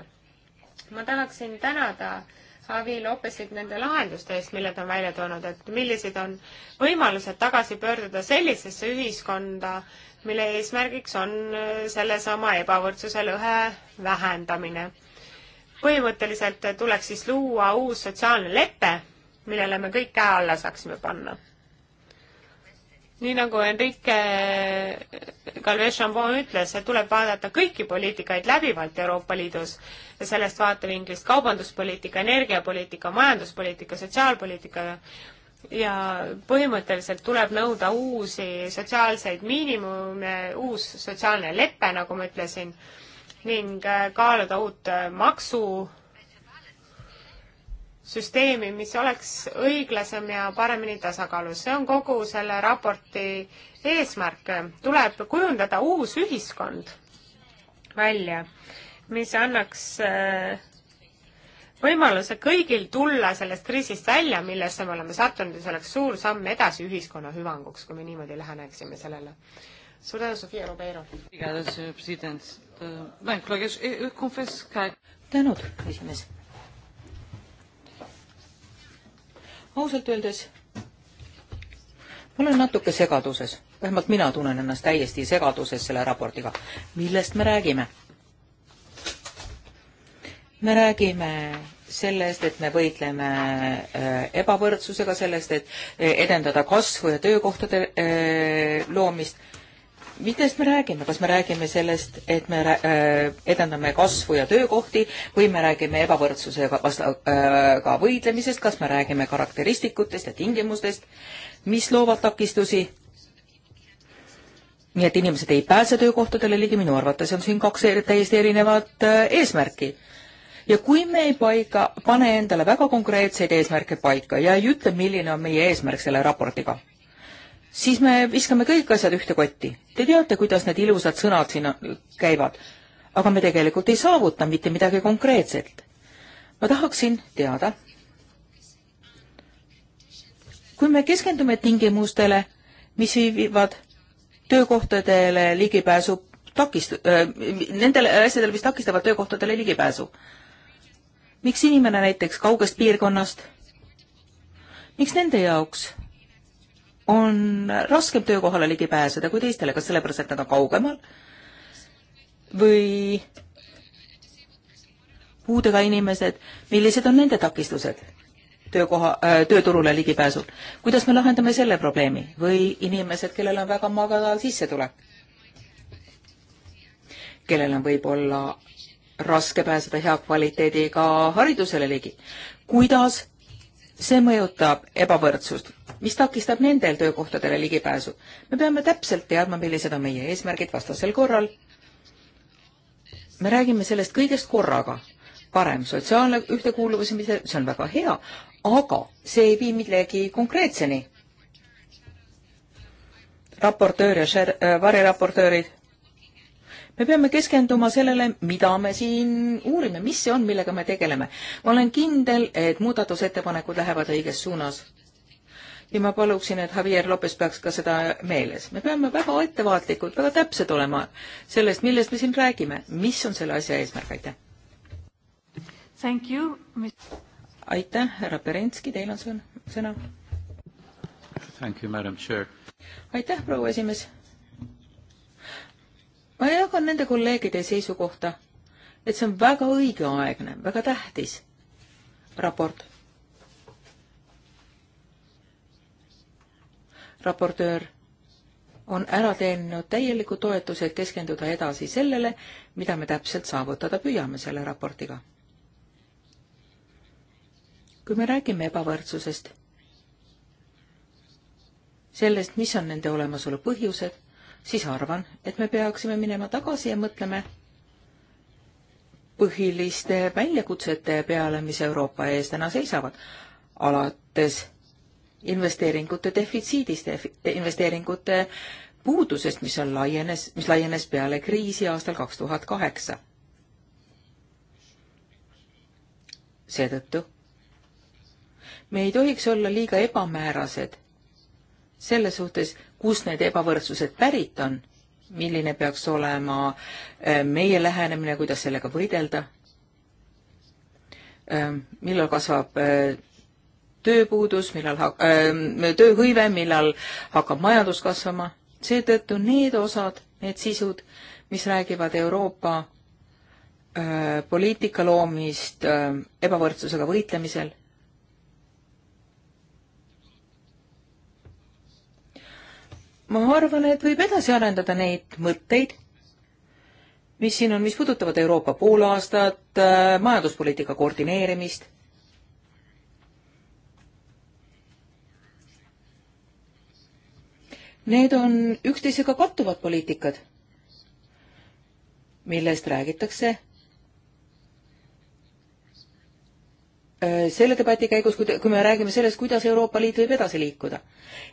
ma tahaksin tänada äh, Avi Lopesid nende lahenduste eest, mille ta on välja toonud, et millised on võimalused tagasi pöörduda sellisesse ühiskonda, mille eesmärgiks on äh, sellesama ebavõrdsuse lõhe vähendamine. põhimõtteliselt tuleks siis luua uus sotsiaalne lepe, millele me kõik käe alla saaksime panna nii nagu Enrique Calvet-Chambon ütles, et tuleb vaadata kõiki poliitikaid läbivalt Euroopa Liidus ja sellest vaatevinklist kaubanduspoliitika, energiapoliitika, majanduspoliitika, sotsiaalpoliitika ja põhimõtteliselt tuleb nõuda uusi sotsiaalseid miinimume, uus sotsiaalne lepe, nagu ma ütlesin, ning kaaluda uut maksu süsteemi, mis oleks õiglasem ja paremini tasakaalus. see on kogu selle raporti eesmärk. tuleb kujundada uus ühiskond välja, mis annaks äh, võimaluse kõigil tulla sellest kriisist välja, millesse me oleme sattunud ja see oleks suur samm edasi ühiskonna hüvanguks, kui me niimoodi läheneksime sellele. suur tänu, Sofia Robeiro! Eh, tänud, esimees! ausalt öeldes ma olen natuke segaduses, vähemalt mina tunnen ennast täiesti segaduses selle raportiga. millest me räägime? me räägime sellest, et me võitleme äh, ebavõrdsusega, sellest, et äh, edendada kasvu ja töökohtade äh, loomist millest me räägime, kas me räägime sellest, et me äh, edendame kasvu ja töökohti või me räägime ebavõrdsusega ka äh, võidlemisest, kas me räägime karakteristikutest ja tingimustest, mis loovad takistusi? nii et inimesed ei pääse töökohtadele ligi, minu arvates on siin kaks täiesti erinevat äh, eesmärki ja kui me ei paiga, pane endale väga konkreetseid eesmärke paika ja ei ütle, milline on meie eesmärk selle raportiga siis me viskame kõik asjad ühte kotti. Te teate, kuidas need ilusad sõnad siin käivad, aga me tegelikult ei saavuta mitte midagi konkreetset. ma tahaksin teada, kui me keskendume tingimustele, mis viivad töökohtadele ligipääsu takist- äh,, nendele asjadele, mis takistavad töökohtadele ligipääsu, miks inimene näiteks kaugest piirkonnast, miks nende jaoks on raskem töökohale ligi pääseda kui teistele, kas sellepärast, et nad on kaugemal või puudega inimesed, millised on nende takistused töökoha äh,, tööturule ligipääsul? kuidas me lahendame selle probleemi või inimesed, kellel on väga madal sissetulek? kellel on võib-olla raske pääseda hea kvaliteediga haridusele ligi. kuidas see mõjutab ebavõrdsust? mis takistab nendel töökohtadele ligipääsu. me peame täpselt teadma, millised on meie eesmärgid, vastasel korral me räägime sellest kõigest korraga. parem sotsiaalne ühtekuuluvus, see on väga hea, aga see ei vii millegi konkreetseni. raportöör ja šer, äh, variraportöörid, me peame keskenduma sellele, mida me siin uurime, mis see on, millega me tegeleme. ma olen kindel, et muudatusettepanekud lähevad õiges suunas ja ma paluksin, et Javier Lopes peaks ka seda meeles. me peame väga ettevaatlikud, väga täpsed olema sellest, millest me siin räägime, mis on selle asja eesmärk, aitäh. Thank you mis.... aitäh, härra Berenski, teil on sõna. Thank you, madam chair. aitäh, proua esimees. ma jagan nende kolleegide seisukohta, et see on väga õigeaegne, väga tähtis raport raportöör on ära teeninud täieliku toetuse, et keskenduda edasi sellele, mida me täpselt saavutada püüame selle raportiga. kui me räägime ebavõrdsusest, sellest, mis on nende olemasolu põhjused, siis arvan, et me peaksime minema tagasi ja mõtleme põhiliste väljakutsete peale, mis Euroopa ees täna seisavad, alates investeeringute defitsiidist, investeeringute puudusest, mis on laienes, mis laienes peale kriisi aastal kaks tuhat kaheksa. seetõttu me ei tohiks olla liiga ebamäärased selles suhtes, kust need ebavõrdsused pärit on, milline peaks olema äh, meie lähenemine, kuidas sellega võidelda, äh, millal kasvab äh, tööpuudus, millal ha-, äh, tööhõive, millal hakkab majandus kasvama, seetõttu need osad, need sisud, mis räägivad Euroopa äh, poliitika loomist äh, ebavõrdsusega võitlemisel, ma arvan, et võib edasi arendada neid mõtteid, mis siin on, mis puudutavad Euroopa poolaastat äh,, majanduspoliitika koordineerimist Need on üksteisega kattuvad poliitikad, millest räägitakse äh, selle debati käigus, kui me räägime sellest, kuidas Euroopa Liit võib edasi liikuda.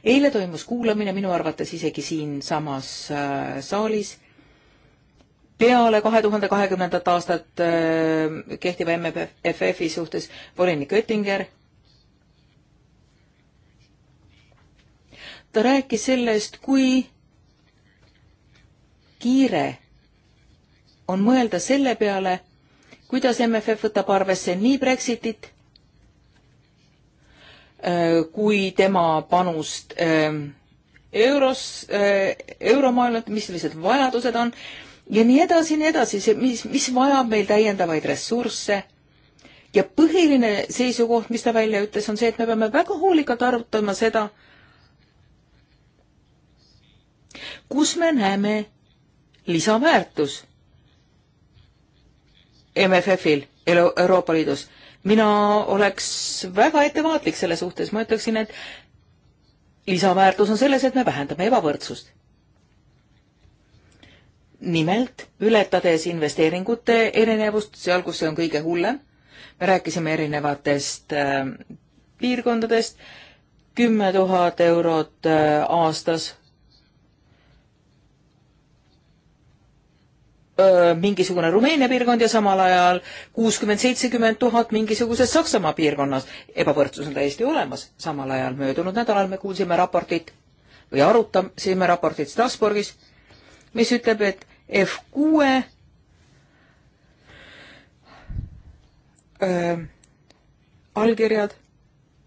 eile toimus kuulamine minu arvates isegi siinsamas äh, saalis peale kahe tuhande kahekümnendat aastat äh, kehtiva MFF-i suhtes volinik Oettinger ta rääkis sellest, kui kiire on mõelda selle peale, kuidas MFF võtab arvesse nii Brexitit äh, kui tema panust ähm, euros, äh, euromaailmat, mis sellised vajadused on ja nii edasi ja nii edasi, see, mis, mis vajab meil täiendavaid ressursse. ja põhiline seisukoht, mis ta välja ütles, on see, et me peame väga hoolikalt arutama seda, kus me näeme lisaväärtus MFF-il Euro Euroopa Liidus. mina oleks väga ettevaatlik selle suhtes, ma ütleksin, et lisaväärtus on selles, et me vähendame ebavõrdsust. nimelt ületades investeeringute erinevust seal, kus see on kõige hullem, me rääkisime erinevatest äh, piirkondadest, kümme tuhat eurot äh, aastas mingisugune Rumeenia piirkond ja samal ajal kuuskümmend, seitsekümmend tuhat mingisuguses Saksamaa piirkonnas. ebavõrdsus on täiesti olemas. samal ajal möödunud nädalal me kuulsime raportit või arutasime raportit Strasbourgis, mis ütleb, et F kuue allkirjad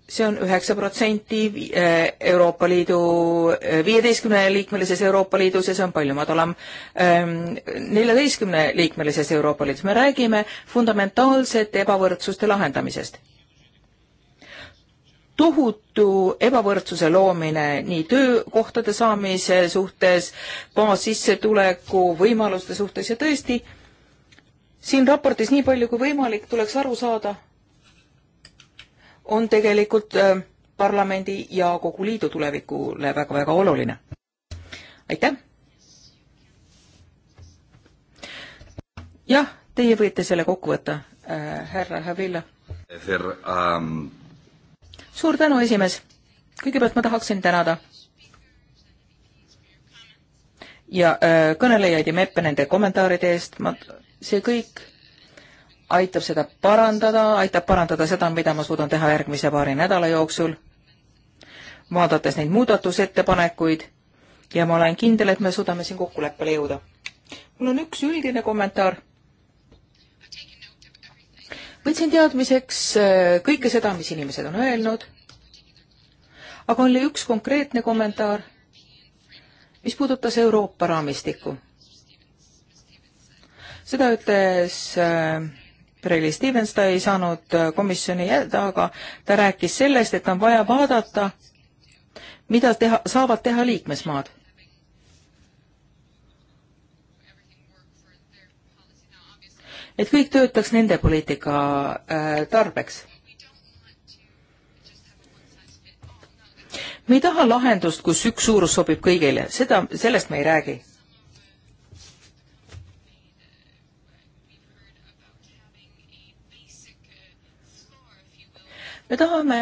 see on üheksa protsenti eh, Euroopa Liidu, eh, viieteistkümneliikmelises Euroopa Liidus ja see on palju madalam ehm, neljateistkümneliikmelises Euroopa Liidus. me räägime fundamentaalsete ebavõrdsuste lahendamisest. tohutu ebavõrdsuse loomine nii töökohtade saamise suhtes, baassissetuleku võimaluste suhtes ja tõesti, siin raportis nii palju kui võimalik tuleks aru saada on tegelikult äh, parlamendi ja kogu liidu tulevikule väga-väga oluline. aitäh! jah, teie võite selle kokku võtta äh,, härra Havilla. Um... suur tänu, esimees. kõigepealt ma tahaksin tänada ja äh, kõnelejaid ja meppe nende kommentaaride eest, ma, see kõik aitab seda parandada, aitab parandada seda, mida ma suudan teha järgmise paari nädala jooksul, vaadates neid muudatusettepanekuid ja ma olen kindel, et me suudame siin kokkuleppele jõuda. mul on üks üldine kommentaar. võtsin teadmiseks äh, kõike seda, mis inimesed on öelnud, aga oli üks konkreetne kommentaar, mis puudutas Euroopa raamistikku seda ütles äh, Pirelli Stevens, ta ei saanud äh, komisjoni jääda, aga ta rääkis sellest, et on vaja vaadata, mida teha, saavad teha liikmesmaad. et kõik töötaks nende poliitika äh, tarbeks. me ei taha lahendust, kus üks suurus sobib kõigile, seda, sellest me ei räägi me tahame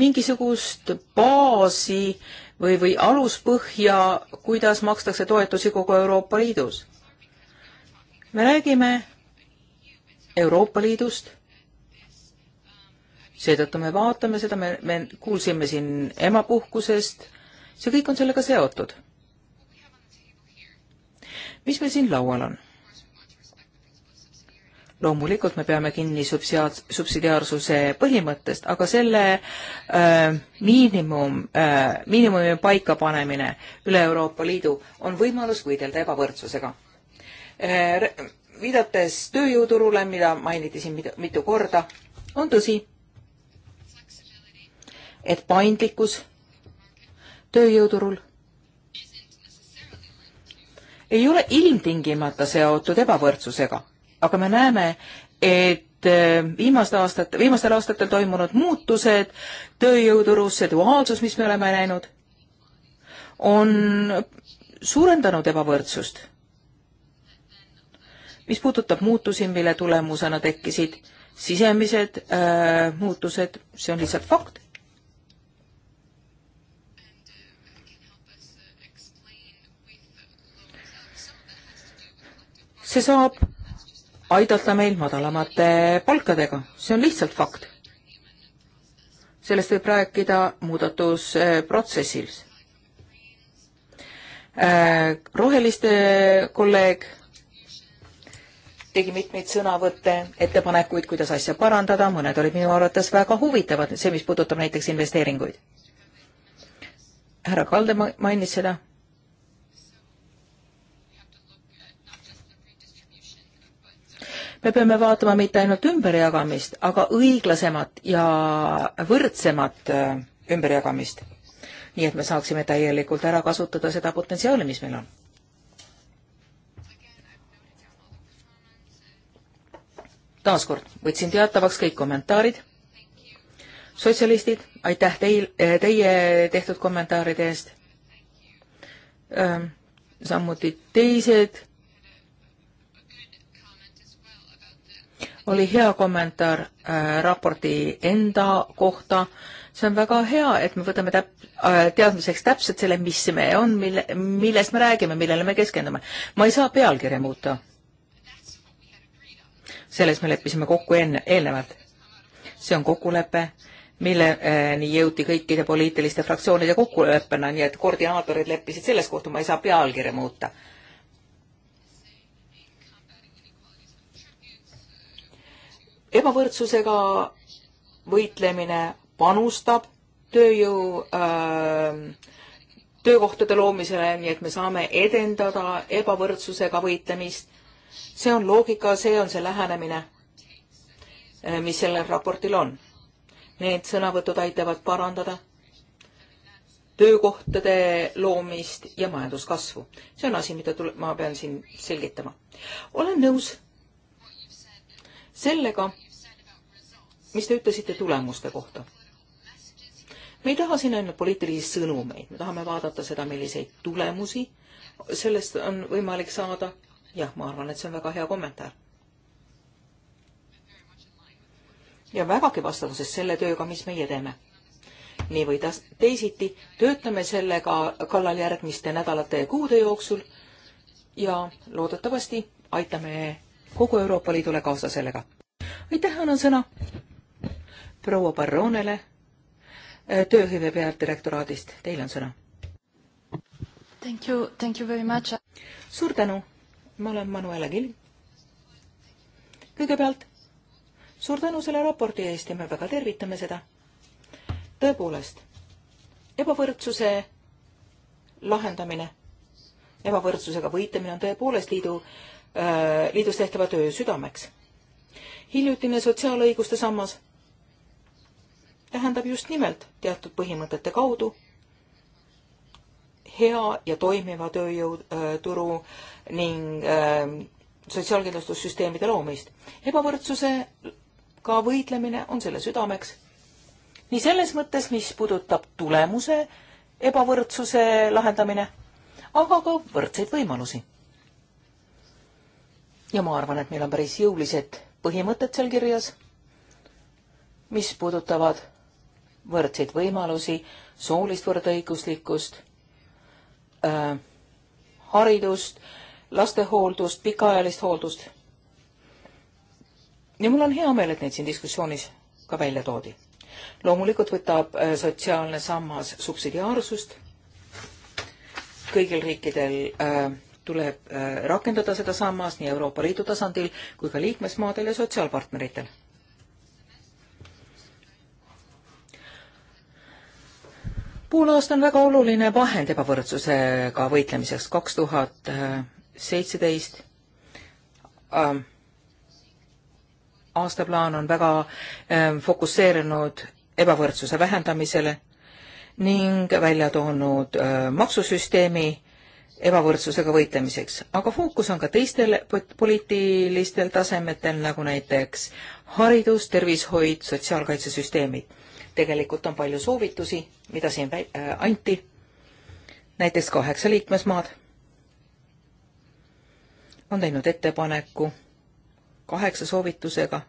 mingisugust baasi või, või aluspõhja, kuidas makstakse toetusi kogu Euroopa Liidus. me räägime Euroopa Liidust, seetõttu me vaatame seda, me, me kuulsime siin emapuhkusest, see kõik on sellega seotud. mis meil siin laual on? loomulikult me peame kinni subsiaar-, subsidiaarsuse põhimõttest, aga selle äh, miinimum äh,, miinimumi paikapanemine üle Euroopa Liidu on võimalus võidelda ebavõrdsusega äh,. viidates tööjõuturule, mida mainiti siin mitu, mitu korda, on tõsi, et paindlikkus tööjõuturul ei ole ilmtingimata seotud ebavõrdsusega aga me näeme, et äh, viimaste aastate, viimastel aastatel toimunud muutused tööjõuturus, see duaalsus, mis me oleme näinud, on suurendanud ebavõrdsust. mis puudutab muutusi, mille tulemusena tekkisid sisemised äh, muutused, see on lihtsalt fakt. see saab aidata meil madalamate palkadega, see on lihtsalt fakt. sellest võib rääkida muudatusprotsessil. Äh, roheliste kolleeg tegi mitmeid sõnavõtte, ettepanekuid, kuidas asja parandada, mõned olid minu arvates väga huvitavad, see, mis puudutab näiteks investeeringuid. härra Kalde mainis seda me peame vaatama mitte ainult ümberjagamist, aga õiglasemat ja võrdsemat äh, ümberjagamist. nii et me saaksime täielikult ära kasutada seda potentsiaali, mis meil on. taaskord võtsin teatavaks kõik kommentaarid. sotsialistid, aitäh teil, äh, teie tehtud kommentaaride eest. Ähm, samuti teised oli hea kommentaar äh, raporti enda kohta. see on väga hea, et me võtame täp- äh,, teadmiseks täpselt selle, mis see meie on, mille, millest me räägime, millele me keskendume. ma ei saa pealkirja muuta. selles me leppisime kokku enne, eelnevalt. see on kokkulepe, milleni äh, jõuti kõikide poliitiliste fraktsioonide kokkuleppena, nii et koordinaatorid leppisid selles kohta, ma ei saa pealkirja muuta ebavõrdsusega võitlemine panustab tööjõu öö, äh, töökohtade loomisele, nii et me saame edendada ebavõrdsusega võitlemist. see on loogika, see on see lähenemine, äh, mis sellel raportil on. Need sõnavõtud aitavad parandada töökohtade loomist ja majanduskasvu. see on asi, mida tule-, ma pean siin selgitama. olen nõus sellega, mis te ütlesite tulemuste kohta. me ei taha siin ainult poliitilisi sõnumeid, me tahame vaadata seda, milliseid tulemusi sellest on võimalik saada. jah, ma arvan, et see on väga hea kommentaar. ja vägagi vastavuses selle tööga, mis meie teeme nii või teisiti, töötame selle ka kallal järgmiste nädalate ja kuude jooksul ja loodetavasti aitame kogu Euroopa Liidule kaasa sellega. aitäh, annan sõna proua Barronele äh, tööhõive peadirektoraadist, teil on sõna. Thank you, thank you very much. suur tänu, ma olen Manuela Kill. kõigepealt suur tänu selle raporti eest ja me väga tervitame seda. tõepoolest, ebavõrdsuse lahendamine, ebavõrdsusega võitlemine on tõepoolest liidu Äh, liidus tehtava töö südameks. hiljutine sotsiaalõiguste sammas tähendab just nimelt teatud põhimõtete kaudu hea ja toimiva tööjõuturu äh, ning äh, sotsiaalkindlustussüsteemide loomist. ebavõrdsusega võitlemine on selle südameks. nii selles mõttes, mis puudutab tulemuse ebavõrdsuse lahendamine, aga ka võrdseid võimalusi ja ma arvan, et meil on päris jõulised põhimõtted seal kirjas, mis puudutavad võrdseid võimalusi, soolist võrdõiguslikkust äh,, haridust, lastehooldust, pikaajalist hooldust. ja mul on hea meel, et neid siin diskussioonis ka välja toodi. loomulikult võtab äh, sotsiaalne sammas subsidiaarsust, kõigil riikidel äh, tuleb äh, rakendada seda sammast nii Euroopa Liidu tasandil kui ka liikmesmaadel ja sotsiaalpartneritel. poolaasta on väga oluline vahend ebavõrdsusega võitlemiseks. kaks tuhat seitseteist ähm, aastaplaan on väga ähm, fokusseerunud ebavõrdsuse vähendamisele ning välja toonud äh, maksusüsteemi ebavõrdsusega võitlemiseks, aga fookus on ka teistel poliitilistel tasemetel, nagu näiteks haridus, tervishoid, sotsiaalkaitsesüsteemid. tegelikult on palju soovitusi, mida siin äh, anti, näiteks kaheksa liikmesmaad on teinud ettepaneku kaheksa soovitusega,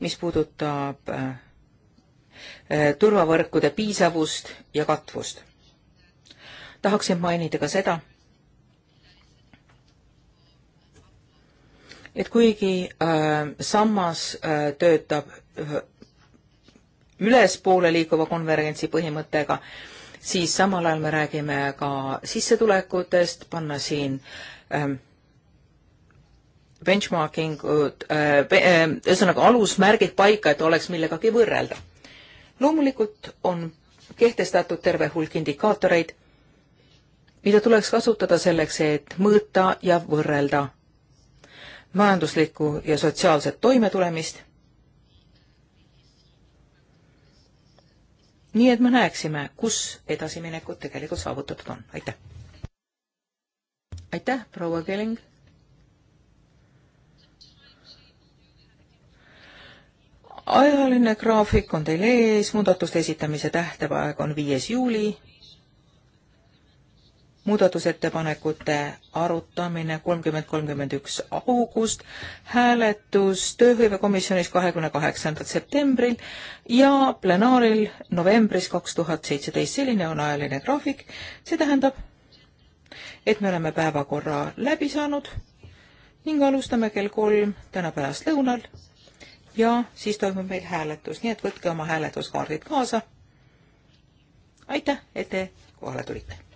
mis puudutab äh, äh turvavõrkude piisavust ja katvust. tahaksin mainida ka seda, et kuigi äh, sammas äh, töötab äh, ülespoole liikuva konvergentsi põhimõttega, siis samal ajal me räägime ka sissetulekutest, panna siin ähm, benchmarkingud äh,, äh ühesõnaga alusmärgid paika, et oleks millegagi võrrelda. loomulikult on kehtestatud terve hulk indikaatoreid, mida tuleks kasutada selleks, et mõõta ja võrrelda majanduslikku ja sotsiaalset toimetulemist. nii et me näeksime, kus edasiminekut tegelikult saavutatud on, aitäh. aitäh, proua Kelling. ajaline graafik on teil ees, muudatuste esitamise tähtepäev on viies juuli muudatusettepanekute arutamine kolmkümmend, kolmkümmend üks august, hääletus tööhõivekomisjonis kahekümne kaheksandal septembril ja plenaaril novembris kaks tuhat seitseteist, selline on ajaline graafik, see tähendab, et me oleme päevakorra läbi saanud ning alustame kell kolm täna pärastlõunal ja siis toimub meil hääletus, nii et võtke oma hääletuskaardid kaasa. aitäh, et te kohale tulite!